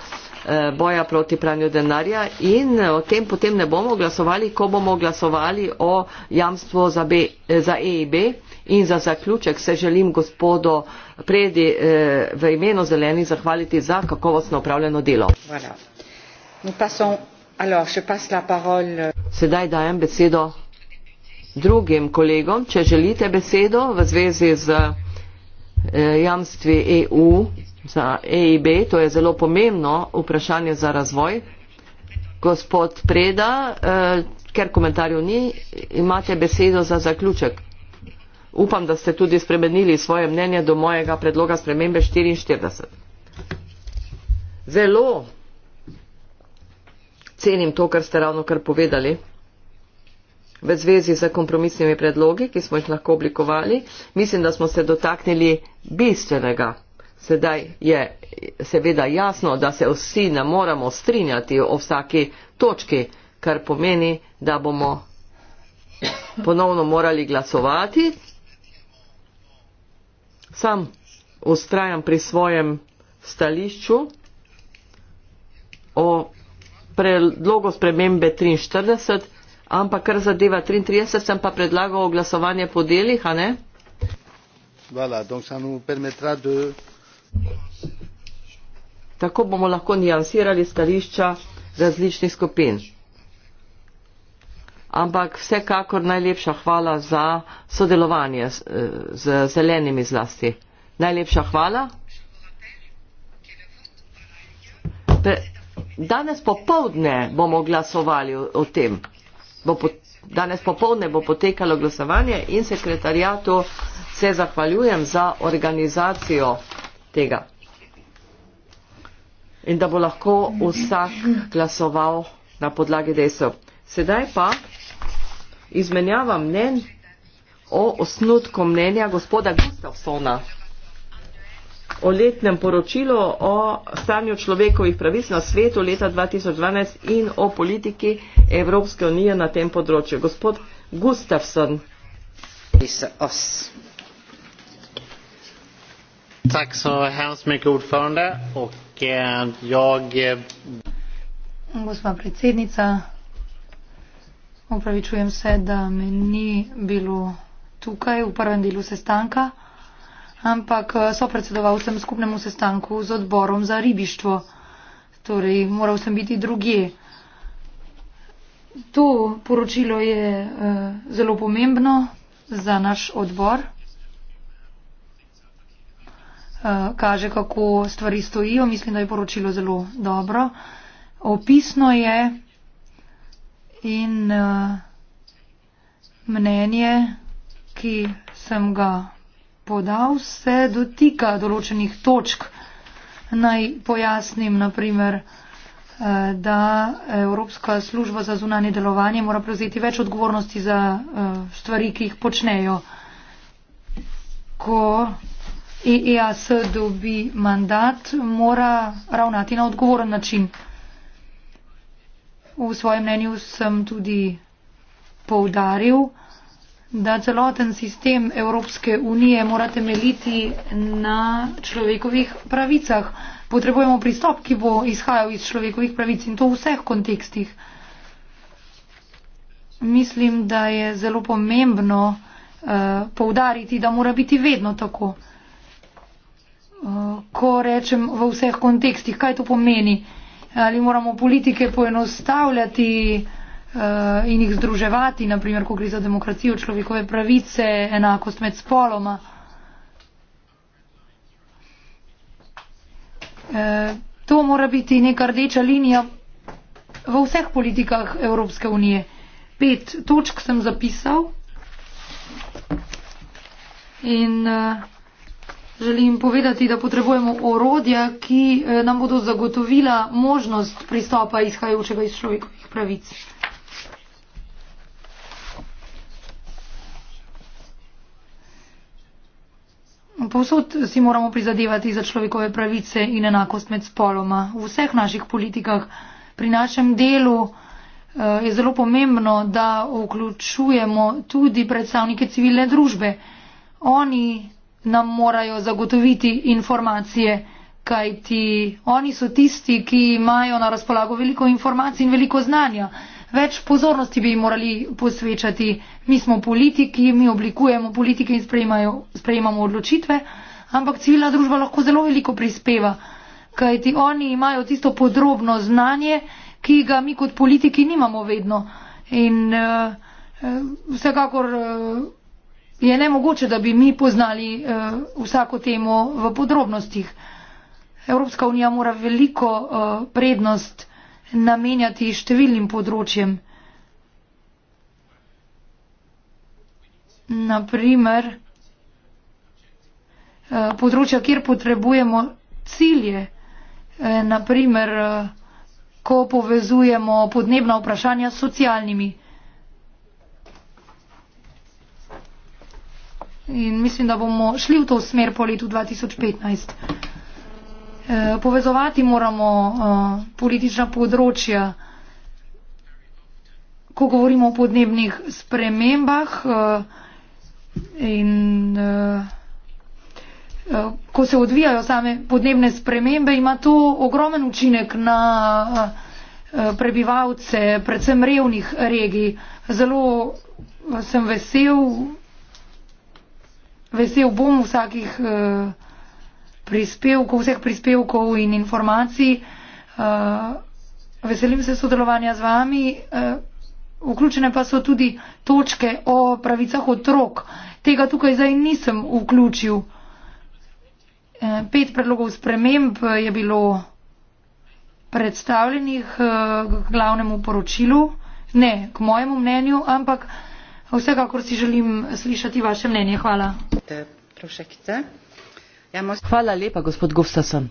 eh, boja proti pranju denarja in eh, o tem potem ne bomo glasovali, ko bomo glasovali o jamstvu za, B, eh, za EIB in za zaključek se želim gospodu Predi v imenu zeleni zahvaliti za kakovostno upravljeno delo. Voilà. Passons, alors, parole... Euh, Sedaj dajem besedo drugim kolegom, če želite besedo v zvezi z eh, jamstvi EU za EIB, to je zelo pomembno vprašanje za razvoj. Gospod Preda, eh, ker komentarjev ni, imate besedo za zaključek. Upam, da ste tudi spremenili svoje mnenje do mojega predloga spremembe 44. Zelo cenim to, kar ste ravno kar povedali v zvezi z kompromisnimi predlogi, ki smo jih lahko oblikovali. Mislim, da smo se dotaknili bistvenega. Sedaj je seveda jasno, da se vsi ne moramo strinjati o vsaki točki, kar pomeni, da bomo ponovno morali glasovati. Sam ustrajam pri svojem stališču o predlogu spremembe 43 ampak kar zadeva 33, sem pa predlagal glasovanje po delih, a ne?
Voilà, donc ça nous permettra de...
Tako bomo lahko nijansirali stališča različnih skupin. Ampak vsekakor najlepša hvala za sodelovanje z, z zelenimi zlasti. Najlepša hvala. Pre, danes popovdne bomo glasovali o, o tem bo po, danes popovdne bo potekalo glasovanje in sekretarijatu se zahvaljujem za organizacijo tega. In da bo lahko vsak glasoval na podlagi dejstev. Sedaj pa izmenjava mnen o osnutku mnenja gospoda Gustavsona o letnem poročilu o stanju človekovih pravic na svetu leta 2012 in o politiki Evropske unije na tem področju. Gospod Gustafsson.
Tak so hemsmik odfonda.
Gospa predsednica, opravičujem se, da me ni bilo tukaj v prvem delu sestanka ampak eh, so predsedoval sem skupnemu sestanku z odborom za ribištvo. Torej, moral sem biti druge. To poročilo je uh, zelo pomembno za naš odbor. Uh, kaže, kako stvari stojijo. Mislim, da je poročilo zelo dobro. Opisno je in uh, mnenje, ki sem ga podal, se dotika določenih točk. Naj pojasnim, naprimer, eh, da Evropska služba za zunanje delovanje mora prevzeti več odgovornosti za eh, stvari, ki jih počnejo. Ko EEAS dobi mandat, mora ravnati na odgovoren način. V svojem mnenju sem tudi poudaril, da celoten sistem Evropske unije mora temeljiti na človekovih pravicah. Potrebujemo pristop, ki bo izhajal iz človekovih pravic in to v vseh kontekstih. Mislim, da je zelo pomembno uh, poudariti, da mora biti vedno tako. Uh, ko rečem v vseh kontekstih, kaj to pomeni? Ali moramo politike poenostavljati? Uh, Eh, in jih združevati, naprimer, ko gre za demokracijo, človekove pravice, enakost med spoloma. Eh, to mora biti neka rdeča linija v vseh politikah Evropske unije. Pet točk sem zapisal in eh, želim povedati, da potrebujemo orodja, ki nam bodo zagotovila možnost pristopa izhajajočega iz človekovih pravic. Povsod si moramo prizadevati za človekove pravice in enakost med spoloma. V vseh naših politikah, pri našem delu eh, je zelo pomembno, da vključujemo tudi predstavnike civilne družbe. Oni nam morajo zagotoviti informacije, kajti oni so tisti, ki imajo na razpolago veliko informacij in veliko znanja več pozornosti bi jim morali posvečati. Mi smo politiki, mi oblikujemo politike in sprejemamo odločitve, ampak civilna družba lahko zelo veliko prispeva, kajti oni imajo tisto podrobno znanje, ki ga mi kot politiki nimamo vedno. In uh, vsekakor uh, je nemogoče, da bi mi poznali uh, vsako temo v podrobnostih. Evropska unija mora veliko uh, prednost namenjati številnim področjem. Naprimer, eh, področja, kjer potrebujemo cilje, eh, naprimer, eh, ko povezujemo podnebna vprašanja s socialnimi. In mislim, da bomo šli v to smer po letu 2015. Eh, povezovati moramo eh, politična področja. Ko govorimo o podnebnih spremembah eh, in ko se odvijajo same podnebne spremembe, ima to ogromen učinek na prebivalce, predvsem revnih regij. Zelo sem vesel, vesel bom vsakih prispevkov, vseh prispevkov in informacij. Eh, veselim se sodelovanja z vami. Eh, vključene pa so tudi točke o pravicah otrok. Tega tukaj zdaj nisem vključil. Eh, pet predlogov sprememb je bilo predstavljenih k glavnemu poročilu, ne k mojemu mnenju, ampak vsekakor si želim slišati vaše mnenje. Hvala. Te,
Hvala lepa,
gospod Gustafsson.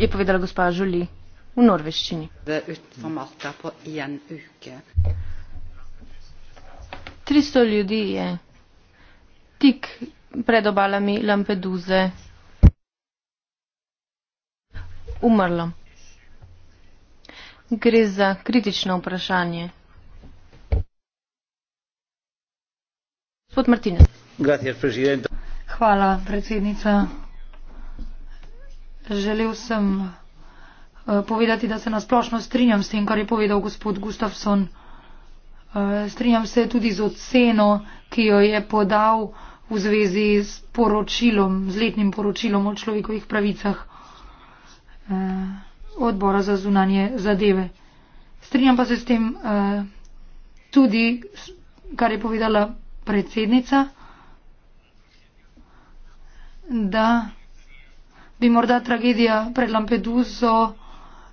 Je povedala gospa Žuli v norveščini. Er Tristo ljudi je tik pred obalami Lampeduze umrlo. Gre za kritično vprašanje.
Gospod Martinez. Hvala, predsednica. Želel sem eh, povedati, da se nasplošno strinjam s tem, kar je povedal gospod Gustafsson. Eh, strinjam se tudi z oceno, ki jo je podal v zvezi s poročilom, z letnim poročilom o človekovih pravicah eh, odbora za zunanje zadeve. Strinjam pa se s tem tudi, kar je povedala predsednica, da bi morda tragedija pred Lampeduso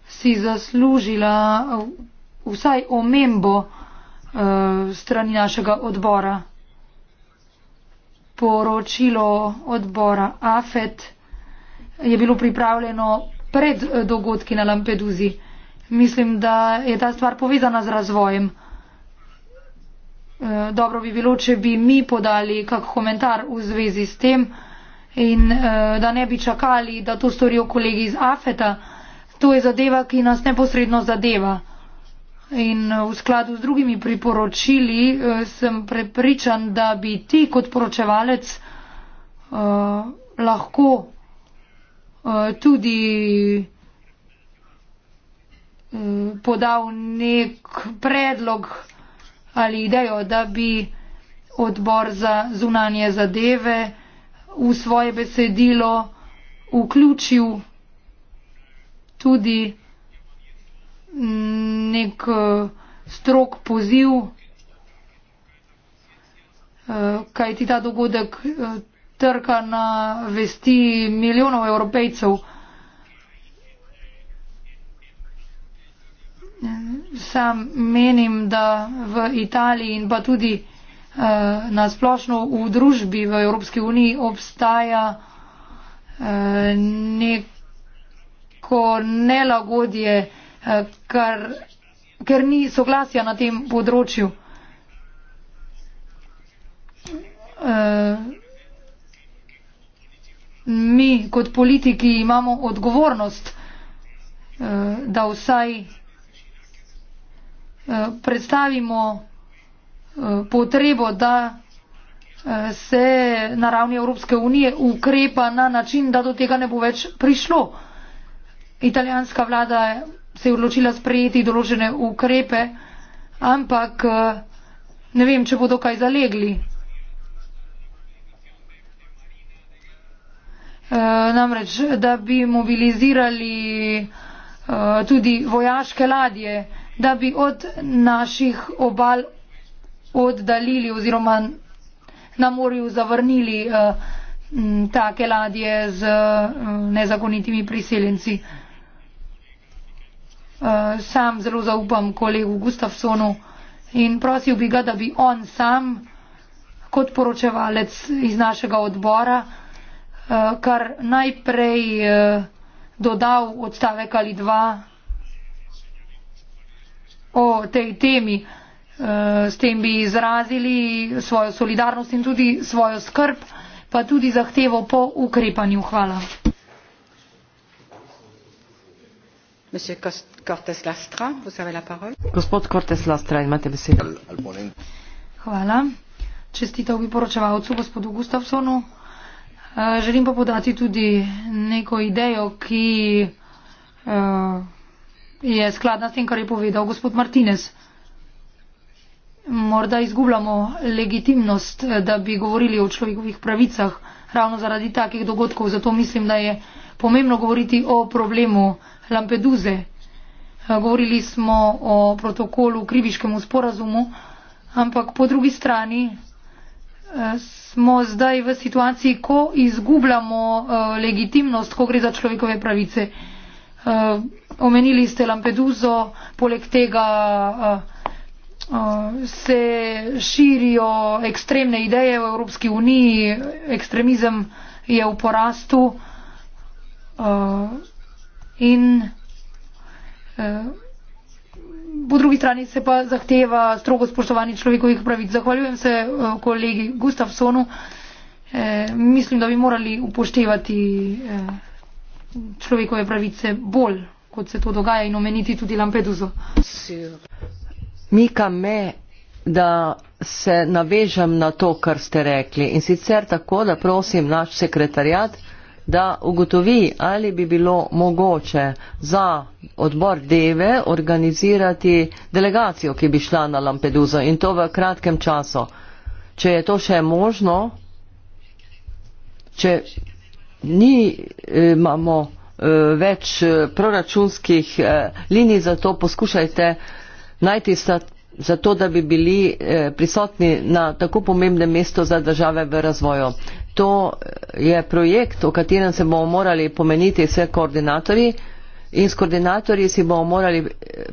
si zaslužila uh, vsaj omembo uh, strani našega odbora. Poročilo odbora AFET je bilo pripravljeno pred dogodki na Lampeduzi. Mislim, da je ta stvar povezana z razvojem. Eh, dobro bi bilo, če bi mi podali kak komentar v zvezi s tem in eh, da ne bi čakali, da to storijo kolegi iz Afeta. To je zadeva, ki nas neposredno zadeva. In eh, v skladu z drugimi priporočili sem prepričan, da bi ti kot poročevalec uh, lahko uh, tudi uh, podal nek predlog, uh, ali idejo, da bi odbor za zunanje zadeve v svoje besedilo vključil tudi nek eh, strok poziv, eh, kaj ti ta dogodek eh, trka na vesti milijonov evropejcev. sam menim, da v Italiji in pa tudi uh, na splošno v družbi v Evropski uniji obstaja uh, neko nelagodje, uh, kar, ker ni soglasja na tem področju. Uh, mi kot politiki imamo odgovornost, uh, da vsaj Eh, predstavimo eh, potrebo, da eh, se na ravni Evropske unije ukrepa na način, da do tega ne bo več prišlo. Italijanska vlada se je odločila sprejeti določene ukrepe, ampak ne vem, če bodo kaj zalegli. Namreč, da bi mobilizirali tudi vojaške ladje da bi od naših obal oddalili oziroma na morju zavrnili uh, take ladje z uh, nezakonitimi priseljenci. Uh, sam zelo zaupam kolegu Gustafsonu in prosil bi ga, da bi on sam kot poročevalec iz našega odbora uh, kar najprej uh, dodal odstavek ali dva o tej temi. Eh, s tem bi izrazili svojo solidarnost in tudi svojo skrb, pa tudi zahtevo po ukrepanju. Hvala.
Gospod Cortes Lastra, imate besedo.
Hvala. Čestitev bi poročevalcu, gospodu Gustafsonu. Eh, želim pa podati tudi neko idejo, ki. Uh, je skladna s tem, kar je povedal gospod Martinez. Morda izgubljamo legitimnost, da bi govorili o človekovih pravicah ravno zaradi takih dogodkov. Zato mislim, da je pomembno govoriti o problemu Lampeduze. Govorili smo o protokolu kribiškemu sporazumu, ampak po drugi strani eh, smo zdaj v situaciji, ko izgubljamo eh, legitimnost, ko gre za človekove pravice. Eh, omenili ste Lampeduso, poleg tega eh, eh, se širijo ekstremne ideje v Evropski uniji, ekstremizem je v porastu eh, in po drugi strani se pa zahteva strogo spoštovanje človekovih pravic. Zahvaljujem se kolegi Gustafsonu. Mislim, da bi morali upoštevati človekove pravice bolj kot se to dogaja in omeniti tudi Lampeduzo.
Mika me, da se navežem na to, kar ste rekli in sicer tako, da prosim naš sekretarjat, da ugotovi, ali bi bilo mogoče za odbor Deve organizirati delegacijo, ki bi šla na Lampeduzo in to v kratkem času. Če je to še možno, če ni, eh, imamo. E, Eh, več eh, proračunskih eh, linij, zato poskušajte najti za to, da bi bili prisotni na tako pomembnem mestu za države v razvoju. To je projekt, o katerem se bomo morali pomeniti vse koordinatorji in s koordinatorji si bomo morali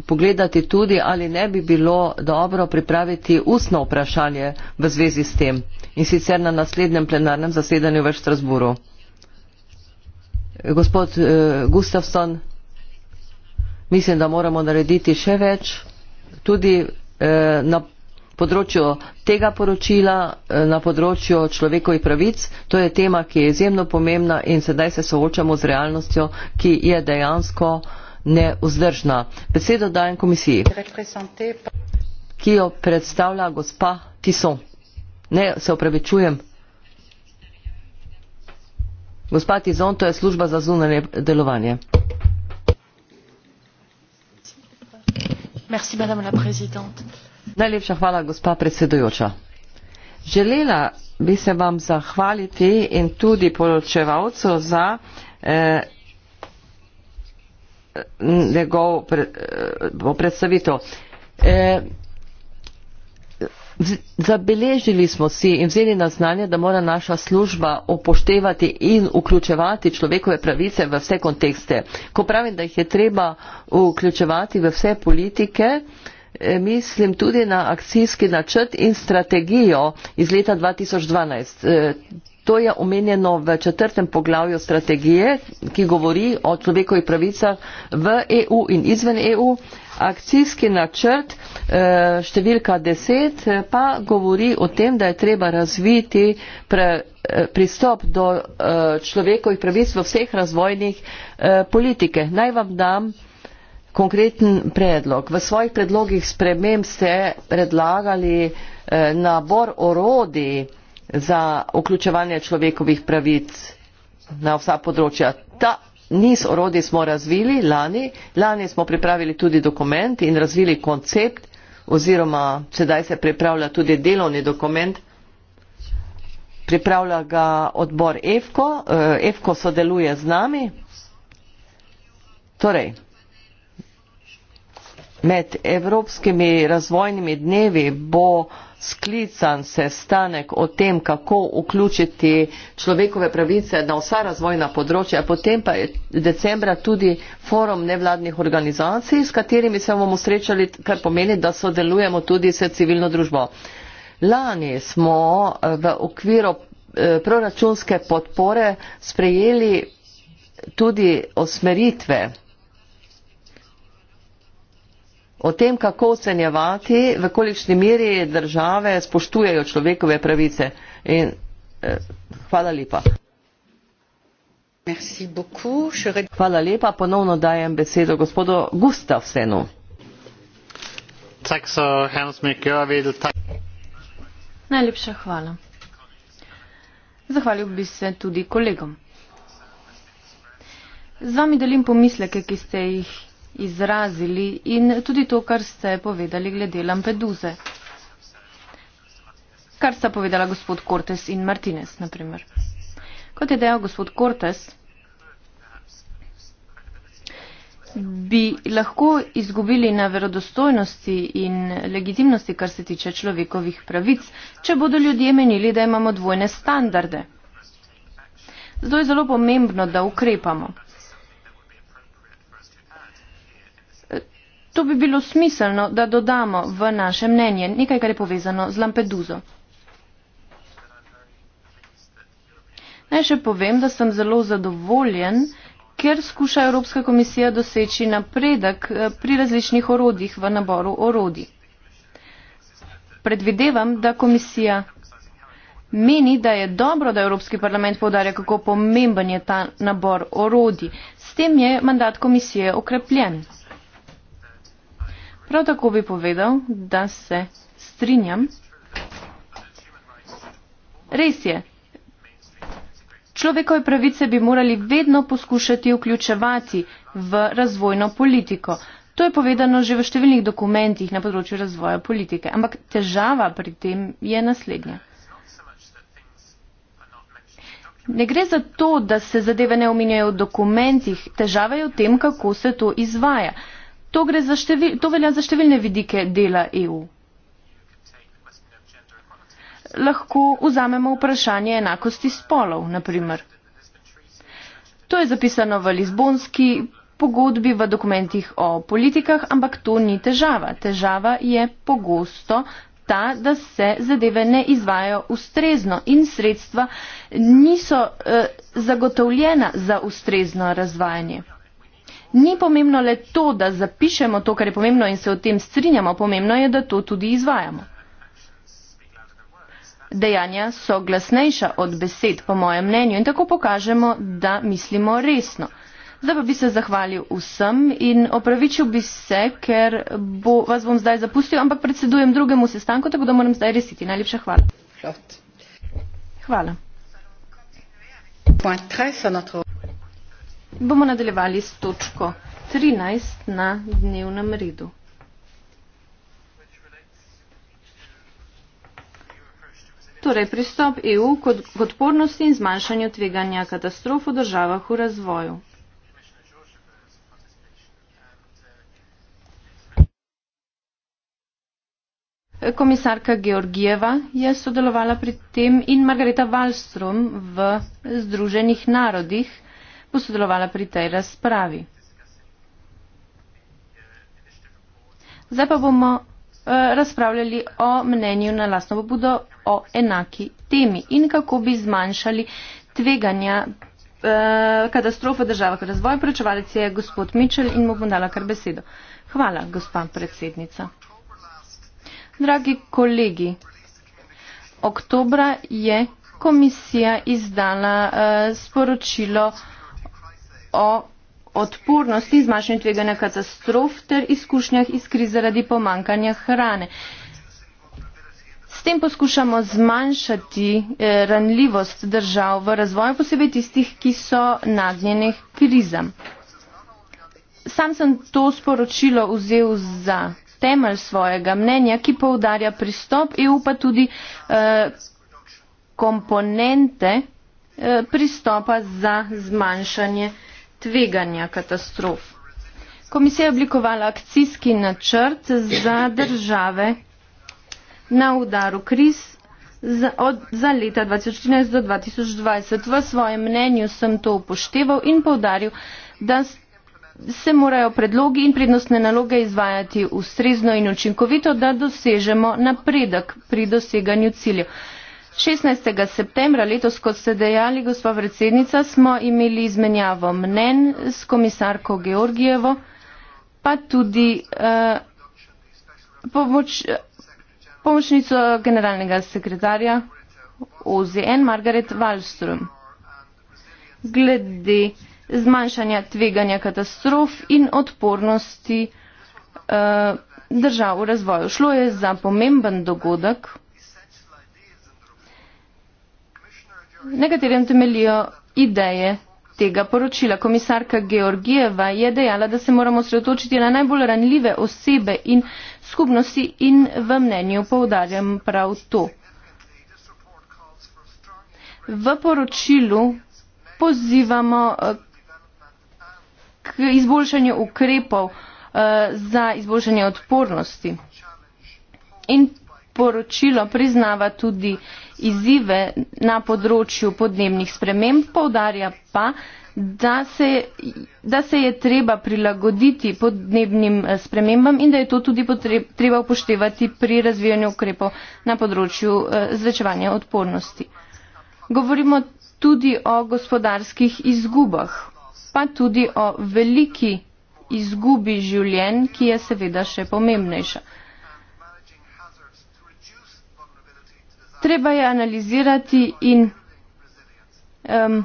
pogledati tudi, ali ne bi bilo dobro pripraviti ustno vprašanje v zvezi s tem in sicer na naslednjem plenarnem zasedanju v Štrasburu gospod uh, eh, Gustafson, mislim, da moramo narediti še več, tudi uh, na področju tega poročila, uh, na področju človekovih pravic. To je tema, ki je izjemno pomembna in sedaj se soočamo z realnostjo, ki je dejansko neuzdržna. Besedo dajem komisiji, ki jo predstavlja gospa Tison. Ne, se opravičujem. Gospa Tizon, to je služba za zunanje delovanje.
Merci,
la
Najlepša hvala, gospa predsedujoča. Želela bi se vam zahvaliti in tudi poročevalcu za eh, njegov pre, eh, predstavitev. Eh, Zabeležili smo si in vzeli na znanje, da mora naša služba upoštevati in vključevati človekove pravice v vse kontekste. Ko pravim, da jih je treba vključevati v vse politike, eh, mislim tudi na akcijski načrt in strategijo iz leta 2012. Eh, to je omenjeno v četrtem poglavju strategije, ki govori o človekovih pravicah v EU in izven EU akcijski načrt eh, številka 10 eh, pa govori o tem, da je treba razviti eh, pristop do človekovih pravic v vseh razvojnih politike. Naj vam dam konkreten predlog. V svojih predlogih sprememb ste predlagali nabor orodi za vključevanje človekovih pravic na vsa področja. Ta, Niz orodij smo razvili lani, lani smo pripravili tudi dokument in razvili koncept oziroma sedaj se pripravlja tudi delovni dokument. Pripravlja ga odbor EFKO, EFKO eh, sodeluje z nami. Torej, med evropskimi razvojnimi dnevi bo sklican sestanek o tem, kako vključiti človekove pravice na vsa razvojna področja, potem pa je decembra tudi forum nevladnih organizacij, s katerimi se bomo srečali, kar pomeni, da sodelujemo tudi s civilno družbo. Lani smo eh, v okviru eh, proračunske podpore sprejeli tudi osmeritve o tem, kako ocenjevati, v kolikšni meri države spoštujejo človekove pravice. In, eh, hvala lepa. Hvala lepa, ponovno dajem besedo gospodu Gustavsenu.
Najlepša hvala. Zahvalil bi se tudi kolegom. Z vami delim pomisleke, ki ste jih izrazili in tudi to, kar ste povedali glede Lampeduze. Kar sta povedala gospod Cortes in Martinez, naprimer. Kot je dejal gospod Cortes, bi lahko izgubili na verodostojnosti in legitimnosti, kar se tiče človekovih pravic, če bodo ljudje menili, da imamo dvojne standarde. Zato je zelo pomembno, da ukrepamo. To bi bilo smiselno, da dodamo v naše mnenje nekaj, kar je povezano z Lampeduzo. Naj še povem, da sem zelo zadovoljen, ker skuša Evropska komisija doseči napredek eh, pri različnih orodjih v naboru orodij. Predvidevam, da komisija meni, da je dobro, da Evropski parlament povdarja, kako pomemben je ta nabor orodij. S tem je mandat komisije okrepljen. Prav tako bi povedal, da se strinjam. Res je. Človekove pravice bi morali vedno poskušati vključevati v razvojno politiko. To je povedano že v številnih dokumentih na področju razvoja politike. Ampak težava pri tem je naslednja. Ne gre za to, da se zadeve ne omenjajo v dokumentih. Težava je v tem, kako se to izvaja to, števil, to velja za številne vidike dela EU. Lahko vzamemo vprašanje enakosti spolov, naprimer. To je zapisano v Lizbonski pogodbi v dokumentih o politikah, ampak to ni težava. Težava je pogosto ta, da se zadeve ne izvajo ustrezno in sredstva niso eh, zagotovljena za ustrezno razvajanje ni pomembno le to, da zapišemo to, kar je pomembno in se o tem strinjamo, pomembno je, da to tudi izvajamo. Dejanja so glasnejša od besed, po mojem mnenju, in tako pokažemo, da mislimo resno. Zdaj pa bi se zahvalil vsem in opravičil bi se, ker bo, vas bom zdaj zapustil, ampak predsedujem drugemu sestanku, tako da moram zdaj resiti. Najlepša hvala. Hvala. Bomo nadaljevali s točko 13 na dnevnem redu. Torej, pristop EU k odpornosti in zmanjšanju tveganja katastrof v državah v razvoju. Komisarka Georgijeva je sodelovala pri tem in Margareta Wallström v Združenih narodih bo sodelovala pri tej razpravi. Zdaj pa bomo eh, razpravljali o mnenju na lastno pobudo o enaki temi in kako bi zmanjšali tveganja eh, katastrofe država kot razvoj. Pročevalec je gospod Mičel in mu bom dala kar besedo. Hvala, gospa predsednica. Dragi kolegi, oktobra je komisija izdala uh, sporočilo uh, o odpornosti, zmanjšanju tveganja katastrof ter izkušnjah iz kriz zaradi pomankanja hrane. S tem poskušamo zmanjšati eh, ranljivost držav v razvoju, posebej tistih, ki so nagnjene krizam. Sam sem to sporočilo vzel za temelj svojega mnenja, ki poudarja pristop EU pa tudi eh, komponente eh, pristopa za zmanjšanje krizam tveganja katastrof. Komisija je oblikovala akcijski načrt za države na udaru kriz za, od, za leta 2014 do 2020. V svojem mnenju sem to upošteval in povdaril, da se morajo predlogi in prednostne naloge izvajati ustrezno in učinkovito, da dosežemo napredek pri doseganju ciljev. 16. septembra letos, kot ste dejali, gospa predsednica, smo imeli izmenjavo mnen s komisarko Georgijevo, pa tudi uh, pomoč, pomočnico generalnega sekretarja OZN Margaret Wallström glede zmanjšanja tveganja katastrof in odpornosti uh, držav v razvoju. Šlo je za pomemben dogodek na katerem temelijo ideje tega poročila. Komisarka Georgijeva je dejala, da se moramo sredotočiti na najbolj ranljive osebe in skupnosti in v mnenju poudarjam prav to. V poročilu pozivamo eh, k izboljšanju ukrepov eh, za izboljšanje odpornosti. In poročilo priznava tudi izzive na področju podnebnih sprememb, povdarja pa, da se, da se je treba prilagoditi podnebnim eh, spremembam in da je to tudi potreb, treba upoštevati pri razvijanju ukrepov na področju eh, zvečevanja odpornosti. Govorimo tudi o gospodarskih izgubah, pa tudi o veliki izgubi življenj, ki je seveda še pomembnejša. treba je analizirati in um,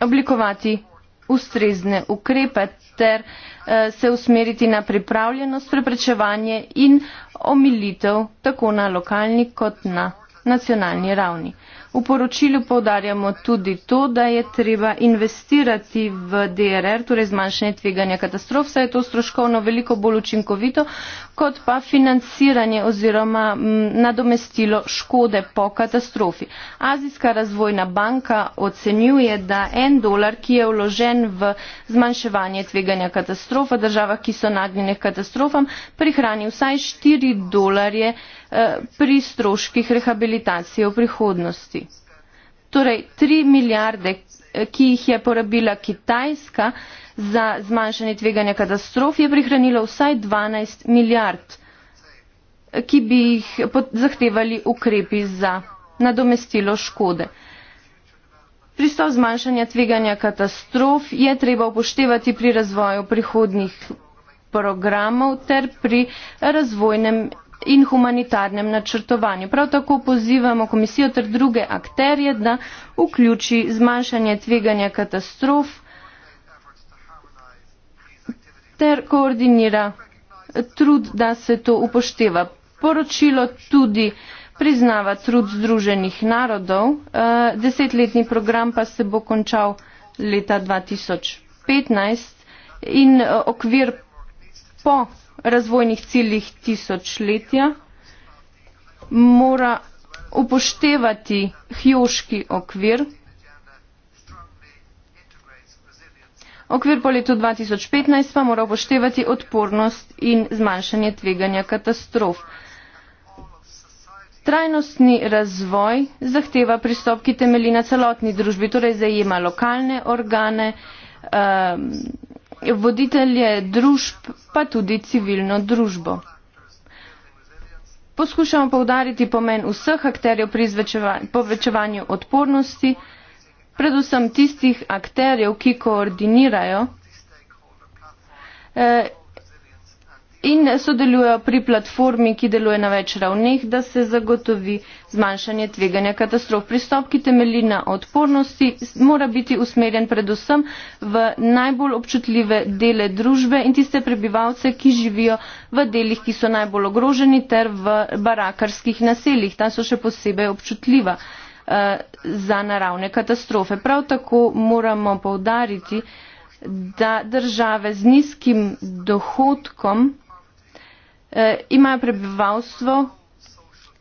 oblikovati ustrezne ukrepe ter uh, se usmeriti na pripravljenost, preprečevanje in omilitev tako na lokalni kot na nacionalni ravni. V poročilu povdarjamo tudi to, da je treba investirati v DRR, torej zmanjšanje tveganja katastrof, saj je to stroškovno veliko bolj učinkovito, kot pa financiranje oziroma mm, nadomestilo škode po katastrofi. Azijska razvojna banka ocenjuje, da en dolar, ki je vložen v zmanjševanje tveganja katastrof v državah, ki so nagnjene katastrofam, prihrani vsaj 4 dolarje eh, pri stroških rehabilitacije v prihodnosti torej tri milijarde, eh, ki jih je porabila Kitajska za zmanjšanje tveganja katastrof, je prihranilo vsaj 12 milijard, eh, ki bi jih zahtevali ukrepi za nadomestilo škode. Pristop zmanjšanja tveganja katastrof je treba upoštevati pri razvoju prihodnih programov ter pri razvojnem in humanitarnem načrtovanju. Prav tako pozivamo komisijo ter druge akterje, da vključi zmanjšanje tveganja katastrof ter koordinira trud, da se to upošteva. Poročilo tudi priznava trud Združenih narodov, eh, desetletni program pa se bo končal leta 2015 in eh, okvir po razvojnih ciljih tisočletja, mora upoštevati hjoški okvir. Okvir po letu 2015 pa mora upoštevati odpornost in zmanjšanje tveganja katastrof. Trajnostni razvoj zahteva pristop, ki temelji na celotni družbi, torej zajema lokalne organe, um, voditelje družb, pa tudi civilno družbo. Poskušamo povdariti pomen vseh akterjev pri povečevanju odpornosti, predvsem tistih akterjev, ki koordinirajo eh, in sodelujejo pri platformi, ki deluje na več ravneh, da se zagotovi zmanjšanje tveganja katastrof. Pristop, ki temelji na odpornosti, mora biti usmerjen predvsem v najbolj občutljive dele družbe in tiste prebivalce, ki živijo v delih, ki so najbolj ogroženi ter v barakarskih naseljih. Ta so še posebej občutljiva eh, za naravne katastrofe. Prav tako moramo povdariti, da države z nizkim dohodkom Eh, imajo prebivalstvo,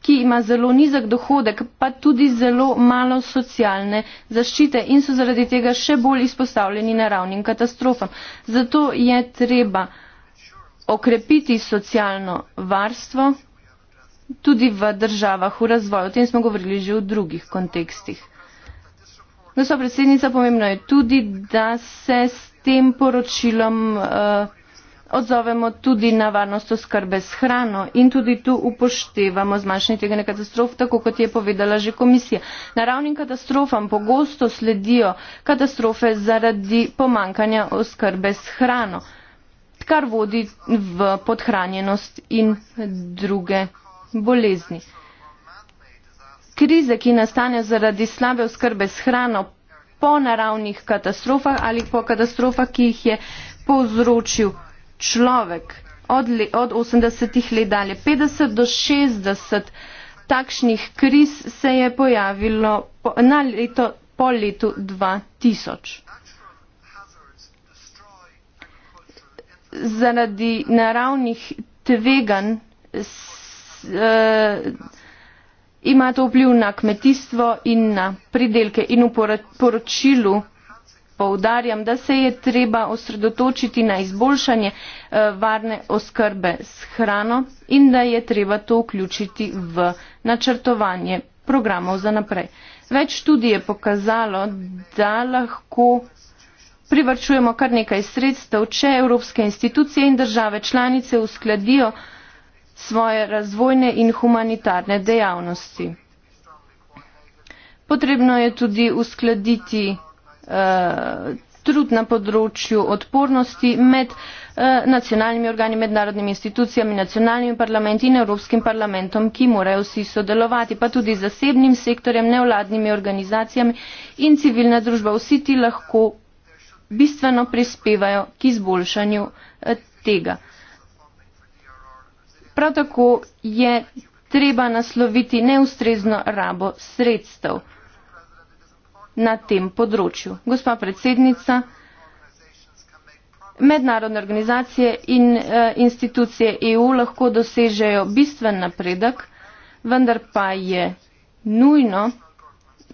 ki ima zelo nizek dohodek, pa tudi zelo malo socialne zaščite in so zaradi tega še bolj izpostavljeni naravnim katastrofam. Zato je treba okrepiti socialno varstvo tudi v državah v razvoju. O tem smo govorili že v drugih kontekstih. Gospod predsednica, pomembno je tudi, da se s tem poročilom uh, odzovemo tudi na varnost oskrbe s hrano in tudi tu upoštevamo zmanjšanje tveganja katastrof, tako kot je povedala že komisija. Naravnim katastrofam pogosto sledijo katastrofe zaradi pomankanja oskrbe s hrano, kar vodi v podhranjenost in druge bolezni. Krize, ki nastanejo zaradi slabe oskrbe s hrano po naravnih katastrofah ali po katastrofah, ki jih je povzročil človek od, od 80-ih let dalje, 50 do 60 takšnih kriz se je pojavilo po, na leto po letu 2000. Zaradi naravnih tveganj uh, ima to vpliv na kmetijstvo in na pridelke in v poročilu poudarjam, da se je treba osredotočiti na izboljšanje eh, varne oskrbe s hrano in da je treba to vključiti v načrtovanje programov za naprej. Več študij je pokazalo, da lahko privrčujemo kar nekaj sredstev, če evropske institucije in države članice uskladijo svoje razvojne in humanitarne dejavnosti. Potrebno je tudi uskladiti Eh, trud na področju odpornosti med eh, nacionalnimi organi, mednarodnimi institucijami, nacionalnimi parlamenti in Evropskim parlamentom, ki morajo vsi sodelovati, pa tudi zasebnim sektorjem, nevladnimi organizacijami in civilna družba. Vsi ti lahko bistveno prispevajo k izboljšanju eh, tega. Prav tako je treba nasloviti neustrezno rabo sredstev na tem področju. Gospa predsednica, mednarodne organizacije in eh, institucije EU lahko dosežejo bistven napredek, vendar pa je nujno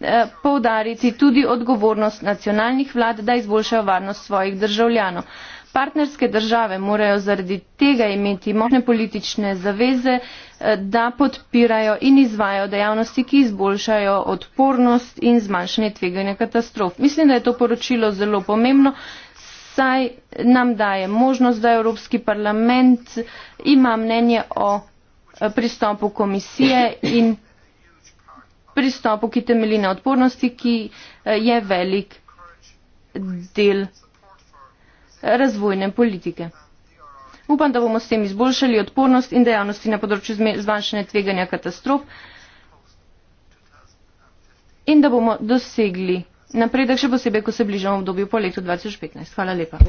eh, poudariti tudi odgovornost nacionalnih vlad, da izboljšajo varnost svojih državljanov. Partnerske države morajo zaradi tega imeti močne politične zaveze, eh, da podpirajo in izvajo dejavnosti, ki izboljšajo odpornost in zmanjšanje tveganja katastrof. Mislim, da je to poročilo zelo pomembno, saj nam daje možnost, da Evropski parlament ima mnenje o eh, pristopu komisije in pristopu, ki temeli na odpornosti, ki eh, je velik del razvojne politike. Upam, da bomo s tem izboljšali odpornost in dejavnosti na področju zmanjšanja tveganja katastrof in da bomo dosegli napredek, še posebej, ko se bližamo v dobju po letu 2015. Hvala lepa.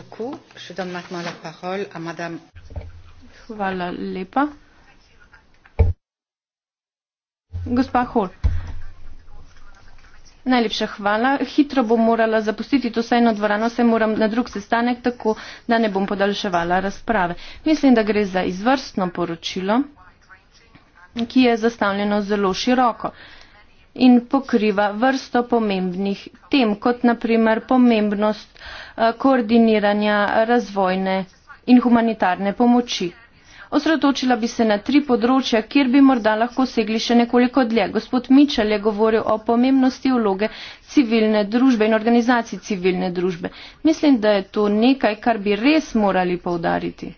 Hvala lepa. Gospa Hol. Najlepša hvala. Hitro bom morala zapustiti to sajno dvorano, se moram na drug sestanek, tako da ne bom podaljševala razprave. Mislim, da gre za izvrstno poročilo, ki je zastavljeno zelo široko in pokriva vrsto pomembnih tem, kot naprimer pomembnost eh, koordiniranja razvojne in humanitarne pomoči. Osredotočila bi se na tri področja, kjer bi morda lahko segli še nekoliko dlje. Gospod Mičel je govoril o pomembnosti vloge civilne družbe in organizacij civilne družbe. Mislim, da je to nekaj, kar bi res morali povdariti.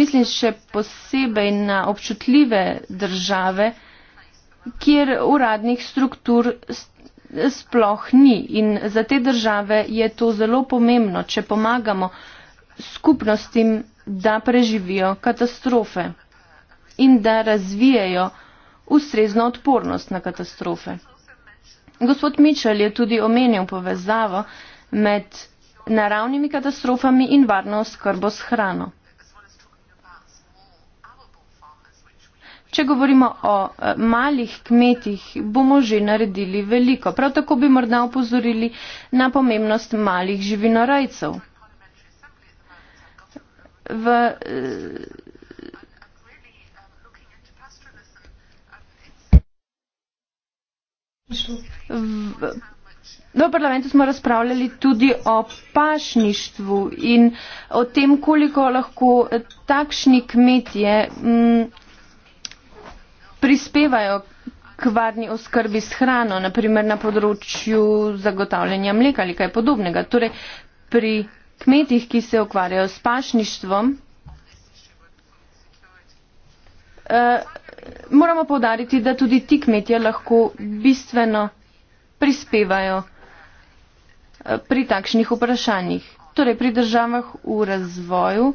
Mislim še posebej na občutljive države, kjer uradnih struktur sploh ni in za te države je to zelo pomembno, če pomagamo skupnostim da preživijo katastrofe in da razvijajo ustrezno odpornost na katastrofe. Gospod Mičel je tudi omenil povezavo med naravnimi katastrofami in varno oskrbo s hrano. Če govorimo o eh, malih kmetih, bomo že naredili veliko. Prav tako bi morda upozorili na pomembnost malih živinorajcev. Eh,
v
V parlamentu smo razpravljali tudi o pašništvu in o tem, koliko lahko takšni kmetje m, mm, prispevajo k varni oskrbi s hrano, naprimer na področju zagotavljanja mleka ali kaj podobnega. Torej, pri kmetih, ki se ukvarjajo s pašništvom, eh, moramo povdariti, da tudi ti kmetje lahko bistveno prispevajo eh, pri takšnih vprašanjih. Torej, pri državah v razvoju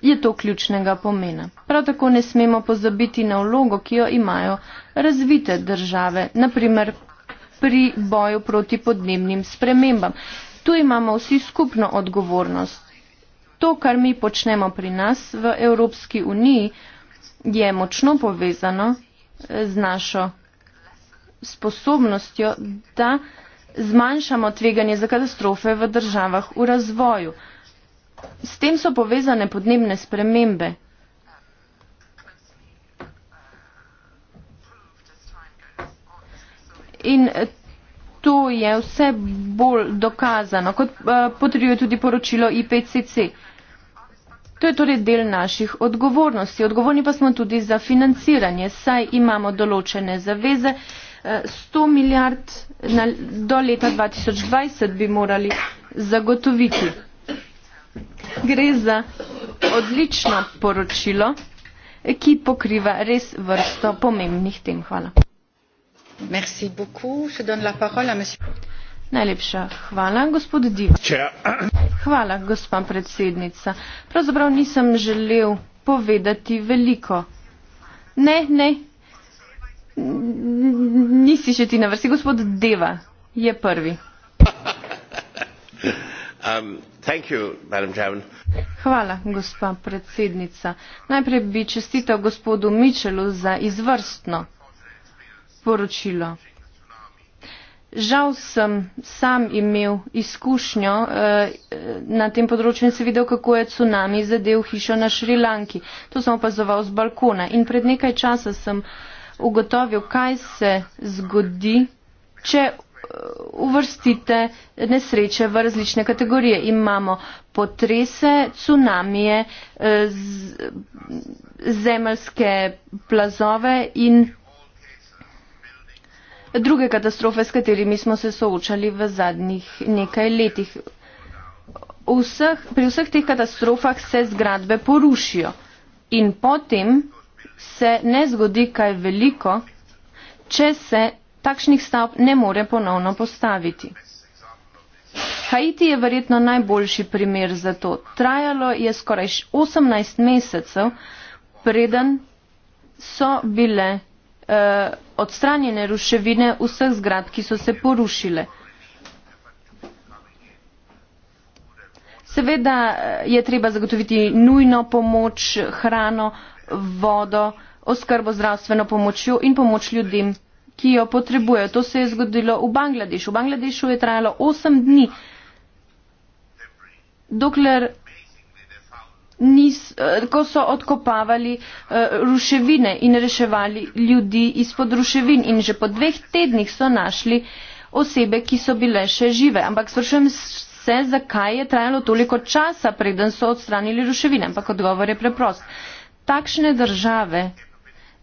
je to ključnega pomena. Prav tako ne smemo pozabiti na vlogo, ki jo imajo razvite države, naprimer pri boju proti podnebnim spremembam. Tu imamo vsi skupno odgovornost. To, kar mi počnemo pri nas v Evropski uniji, je močno povezano eh, z našo sposobnostjo, da zmanjšamo tveganje za katastrofe v državah v razvoju. S tem so povezane podnebne spremembe. In to je vse bolj dokazano, kot eh, potrjuje tudi poročilo IPCC. To je torej del naših odgovornosti. Odgovorni pa smo tudi za financiranje, saj imamo določene zaveze. 100 eh, milijard na, do leta 2020 bi morali zagotoviti. Gre za odlično poročilo, ki pokriva res vrsto pomembnih tem. Hvala najlepša hvala gospod divjak hvala gospa predsednica pravzaprav nisem želel povedati veliko ne ne nisi še ti na vrsti gospod deva je prvi um, hvala gospa predsednica najprej bi čestital gospodu mitchellu za izvrstno poročilo poročilo. Žal sem sam imel izkušnjo eh, na tem področju in se videl, kako je tsunami zadev hišo na Šrilanki. To sem opazoval z balkona in pred nekaj časa sem ugotovil, kaj se zgodi, če eh, uvrstite nesreče v različne kategorije. Imamo potrese, tsunamije, eh, zemljske plazove in druge katastrofe, s katerimi smo se soočali v zadnjih nekaj letih. Vseh, pri vseh teh katastrofah se zgradbe porušijo in potem se ne zgodi kaj veliko, če se takšnih stavb ne more ponovno postaviti. Haiti je verjetno najboljši primer za to. Trajalo je skoraj 18 mesecev, preden so bile Eh, odstranjene ruševine vseh zgrad, ki so se porušile. Seveda eh, je treba zagotoviti nujno pomoč, hrano, vodo, oskrbo zdravstveno pomočjo in pomoč ljudem, ki jo potrebujejo. To se je zgodilo v Bangladešu. V Bangladešu je trajalo 8 dni, dokler nis, eh, ko so odkopavali eh, ruševine in reševali ljudi izpod ruševin in že po dveh tednih so našli osebe, ki so bile še žive. Ampak sprašujem se, zakaj je trajalo toliko časa, preden so odstranili ruševine. Ampak odgovor je preprost. Takšne države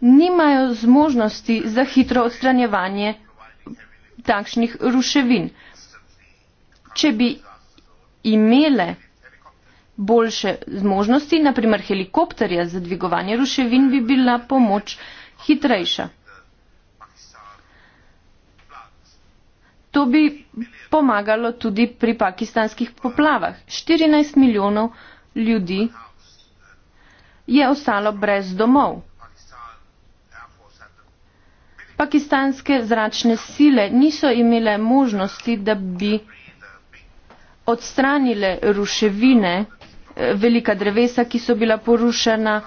nimajo zmožnosti za hitro odstranjevanje takšnih ruševin. Če bi imele boljše zmožnosti, naprimer helikopterja za dvigovanje ruševin bi bila pomoč hitrejša. To bi pomagalo tudi pri pakistanskih poplavah. 14 milijonov ljudi je ostalo brez domov. Pakistanske zračne sile niso imele možnosti, da bi odstranile ruševine velika drevesa, ki so bila porušena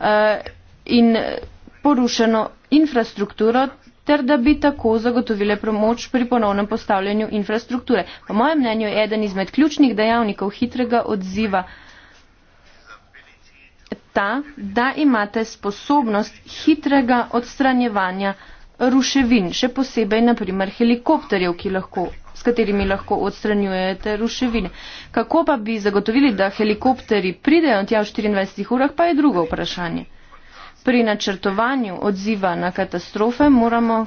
eh, in porušeno infrastrukturo ter da bi tako zagotovile pomoč pri ponovnem postavljanju infrastrukture. Po mojem mnenju je eden izmed ključnih dejavnikov hitrega odziva ta, da imate sposobnost hitrega odstranjevanja ruševin, še posebej naprimer helikopterjev, lahko, s katerimi lahko odstranjujete ruševine. Kako pa bi zagotovili, da helikopteri pridejo tja v 24 urah, pa je drugo vprašanje. Pri načrtovanju odziva na katastrofe moramo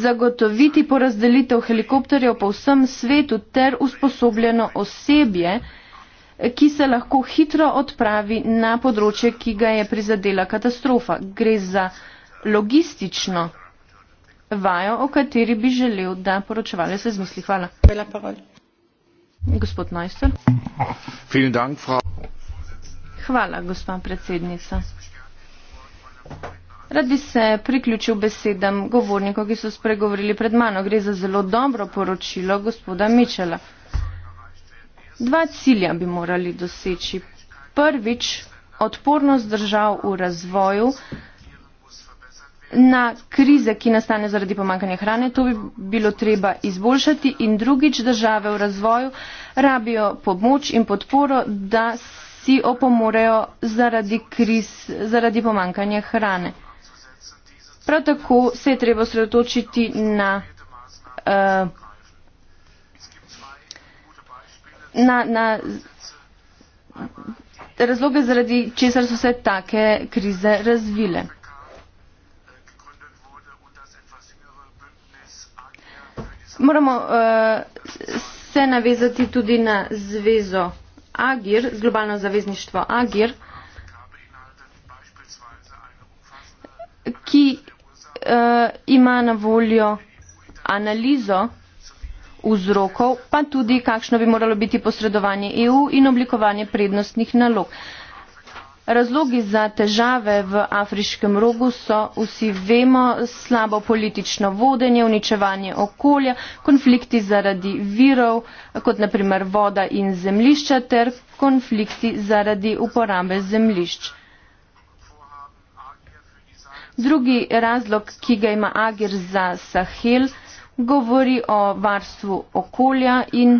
zagotoviti porazdelitev helikopterjev po vsem svetu ter usposobljeno osebje, ki se lahko hitro odpravi na področje, ki ga je prizadela katastrofa. Gre za logistično vajo, o kateri bi želel, da poročevalec se zmisli. Hvala. Gospod Neustr. Hvala, gospa predsednica. Rad bi se priključil besedam govornikov, ki so spregovorili pred mano. Gre za zelo dobro poročilo gospoda Mičela. Dva cilja bi morali doseči. Prvič, odpornost držav v razvoju na krize, ki nastane zaradi pomankanja hrane, to bi bilo treba izboljšati in drugič države v razvoju rabijo pomoč in podporo, da si opomorejo zaradi kriz, zaradi pomankanja hrane. Prav tako se je treba osredotočiti na, uh, na, na razloge, zaradi česar so se take krize razvile. moramo uh, se navezati tudi na zvezo Agir, globalno zavezništvo Agir, ki uh, ima na voljo analizo vzrokov, pa tudi kakšno bi moralo biti posredovanje EU in oblikovanje prednostnih nalog. Uh, Razlogi za težave v afriškem rogu so, vsi vemo, slabo politično vodenje, uničevanje okolja, konflikti zaradi virov, kot naprimer voda in zemlišča, ter konflikti zaradi uporabe zemlišč. Drugi razlog, ki ga ima Agir za Sahel, govori o varstvu okolja in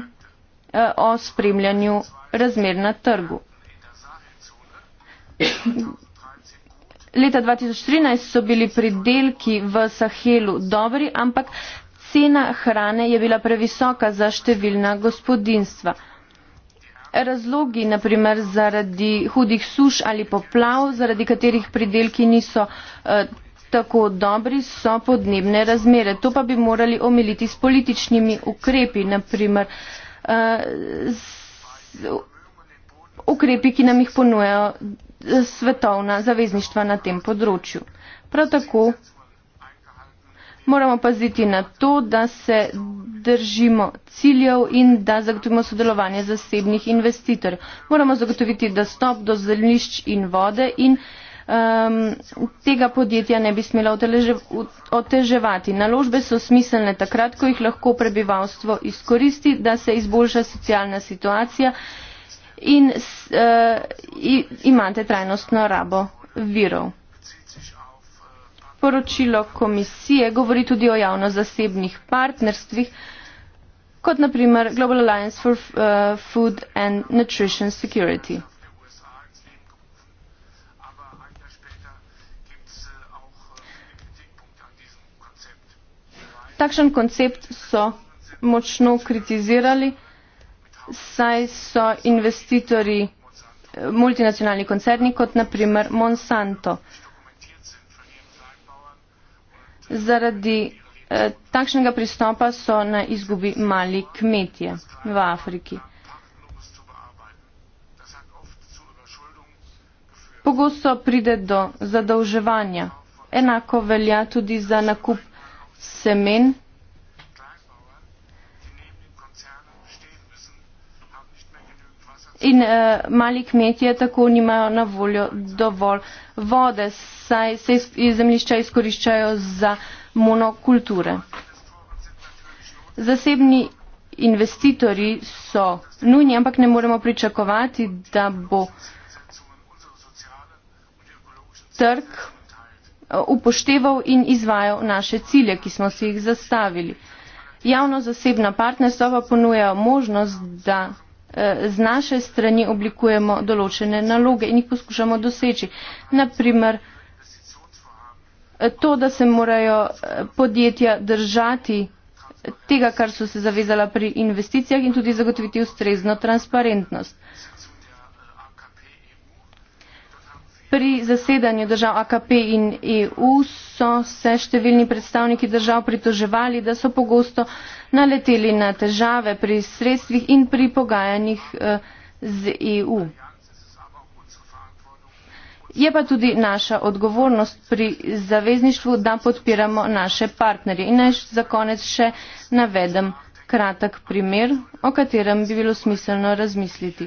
eh, o spremljanju razmer na trgu. Leta 2013 so bili pridelki v Sahelu dobri, ampak cena hrane je bila previsoka za številna gospodinstva. Razlogi, naprimer zaradi hudih suš ali poplav, zaradi katerih pridelki niso eh, tako dobri, so podnebne razmere. To pa bi morali omiliti s političnimi ukrepi, naprimer eh, z, ukrepi, ki nam jih ponujajo svetovna zavezništva na tem področju. Prav tako moramo paziti na to, da se držimo ciljev in da zagotovimo sodelovanje zasebnih investitorjev. Moramo zagotoviti dostop do zelnišč in vode in um, tega podjetja ne bi smela oteževati. Naložbe so smiselne takrat, ko jih lahko prebivalstvo izkoristi, da se izboljša socialna situacija. Uh, in uh, imate trajnostno rabo virov. Poročilo komisije govori tudi o javno-zasebnih partnerstvih, kot naprimer Global Alliance for uh, Food and Nutrition Security. Takšen koncept so močno kritizirali saj so investitorji eh, multinacionalni koncerni kot naprimer Monsanto. Zaradi eh, takšnega pristopa so na izgubi mali kmetje v Afriki. Pogosto pride do zadolževanja. Enako velja tudi za nakup semen in uh, mali kmetje tako nimajo na voljo dovolj vode, saj se iz, iz zemljišča izkoriščajo za monokulture. Zasebni investitorji so nujni, ampak ne moremo pričakovati, da bo trg eh, upošteval in izvajal naše cilje, ki smo si jih zastavili. Javno-zasebna partnerstva pa ponujajo možnost, da Eh, z naše strani oblikujemo določene naloge in jih poskušamo doseči. Naprimer, eh, to, da se morajo eh, podjetja držati tega, kar so se zavezala pri investicijah in tudi zagotoviti ustrezno transparentnost. Pri zasedanju držav AKP in EU so se številni predstavniki držav pritoževali, da so pogosto naleteli na težave pri sredstvih in pri pogajanjih eh, z EU. Je pa tudi naša odgovornost pri zavezništvu, da podpiramo naše partnerje. In naj za konec še navedem kratek primer, o katerem bi bilo smiselno razmisliti.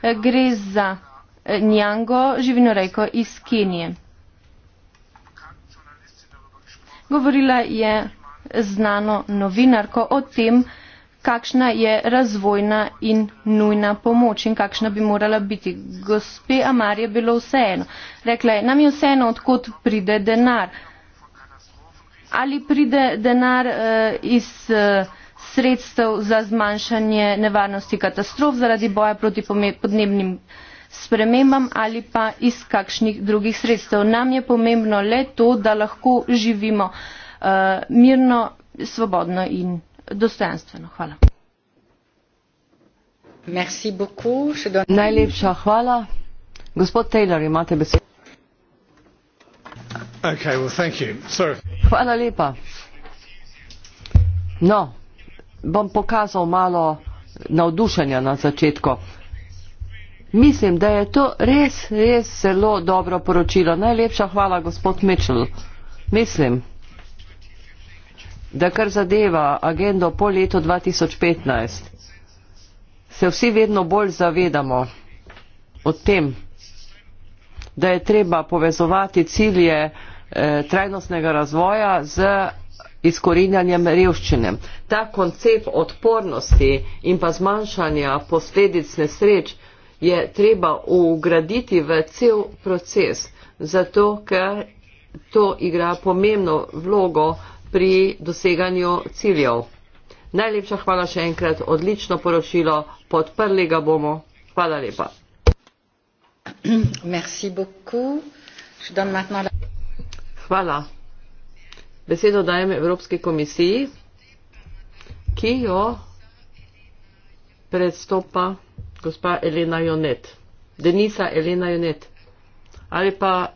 Gre za Njango, živinorejko iz Kenije. Govorila je znano novinarko o tem, kakšna je razvojna in nujna pomoč in kakšna bi morala biti. Gospe Amar je bilo vseeno. Rekla je, nam je vseeno, odkot pride denar. Ali pride denar eh, iz eh, sredstev za zmanjšanje nevarnosti katastrof zaradi boja proti podnebnim spremembam ali pa iz kakšnih drugih sredstev. Nam je pomembno le to, da lahko živimo uh, mirno, svobodno in dostojanstveno. Hvala. Najlepša
hvala. Gospod Taylor, imate besedo.
Okay, well,
hvala lepa. No, bom pokazal malo navdušenja na začetku. Mislim, da je to res, res zelo dobro poročilo. Najlepša hvala, gospod Mitchell. Mislim, da kar zadeva agendo po letu 2015, se vsi vedno bolj zavedamo o tem, da je treba povezovati cilje eh, trajnostnega razvoja z izkorinjanjem revščine. Ta koncept odpornosti in pa zmanjšanja posledic nesreč, je treba ugraditi v cel proces, zato ker to igra pomembno vlogo pri doseganju ciljev. Najlepša hvala še enkrat, odlično poročilo, podprli ga bomo. Hvala lepa. Hvala. Besedo dajem Evropski komisiji, ki jo predstopa gospa Elena Jonet, Denisa Elena Jonet ali pa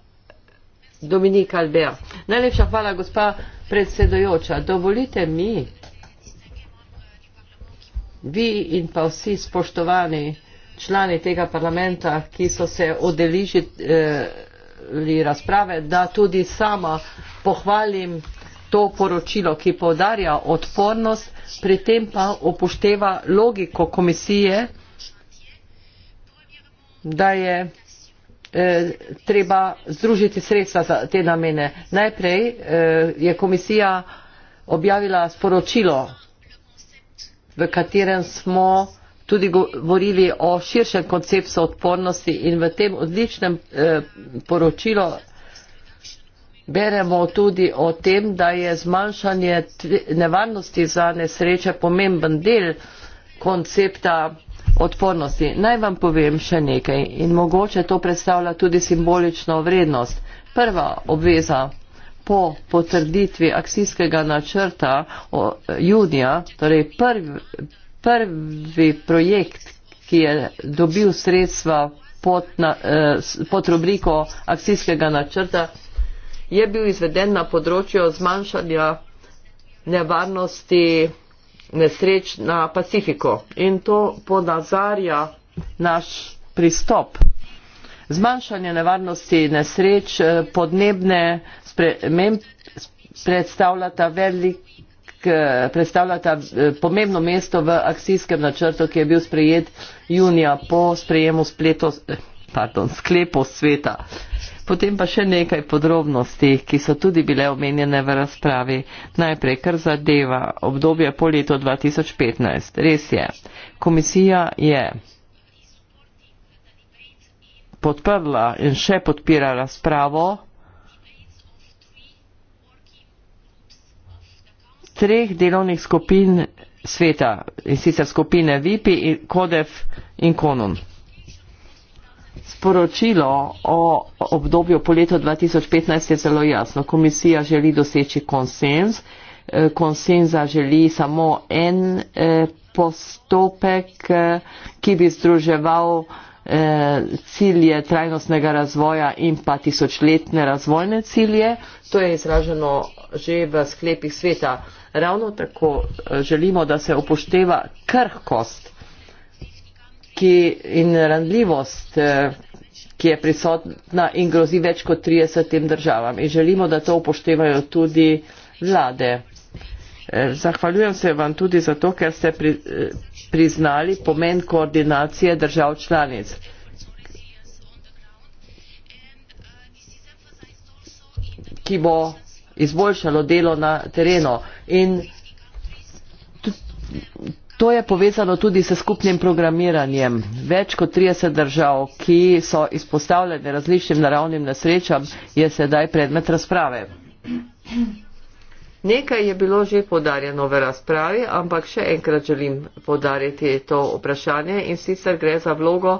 Dominika Albea. Najlepša hvala, gospa predsedojoča. Dovolite mi, vi in pa vsi spoštovani člani tega parlamenta, ki so se odeležili eh, razprave, da tudi sama pohvalim to poročilo, ki podarja odpornost, pri tem pa upošteva logiko komisije, da je eh, treba združiti sredstva za te namene. Najprej eh, je komisija objavila sporočilo, v katerem smo tudi govorili o širšem konceptu odpornosti in v tem odličnem eh, poročilu beremo tudi o tem, da je zmanjšanje nevarnosti za nesreče pomemben del koncepta odpornosti. Naj vam povem še nekaj in mogoče to predstavlja tudi simbolično vrednost. Prva obveza po potrditvi akcijskega načrta junija, torej prvi, prvi projekt, ki je dobil sredstva pod, na, eh, pod rubriko akcijskega načrta, je bil izveden na področju zmanjšanja nevarnosti nesreč na Pacifiku. In to ponazarja naš pristop. Zmanjšanje nevarnosti nesreč eh, podnebne predstavljata velik eh, predstavljata eh, pomembno mesto v akcijskem načrtu, ki je bil sprejet junija po sprejemu spleto, pardon, sklepo sveta. Uh, Potem pa še nekaj podrobnosti, ki so tudi bile omenjene v razpravi. Najprej, kar zadeva obdobje po letu 2015. Res je, komisija je podprla in še podpira razpravo treh delovnih skupin sveta in sicer skupine VIP, in KODEF in KONUN. Sporočilo o obdobju po letu 2015 je zelo jasno. Komisija želi doseči konsens. Eh, konsenza želi samo en eh, postopek, eh, ki bi združeval cilje trajnostnega razvoja in pa tisočletne razvojne cilje. To je izraženo že v sklepih sveta. Ravno tako želimo, da se upošteva krhkost ki, in randljivost, eh, ki je prisotna in grozi več kot 30 državam. In želimo, da to upoštevajo tudi vlade. Eh, zahvaljujem se vam tudi zato, ker ste pri, eh, priznali pomen koordinacije držav članic. ki bo izboljšalo delo na terenu. In To je povezano tudi s skupnim programiranjem. Več kot 30 držav, ki so izpostavljene različnim naravnim nesrečam, je sedaj predmet razprave. Nekaj je bilo že podarjeno v razpravi, ampak še enkrat želim podariti to vprašanje in sicer gre za vlogo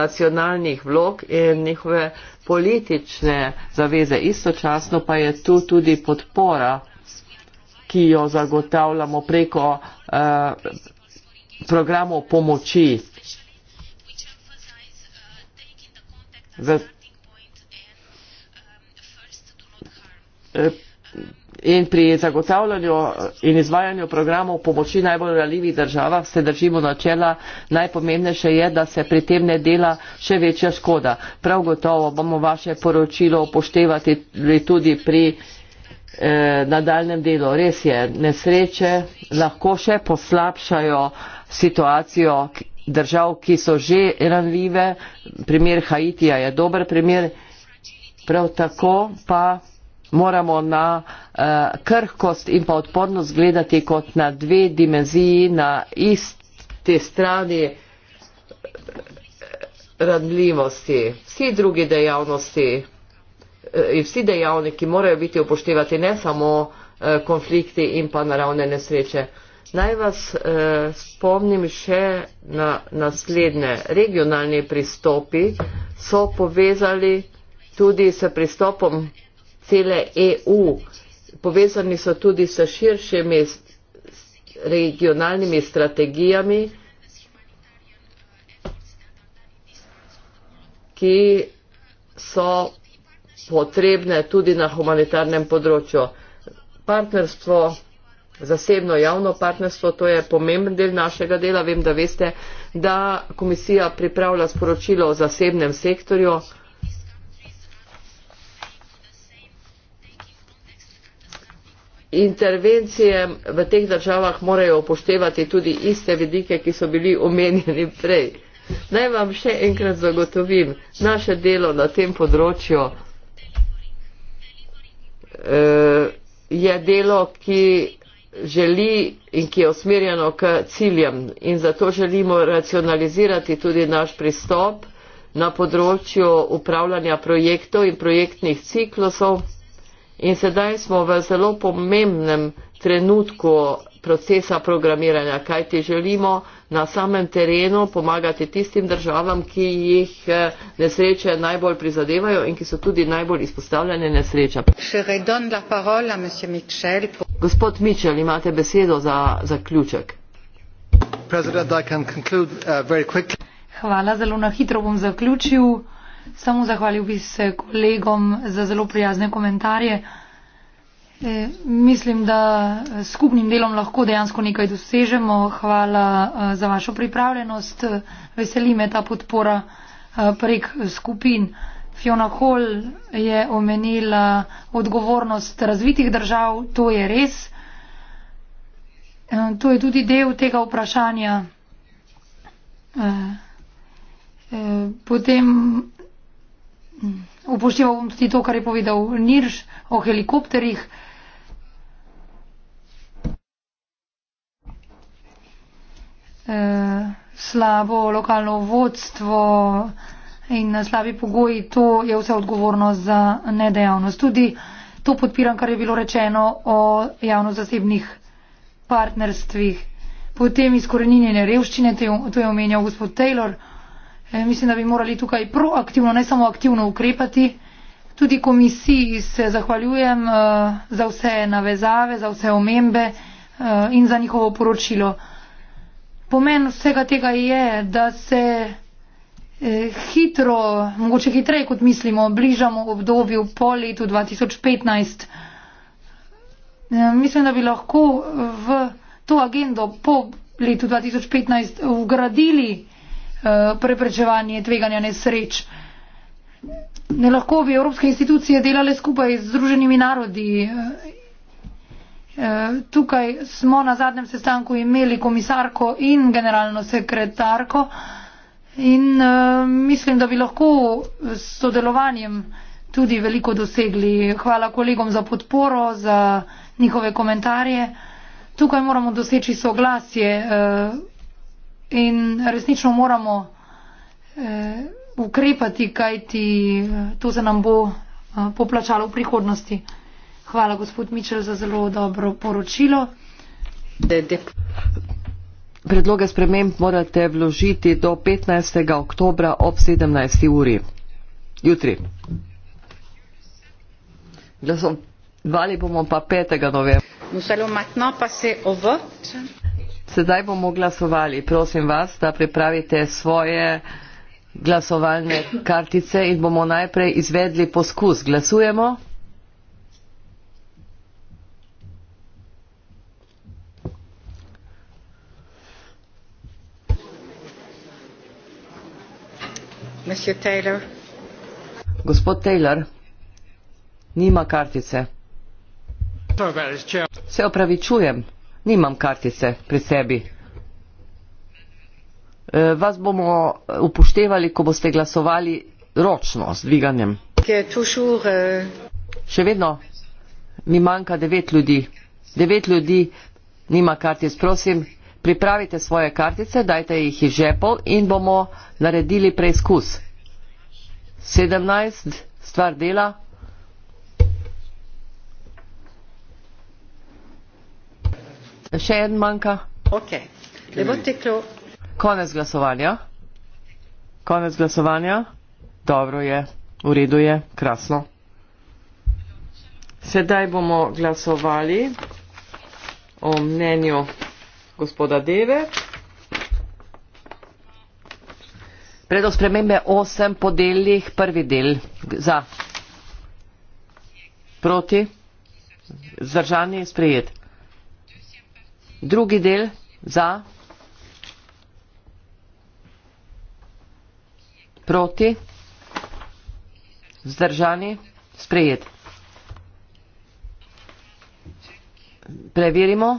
nacionalnih vlog in njihove politične zaveze. Istočasno pa je tu tudi podpora, ki jo zagotavljamo preko. Uh, programov pomoči v, in pri zagotavljanju in izvajanju programov pomoči najbolj ranljivih državah se držimo načela, najpomembnejše je, da se pri tem ne dela še večja škoda. Prav gotovo bomo vaše poročilo upoštevati tudi pri eh, nadaljem delu. Res je, nesreče lahko še poslabšajo situacijo držav, ki so že ranljive. Primer Haitija je dober primer. Prav tako pa moramo na eh, krhkost in pa odpornost gledati kot na dve dimenziji na isti strani eh, ranljivosti. Vsi drugi dejavnosti Eh, in vsi dejavniki morajo biti upoštevati, ne samo eh, konflikti in pa naravne nesreče. Naj vas eh, spomnim še na naslednje. Regionalni pristopi so povezali tudi s pristopom cele EU. Povezani so tudi s širšimi regionalnimi strategijami, ki so potrebne tudi na humanitarnem področju. Partnerstvo, zasebno javno partnerstvo, to je pomemben del našega dela. Vem, da veste, da komisija pripravlja sporočilo o zasebnem sektorju. Intervencije v teh državah morajo upoštevati tudi iste vidike, ki so bili omenjeni prej. Naj vam še enkrat zagotovim naše delo na tem področju uh, je delo, ki želi in ki je usmerjeno k ciljem. In zato želimo racionalizirati tudi naš pristop na področju upravljanja projektov in projektnih ciklusov. In sedaj smo v zelo pomembnem trenutku procesa programiranja, kaj ti želimo na samem terenu pomagati tistim državam, ki jih eh, nesreče najbolj prizadevajo in ki so tudi najbolj izpostavljene nesreča. Gospod Mičel, imate besedo za zaključek.
Uh,
Hvala, zelo na hitro bom zaključil. Samo zahvalil bi se kolegom za zelo prijazne komentarje. E, mislim, da e, skupnim delom lahko dejansko nekaj dosežemo. Hvala e, za vašo pripravljenost. Veseli me ta podpora prek skupin. Fiona Hall je omenila odgovornost razvitih držav. To je res. To je tudi del tega vprašanja. Potem upošteval bom tudi to, kar je povedal Nirš o helikopterih. eh, slabo lokalno vodstvo in na slabi pogoji, to je vse odgovornost za nedejavnost. Tudi to podpiram, kar je bilo rečeno o javno-zasebnih partnerstvih. Potem izkoreninjenje revščine, to je omenjal gospod Taylor. E, mislim, da bi morali tukaj proaktivno, ne samo aktivno ukrepati. Tudi komisiji se zahvaljujem uh, za vse navezave, za vse omembe uh, in za njihovo poročilo. Uh, pomen vsega tega je, da se eh, hitro, mogoče hitreje kot mislimo, bližamo obdobju po letu 2015. Eh, mislim, da bi lahko v to agendo po letu 2015 vgradili eh, preprečevanje tveganja nesreč. Ne lahko bi evropske institucije delale skupaj z Združenimi narodi Eh, tukaj smo na zadnjem sestanku imeli komisarko in generalno sekretarko in eh, mislim, da bi lahko s sodelovanjem tudi veliko dosegli. Hvala kolegom za podporo, za njihove komentarje. Tukaj moramo doseči soglasje eh, in resnično moramo ukrepati, kajti to se nam bo poplačalo v prihodnosti. Hvala, gospod Mičel, za zelo dobro poročilo.
Predloge sprememb morate vložiti do 15. oktober ob 17. uri. Jutri. Glasovali bomo pa 5. novembra. Sedaj bomo glasovali. Prosim vas, da pripravite svoje glasovalne kartice in bomo najprej izvedli poskus. Glasujemo. Monsieur Taylor. Gospod Taylor, nima kartice. Se opravičujem, nimam kartice pri sebi. E, vas bomo e, upoštevali, ko boste glasovali ročno z dviganjem. E, Še vedno mi manjka devet ljudi. Devet ljudi nima kartic, prosim, pripravite svoje kartice, dajte jih iz žepov in bomo naredili preizkus. 17 stvar dela. Še en manjka. Ok, lepo teklo. Konec glasovanja. Konec glasovanja. Dobro je, v redu je, krasno. Sedaj bomo glasovali o mnenju gospoda Deve. Predlog spremembe 8 po delih, prvi del za, proti, zdržani in sprejet. Drugi del za, proti, zdržani, sprejet. Preverimo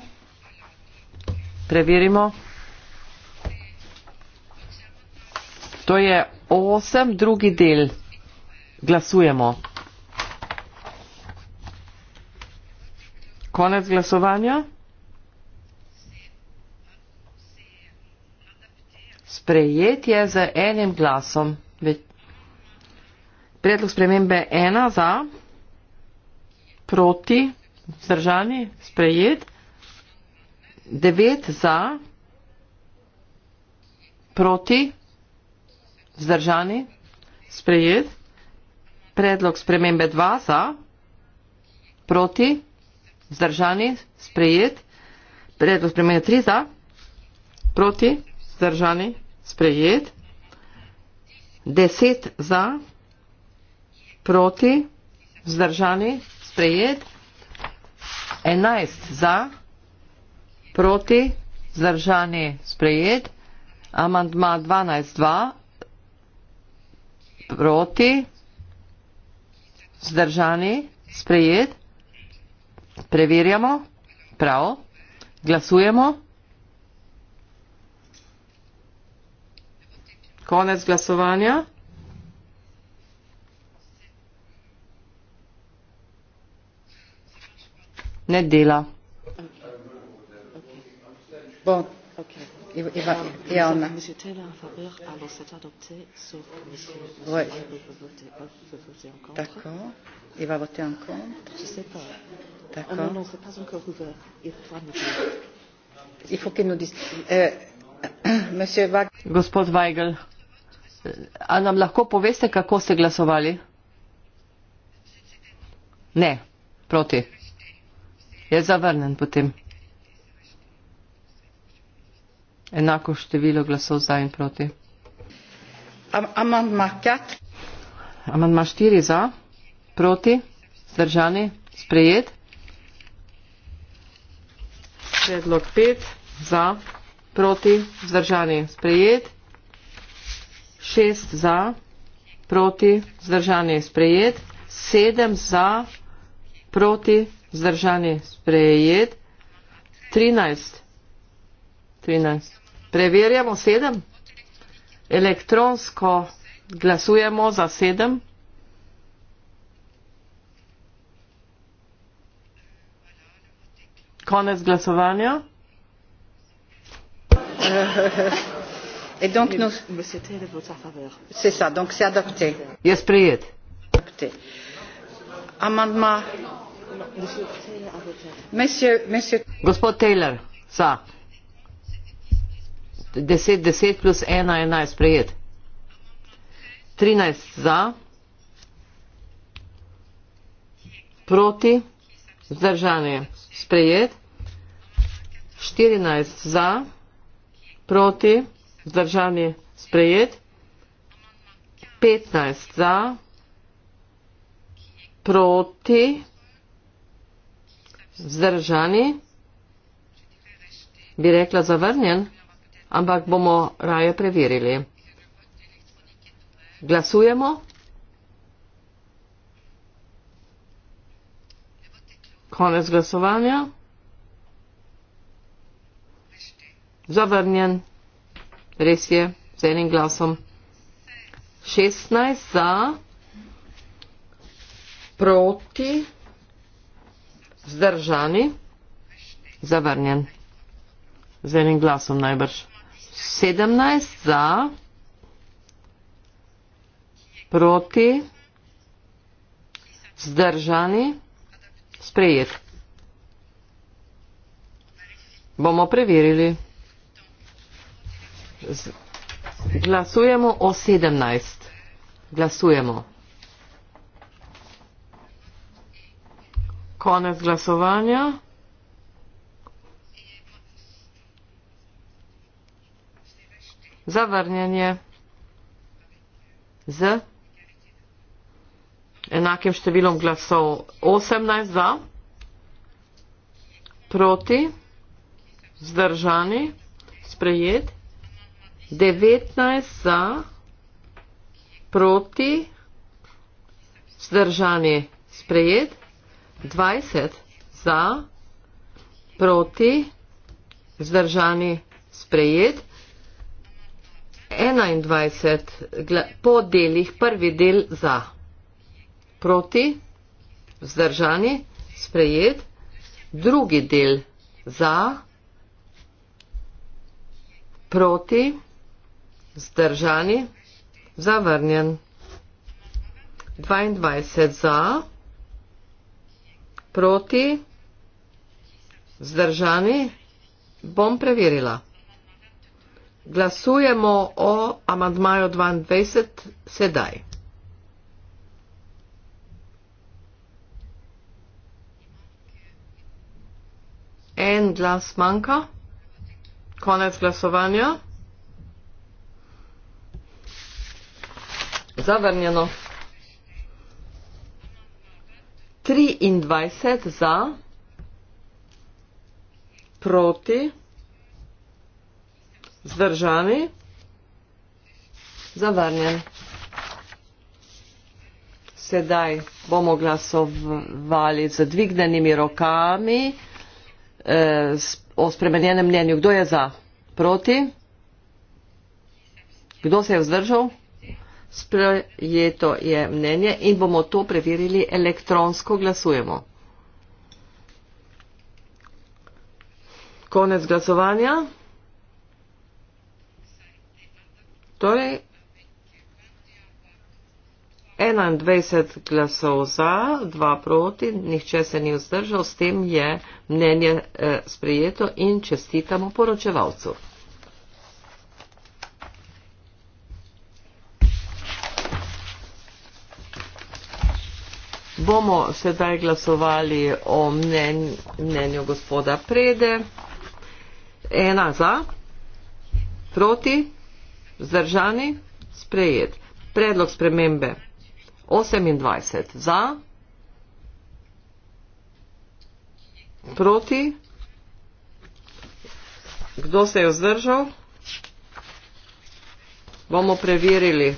preverimo. To je osem, drugi del. Glasujemo. Konec glasovanja. Sprejet je z enim glasom. Predlog spremembe ena za, proti, zdržani, sprejet devet za, proti, vzdržani, sprejet, predlog spremembe dva za, proti, vzdržani, sprejet, predlog spremembe tri za, proti, vzdržani, sprejet, deset za, proti, vzdržani, sprejet, enajst za, proti, Proti, zdržani, sprejet. Amandma 12.2. Proti, zdržani, sprejet. Preverjamo. Prav. Glasujemo. Konec glasovanja. Ne dela. Bon.
Okay. Il, il va,
Monsieur Taylor en faveur, alors ah, c'est adopté, sauf Monsieur.
Oui.
D'accord. Il va voter en contre. Je ne sais pas. D'accord. Oh, non, non,
c'est pas encore ouvert. Il va nous dire.
Il faut qu'il nous dise.
Euh, Monsieur Wagner. Gospod Weigel. A nam lahko poveste, kako ste glasovali? Ne, proti. Je zavrnen potem. enako število glasov za in proti. Amandma 4. Amandma 4 za, proti, zdržani, sprejet. Predlog 5 za, proti, zdržani, sprejet. 6 za, proti, zdržani, sprejet. 7 za, proti, zdržani, sprejet. 13. 13. Preverjamo sedem. Elektronsko glasujemo za sedem. Konec glasovanja.
Et donc nous... Mais c'était de votre faveur. C'est ça, donc c'est adopté. Yes, priez. Adopté. Amendement.
Monsieur, monsieur... Gospod Taylor, ça. 10, 10 plus 1, 11, prejet. 13 za, proti, zdržanje, sprejet. 14 za, proti, zdržanje, sprejet. 15 za, proti, zdržanje, bi rekla zavrnjen ampak bomo raje preverili. Glasujemo. Konec glasovanja. Zavrnjen. Res je, z enim glasom. 16 za, proti, zdržani, zavrnjen. Z enim glasom najbrž. 17 za, proti, zdržani, sprejet. Bomo preverili. Z glasujemo o 17. Glasujemo. Konec glasovanja. zavrnjenje z enakim številom glasov 18 za, proti, zdržani, sprejet, 19 za, proti, zdržani, sprejet, 20 za, proti, zdržani, sprejet, 21 po delih, prvi del za, proti, vzdržani, sprejet, drugi del za, proti, vzdržani, zavrnjen. 22 za, proti, vzdržani, bom preverila. Glasujemo o amantmaju 22 sedaj. En glas manjka. Konec glasovanja. Zavrnjeno. 23 za. Proti zdržani. Zavrnjen. Sedaj bomo glasovali z dvignenimi rokami eh, o spremenjenem mnenju. Kdo je za? Proti? Kdo se je vzdržal? Sprejeto je mnenje in bomo to preverili elektronsko. Glasujemo. Konec glasovanja. Torej, 21 glasov za, 2 proti, nihče se ni vzdržal, s tem je mnenje eh, sprejeto in čestitamo poročevalcu. Bomo sedaj glasovali o mnen, mnenju gospoda Prede. Ena za, proti. Vzdržani? Sprejet. Predlog spremembe. 28. Za? Proti? Kdo se je vzdržal? Bomo preverili.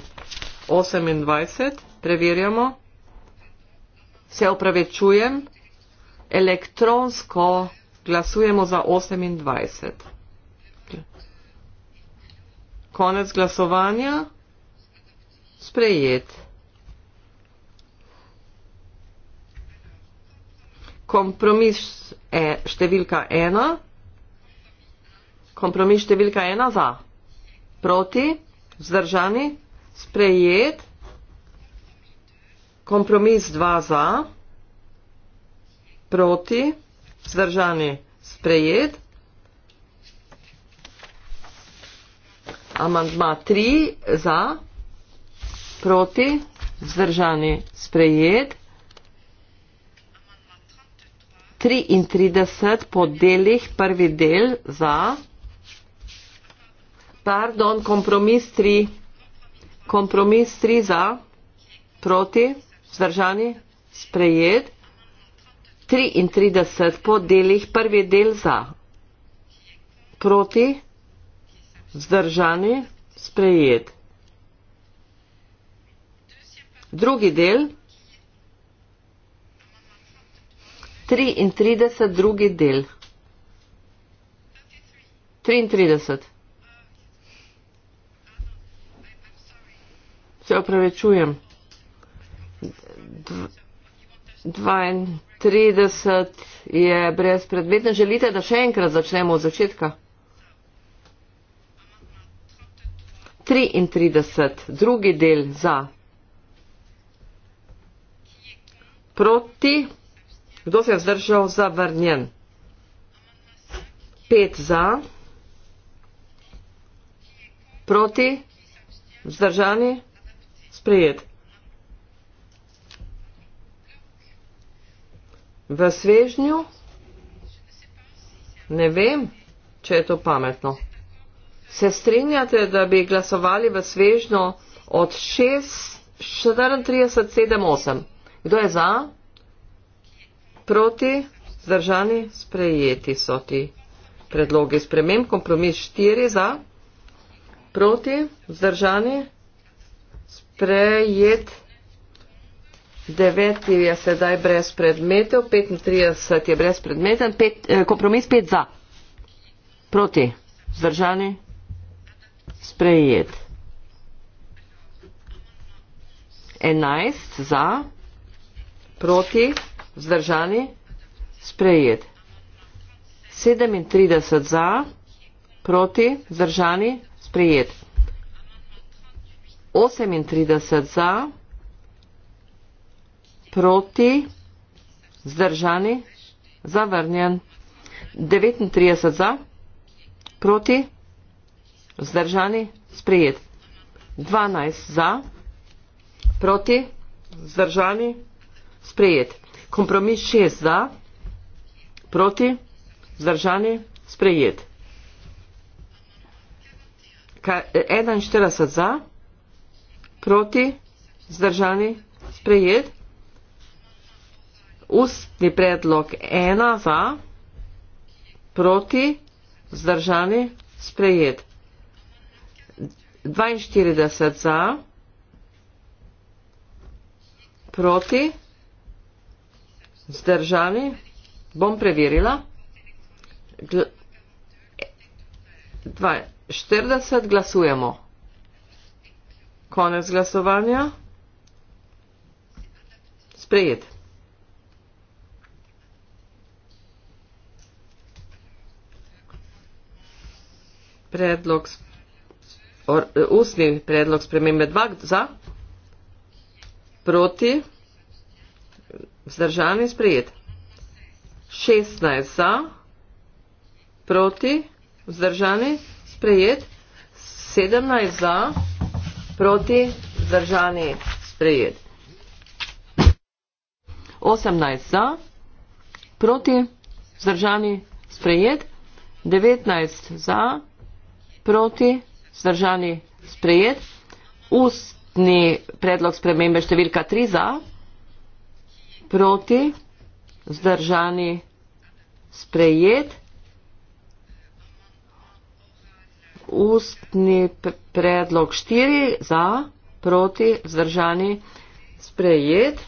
28. Preverjamo. Se opravečujem. Elektronsko glasujemo za 28. Konec glasovanja. Sprejet. Kompromis e, številka ena. Kompromis številka ena za. Proti. Zdržani. Sprejet. Kompromis dva za. Proti. Zdržani. Sprejet. Amandma 3 za, proti, vzdržani sprejet. 33 po delih, prvi del za. Pardon, kompromis 3. Kompromis 3 za, proti, vzdržani sprejet. 33 po delih, prvi del za. Proti. Zdržani, sprejet. Drugi del. 33. drugi del. 33. Se opravičujem. 32 je brez predmetna. Želite, da še enkrat začnemo od začetka? 33, drugi del za. Proti, kdo se je vzdržal, zavrnjen. 5 za. Proti, vzdržani, sprejet. V svežnju, ne vem, če je to pametno se strinjate, da bi glasovali v svežno od 6.34.78? Kdo je za? Proti? Zdržani? Sprejeti so ti predlogi spremem. Kompromis 4 za? Proti? Zdržani? Sprejet? 9 je sedaj brez predmetov, 35 je brez predmeten, 5, eh, kompromis 5 za. Proti? Zdržani? sprejet. 11 za, proti, vzdržani, sprejet. 37 za, proti, vzdržani, sprejet. 38 za, proti, vzdržani, zavrnjen. 39 za, proti, Zdržani? Sprejet. 12 za. Proti? Zdržani? Sprejet. Kompromis 6 za. Proti? Zdržani? Sprejet. 41 za. Proti? Zdržani? Sprejet. Ustni predlog 1 za. Proti? Zdržani? Sprejet. 42 za, proti, zdržani, bom preverila. Gl 40 glasujemo. Konec glasovanja. Sprejet. Predlog sprejet or, eh, ustni predlog spremembe 2 za, proti, vzdržan in sprejet. 16 za, proti, vzdržan in sprejet. 17 za, proti, vzdržan in sprejet. 18 za, proti, vzdržan in sprejet. 19 za, proti, vzdržan in sprejet zdržani sprejet. Ustni predlog spremembe številka 3 za, proti, zdržani sprejet. Ustni predlog 4 za, proti, zdržani sprejet.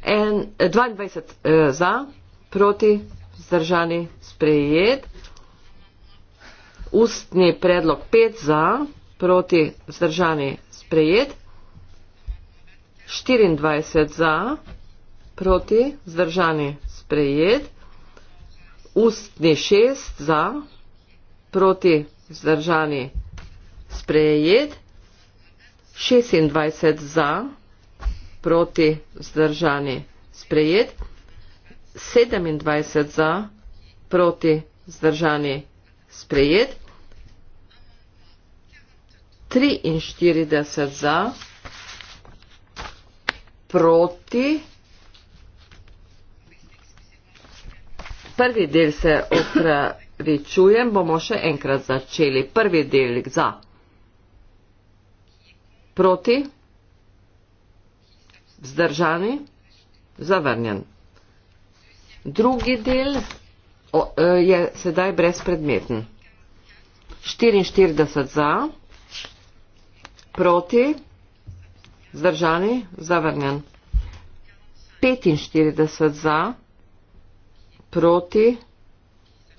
En, 22 eh, eh, za, proti, zdržani sprejet ustni predlog 5 za, proti vzdržani sprejet, 24 za, proti vzdržani sprejet, ustni 6 za, proti vzdržani sprejet, 26 za, proti vzdržani sprejet, 27 za, proti vzdržani sprejet sprejet. 43 za, proti. Prvi del se opravičujem, bomo še enkrat začeli. Prvi del za, proti, vzdržani, zavrnjen. Drugi del, o, e, je sedaj brezpredmeten. 44 za, proti, zdržani, zavrnjen. 45 za, proti,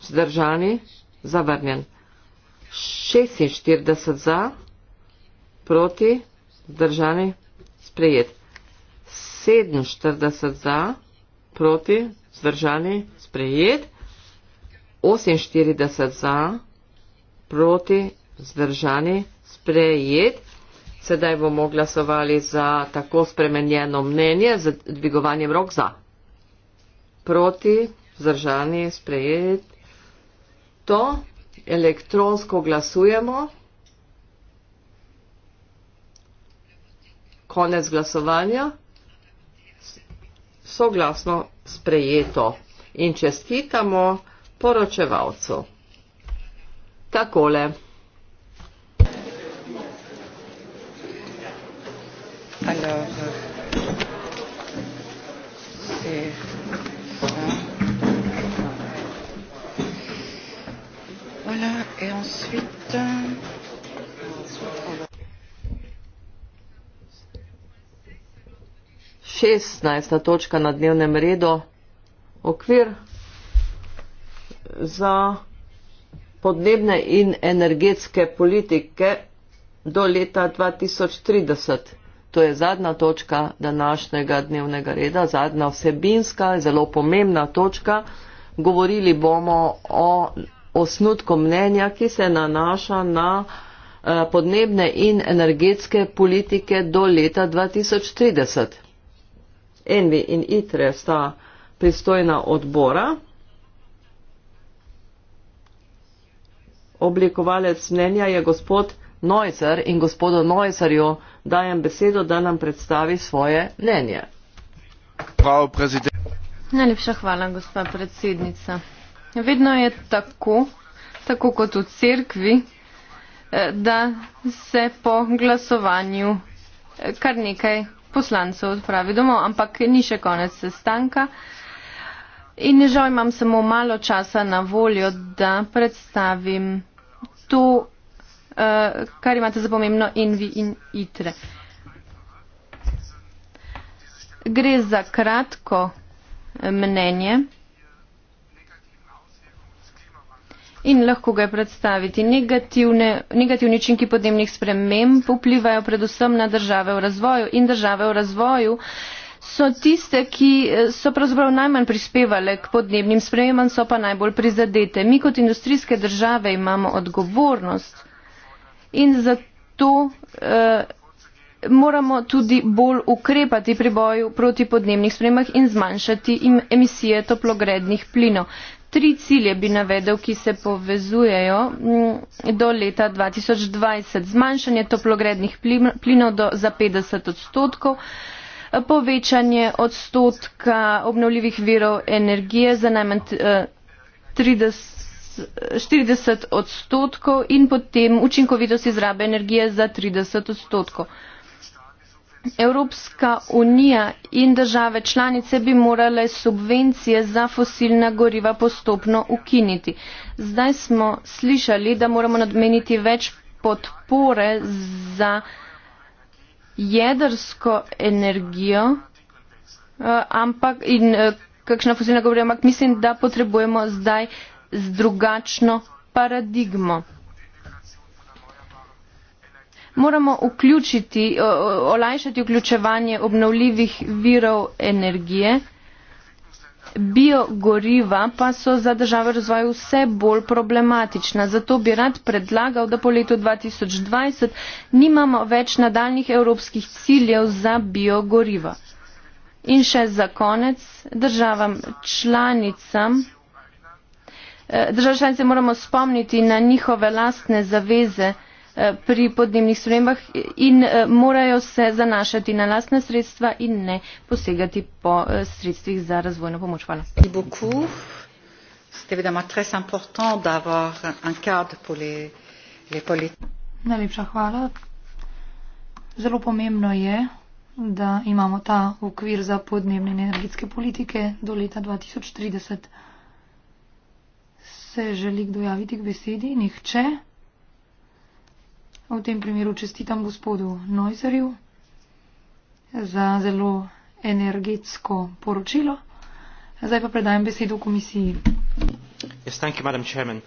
zdržani, zavrnjen. 46 za, proti, zdržani, sprejet. 47 za, proti, zdržani, sprejet. 48 za, proti, zdržani, sprejet. Sedaj bomo glasovali za tako spremenjeno mnenje z dvigovanjem rok za. Proti, zdržani, sprejet. To elektronsko glasujemo. Konec glasovanja. Soglasno sprejeto. In čestitamo poročevalcu. Takole.
Alors, euh, voilà.
voilà, et ensuite.
Euh,
16. točka na dnevnem redu, okvir za podnebne in energetske politike do leta 2030. To je zadnja točka današnjega dnevnega reda, zadnja vsebinska, zelo pomembna točka. Govorili bomo o osnutku mnenja, ki se nanaša na eh, podnebne in energetske politike do leta 2030. Envi in ITRE sta pristojna odbora. oblikovalec mnenja je gospod Neuser in gospodu Neuserju dajem besedo, da nam predstavi svoje mnenje.
Prav,
Najlepša hvala, gospa predsednica. Vedno je tako, tako kot v cerkvi, eh, da se po glasovanju eh, kar nekaj poslancev odpravi domov, ampak ni še konec sestanka. In žal imam samo malo časa na voljo, da predstavim to, eh, kar imate za pomembno, envi in itre. Gre za kratko eh, mnenje in lahko ga je predstaviti. Negativne, negativni učinki podnebnih sprememb vplivajo predvsem na države v razvoju in države v razvoju. Uh, so tiste, ki eh, so pravzaprav najmanj prispevale k podnebnim sprejemam, so pa najbolj prizadete. Mi kot industrijske države imamo odgovornost in zato eh, moramo tudi bolj ukrepati pri boju proti podnebnih sprejemah in zmanjšati im emisije toplogrednih plinov. Tri cilje bi navedel, ki se povezujejo mm, do leta 2020. Zmanjšanje toplogrednih plinov do, za 50 odstotkov povečanje odstotka obnovljivih virov energije za najmanj 40 eh, odstotkov in potem učinkovitost izrabe energije za 30 odstotkov. Evropska unija in države članice bi morale subvencije za fosilna goriva postopno ukiniti. Zdaj smo slišali, da moramo nadmeniti več podpore za jedrsko energijo, eh, ampak in eh, kakšna fosilna govorja, ampak mislim, da potrebujemo zdaj z drugačno paradigmo. Moramo vključiti, eh, olajšati vključevanje obnovljivih virov energije. Biogoriva pa so za države razvoja vse bolj problematična. Zato bi rad predlagal, da po letu 2020 nimamo več nadaljnih evropskih ciljev za biogoriva. In še za konec državam članicam. Eh, države članice moramo spomniti na njihove lastne zaveze Eh, pri podnebnih spremembah in eh, morajo se zanašati na lastna sredstva in ne posegati po eh, sredstvih za razvojno pomoč. Hvala.
Najlepša hvala. Zelo pomembno je, da imamo ta okvir za podnebne in energetske politike do leta 2030. Se želi kdo javiti k besedi? Nihče. V tem primeru čestitam gospodu Nojzerju za zelo energetsko poročilo. Zdaj pa predajem besedo komisiji.
Yes, thank you, Madam Chairman.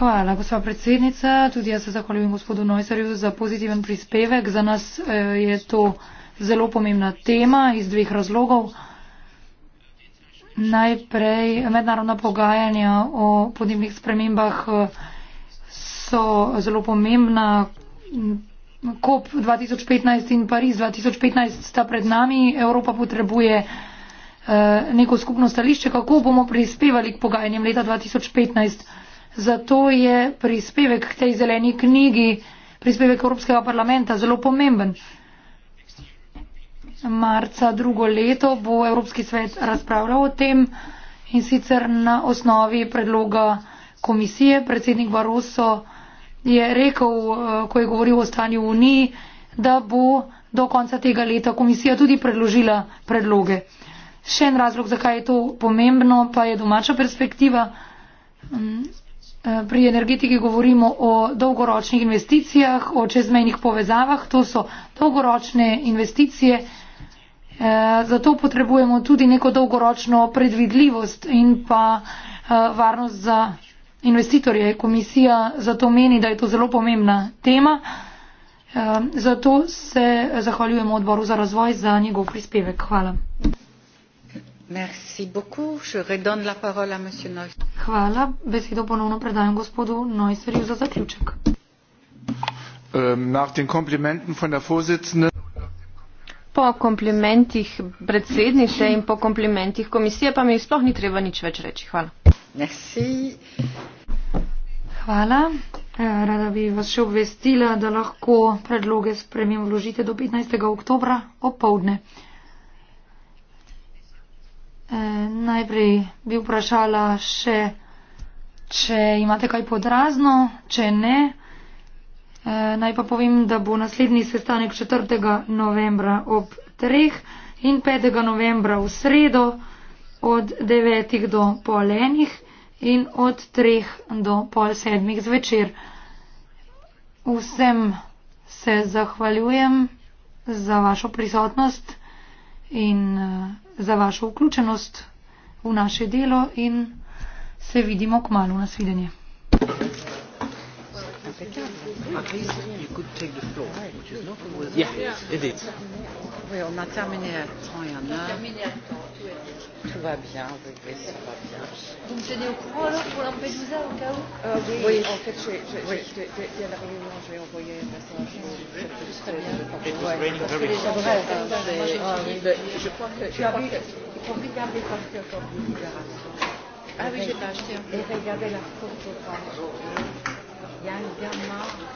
Hvala, gospa predsednica. Tudi jaz se zahvaljujem gospodu Nojzerju za pozitiven prispevek. Za nas eh, je to zelo pomembna tema iz dveh razlogov. Najprej mednarodna pogajanja o podnebnih spremembah eh, so zelo pomembna. COP 2015 in Pariz 2015 sta pred nami. Evropa potrebuje eh, neko skupno stališče, kako bomo prispevali k pogajanjem leta 2015. Zato je prispevek k tej zeleni knjigi, prispevek Evropskega parlamenta zelo pomemben. Marca drugo leto bo Evropski svet razpravljal o tem in sicer na osnovi predloga komisije predsednik Varoso je rekel, eh, ko je govoril o stanju v Uniji, da bo do konca tega leta komisija tudi predložila predloge. Še en razlog, zakaj je to pomembno, pa je domača perspektiva. Mm, eh, pri energetiki govorimo o dolgoročnih investicijah, o čezmejnih povezavah. To so dolgoročne investicije. Eh, zato potrebujemo tudi neko dolgoročno predvidljivost in pa varnost za investitorje. Komisija zato meni, da je to zelo pomembna tema. Ehm, zato se zahvaljujemo odboru za razvoj za njegov prispevek. Hvala.
Merci beaucoup. Je redonne la parole à monsieur Neusser.
Hvala. Besedo ponovno predajam gospodu Neusserju za
zaključek.
Um, nach den Komplimenten von der Vorsitzenden po komplimentih predsednice in po komplimentih komisije pa mi sploh ni treba nič več reči. Hvala.
Merci. Hvala. Eh, rada bi vas še obvestila, da lahko predloge spremem vložite do 15. oktobra opovdne. Eh, najprej bi vprašala še, če imate kaj podrazno, če ne. Eh, naj pa povem, da bo naslednji sestanek 4. novembra ob 3. in 5. novembra v sredo od 9. do pol enih in od 3. do pol sedmih zvečer. Vsem se zahvaljujem za vašo prisotnost in eh, za vašo vključenost v naše delo in se vidimo k malu. Nasvidenje.
Oui, on a terminé à temps et à heure. Tout va bien, oui,
oui, ça va bien. Vous me tenez au courant alors pour l'Ampedusa au cas où euh, oui, oui, en fait, il y a la réunion, j'ai envoyé un message. Euh, je crois que tu as Il faut regarder parce que quand vous
libérez. Ah oui, j'ai pas acheté. Et regardez la photo. Il y a un gamin.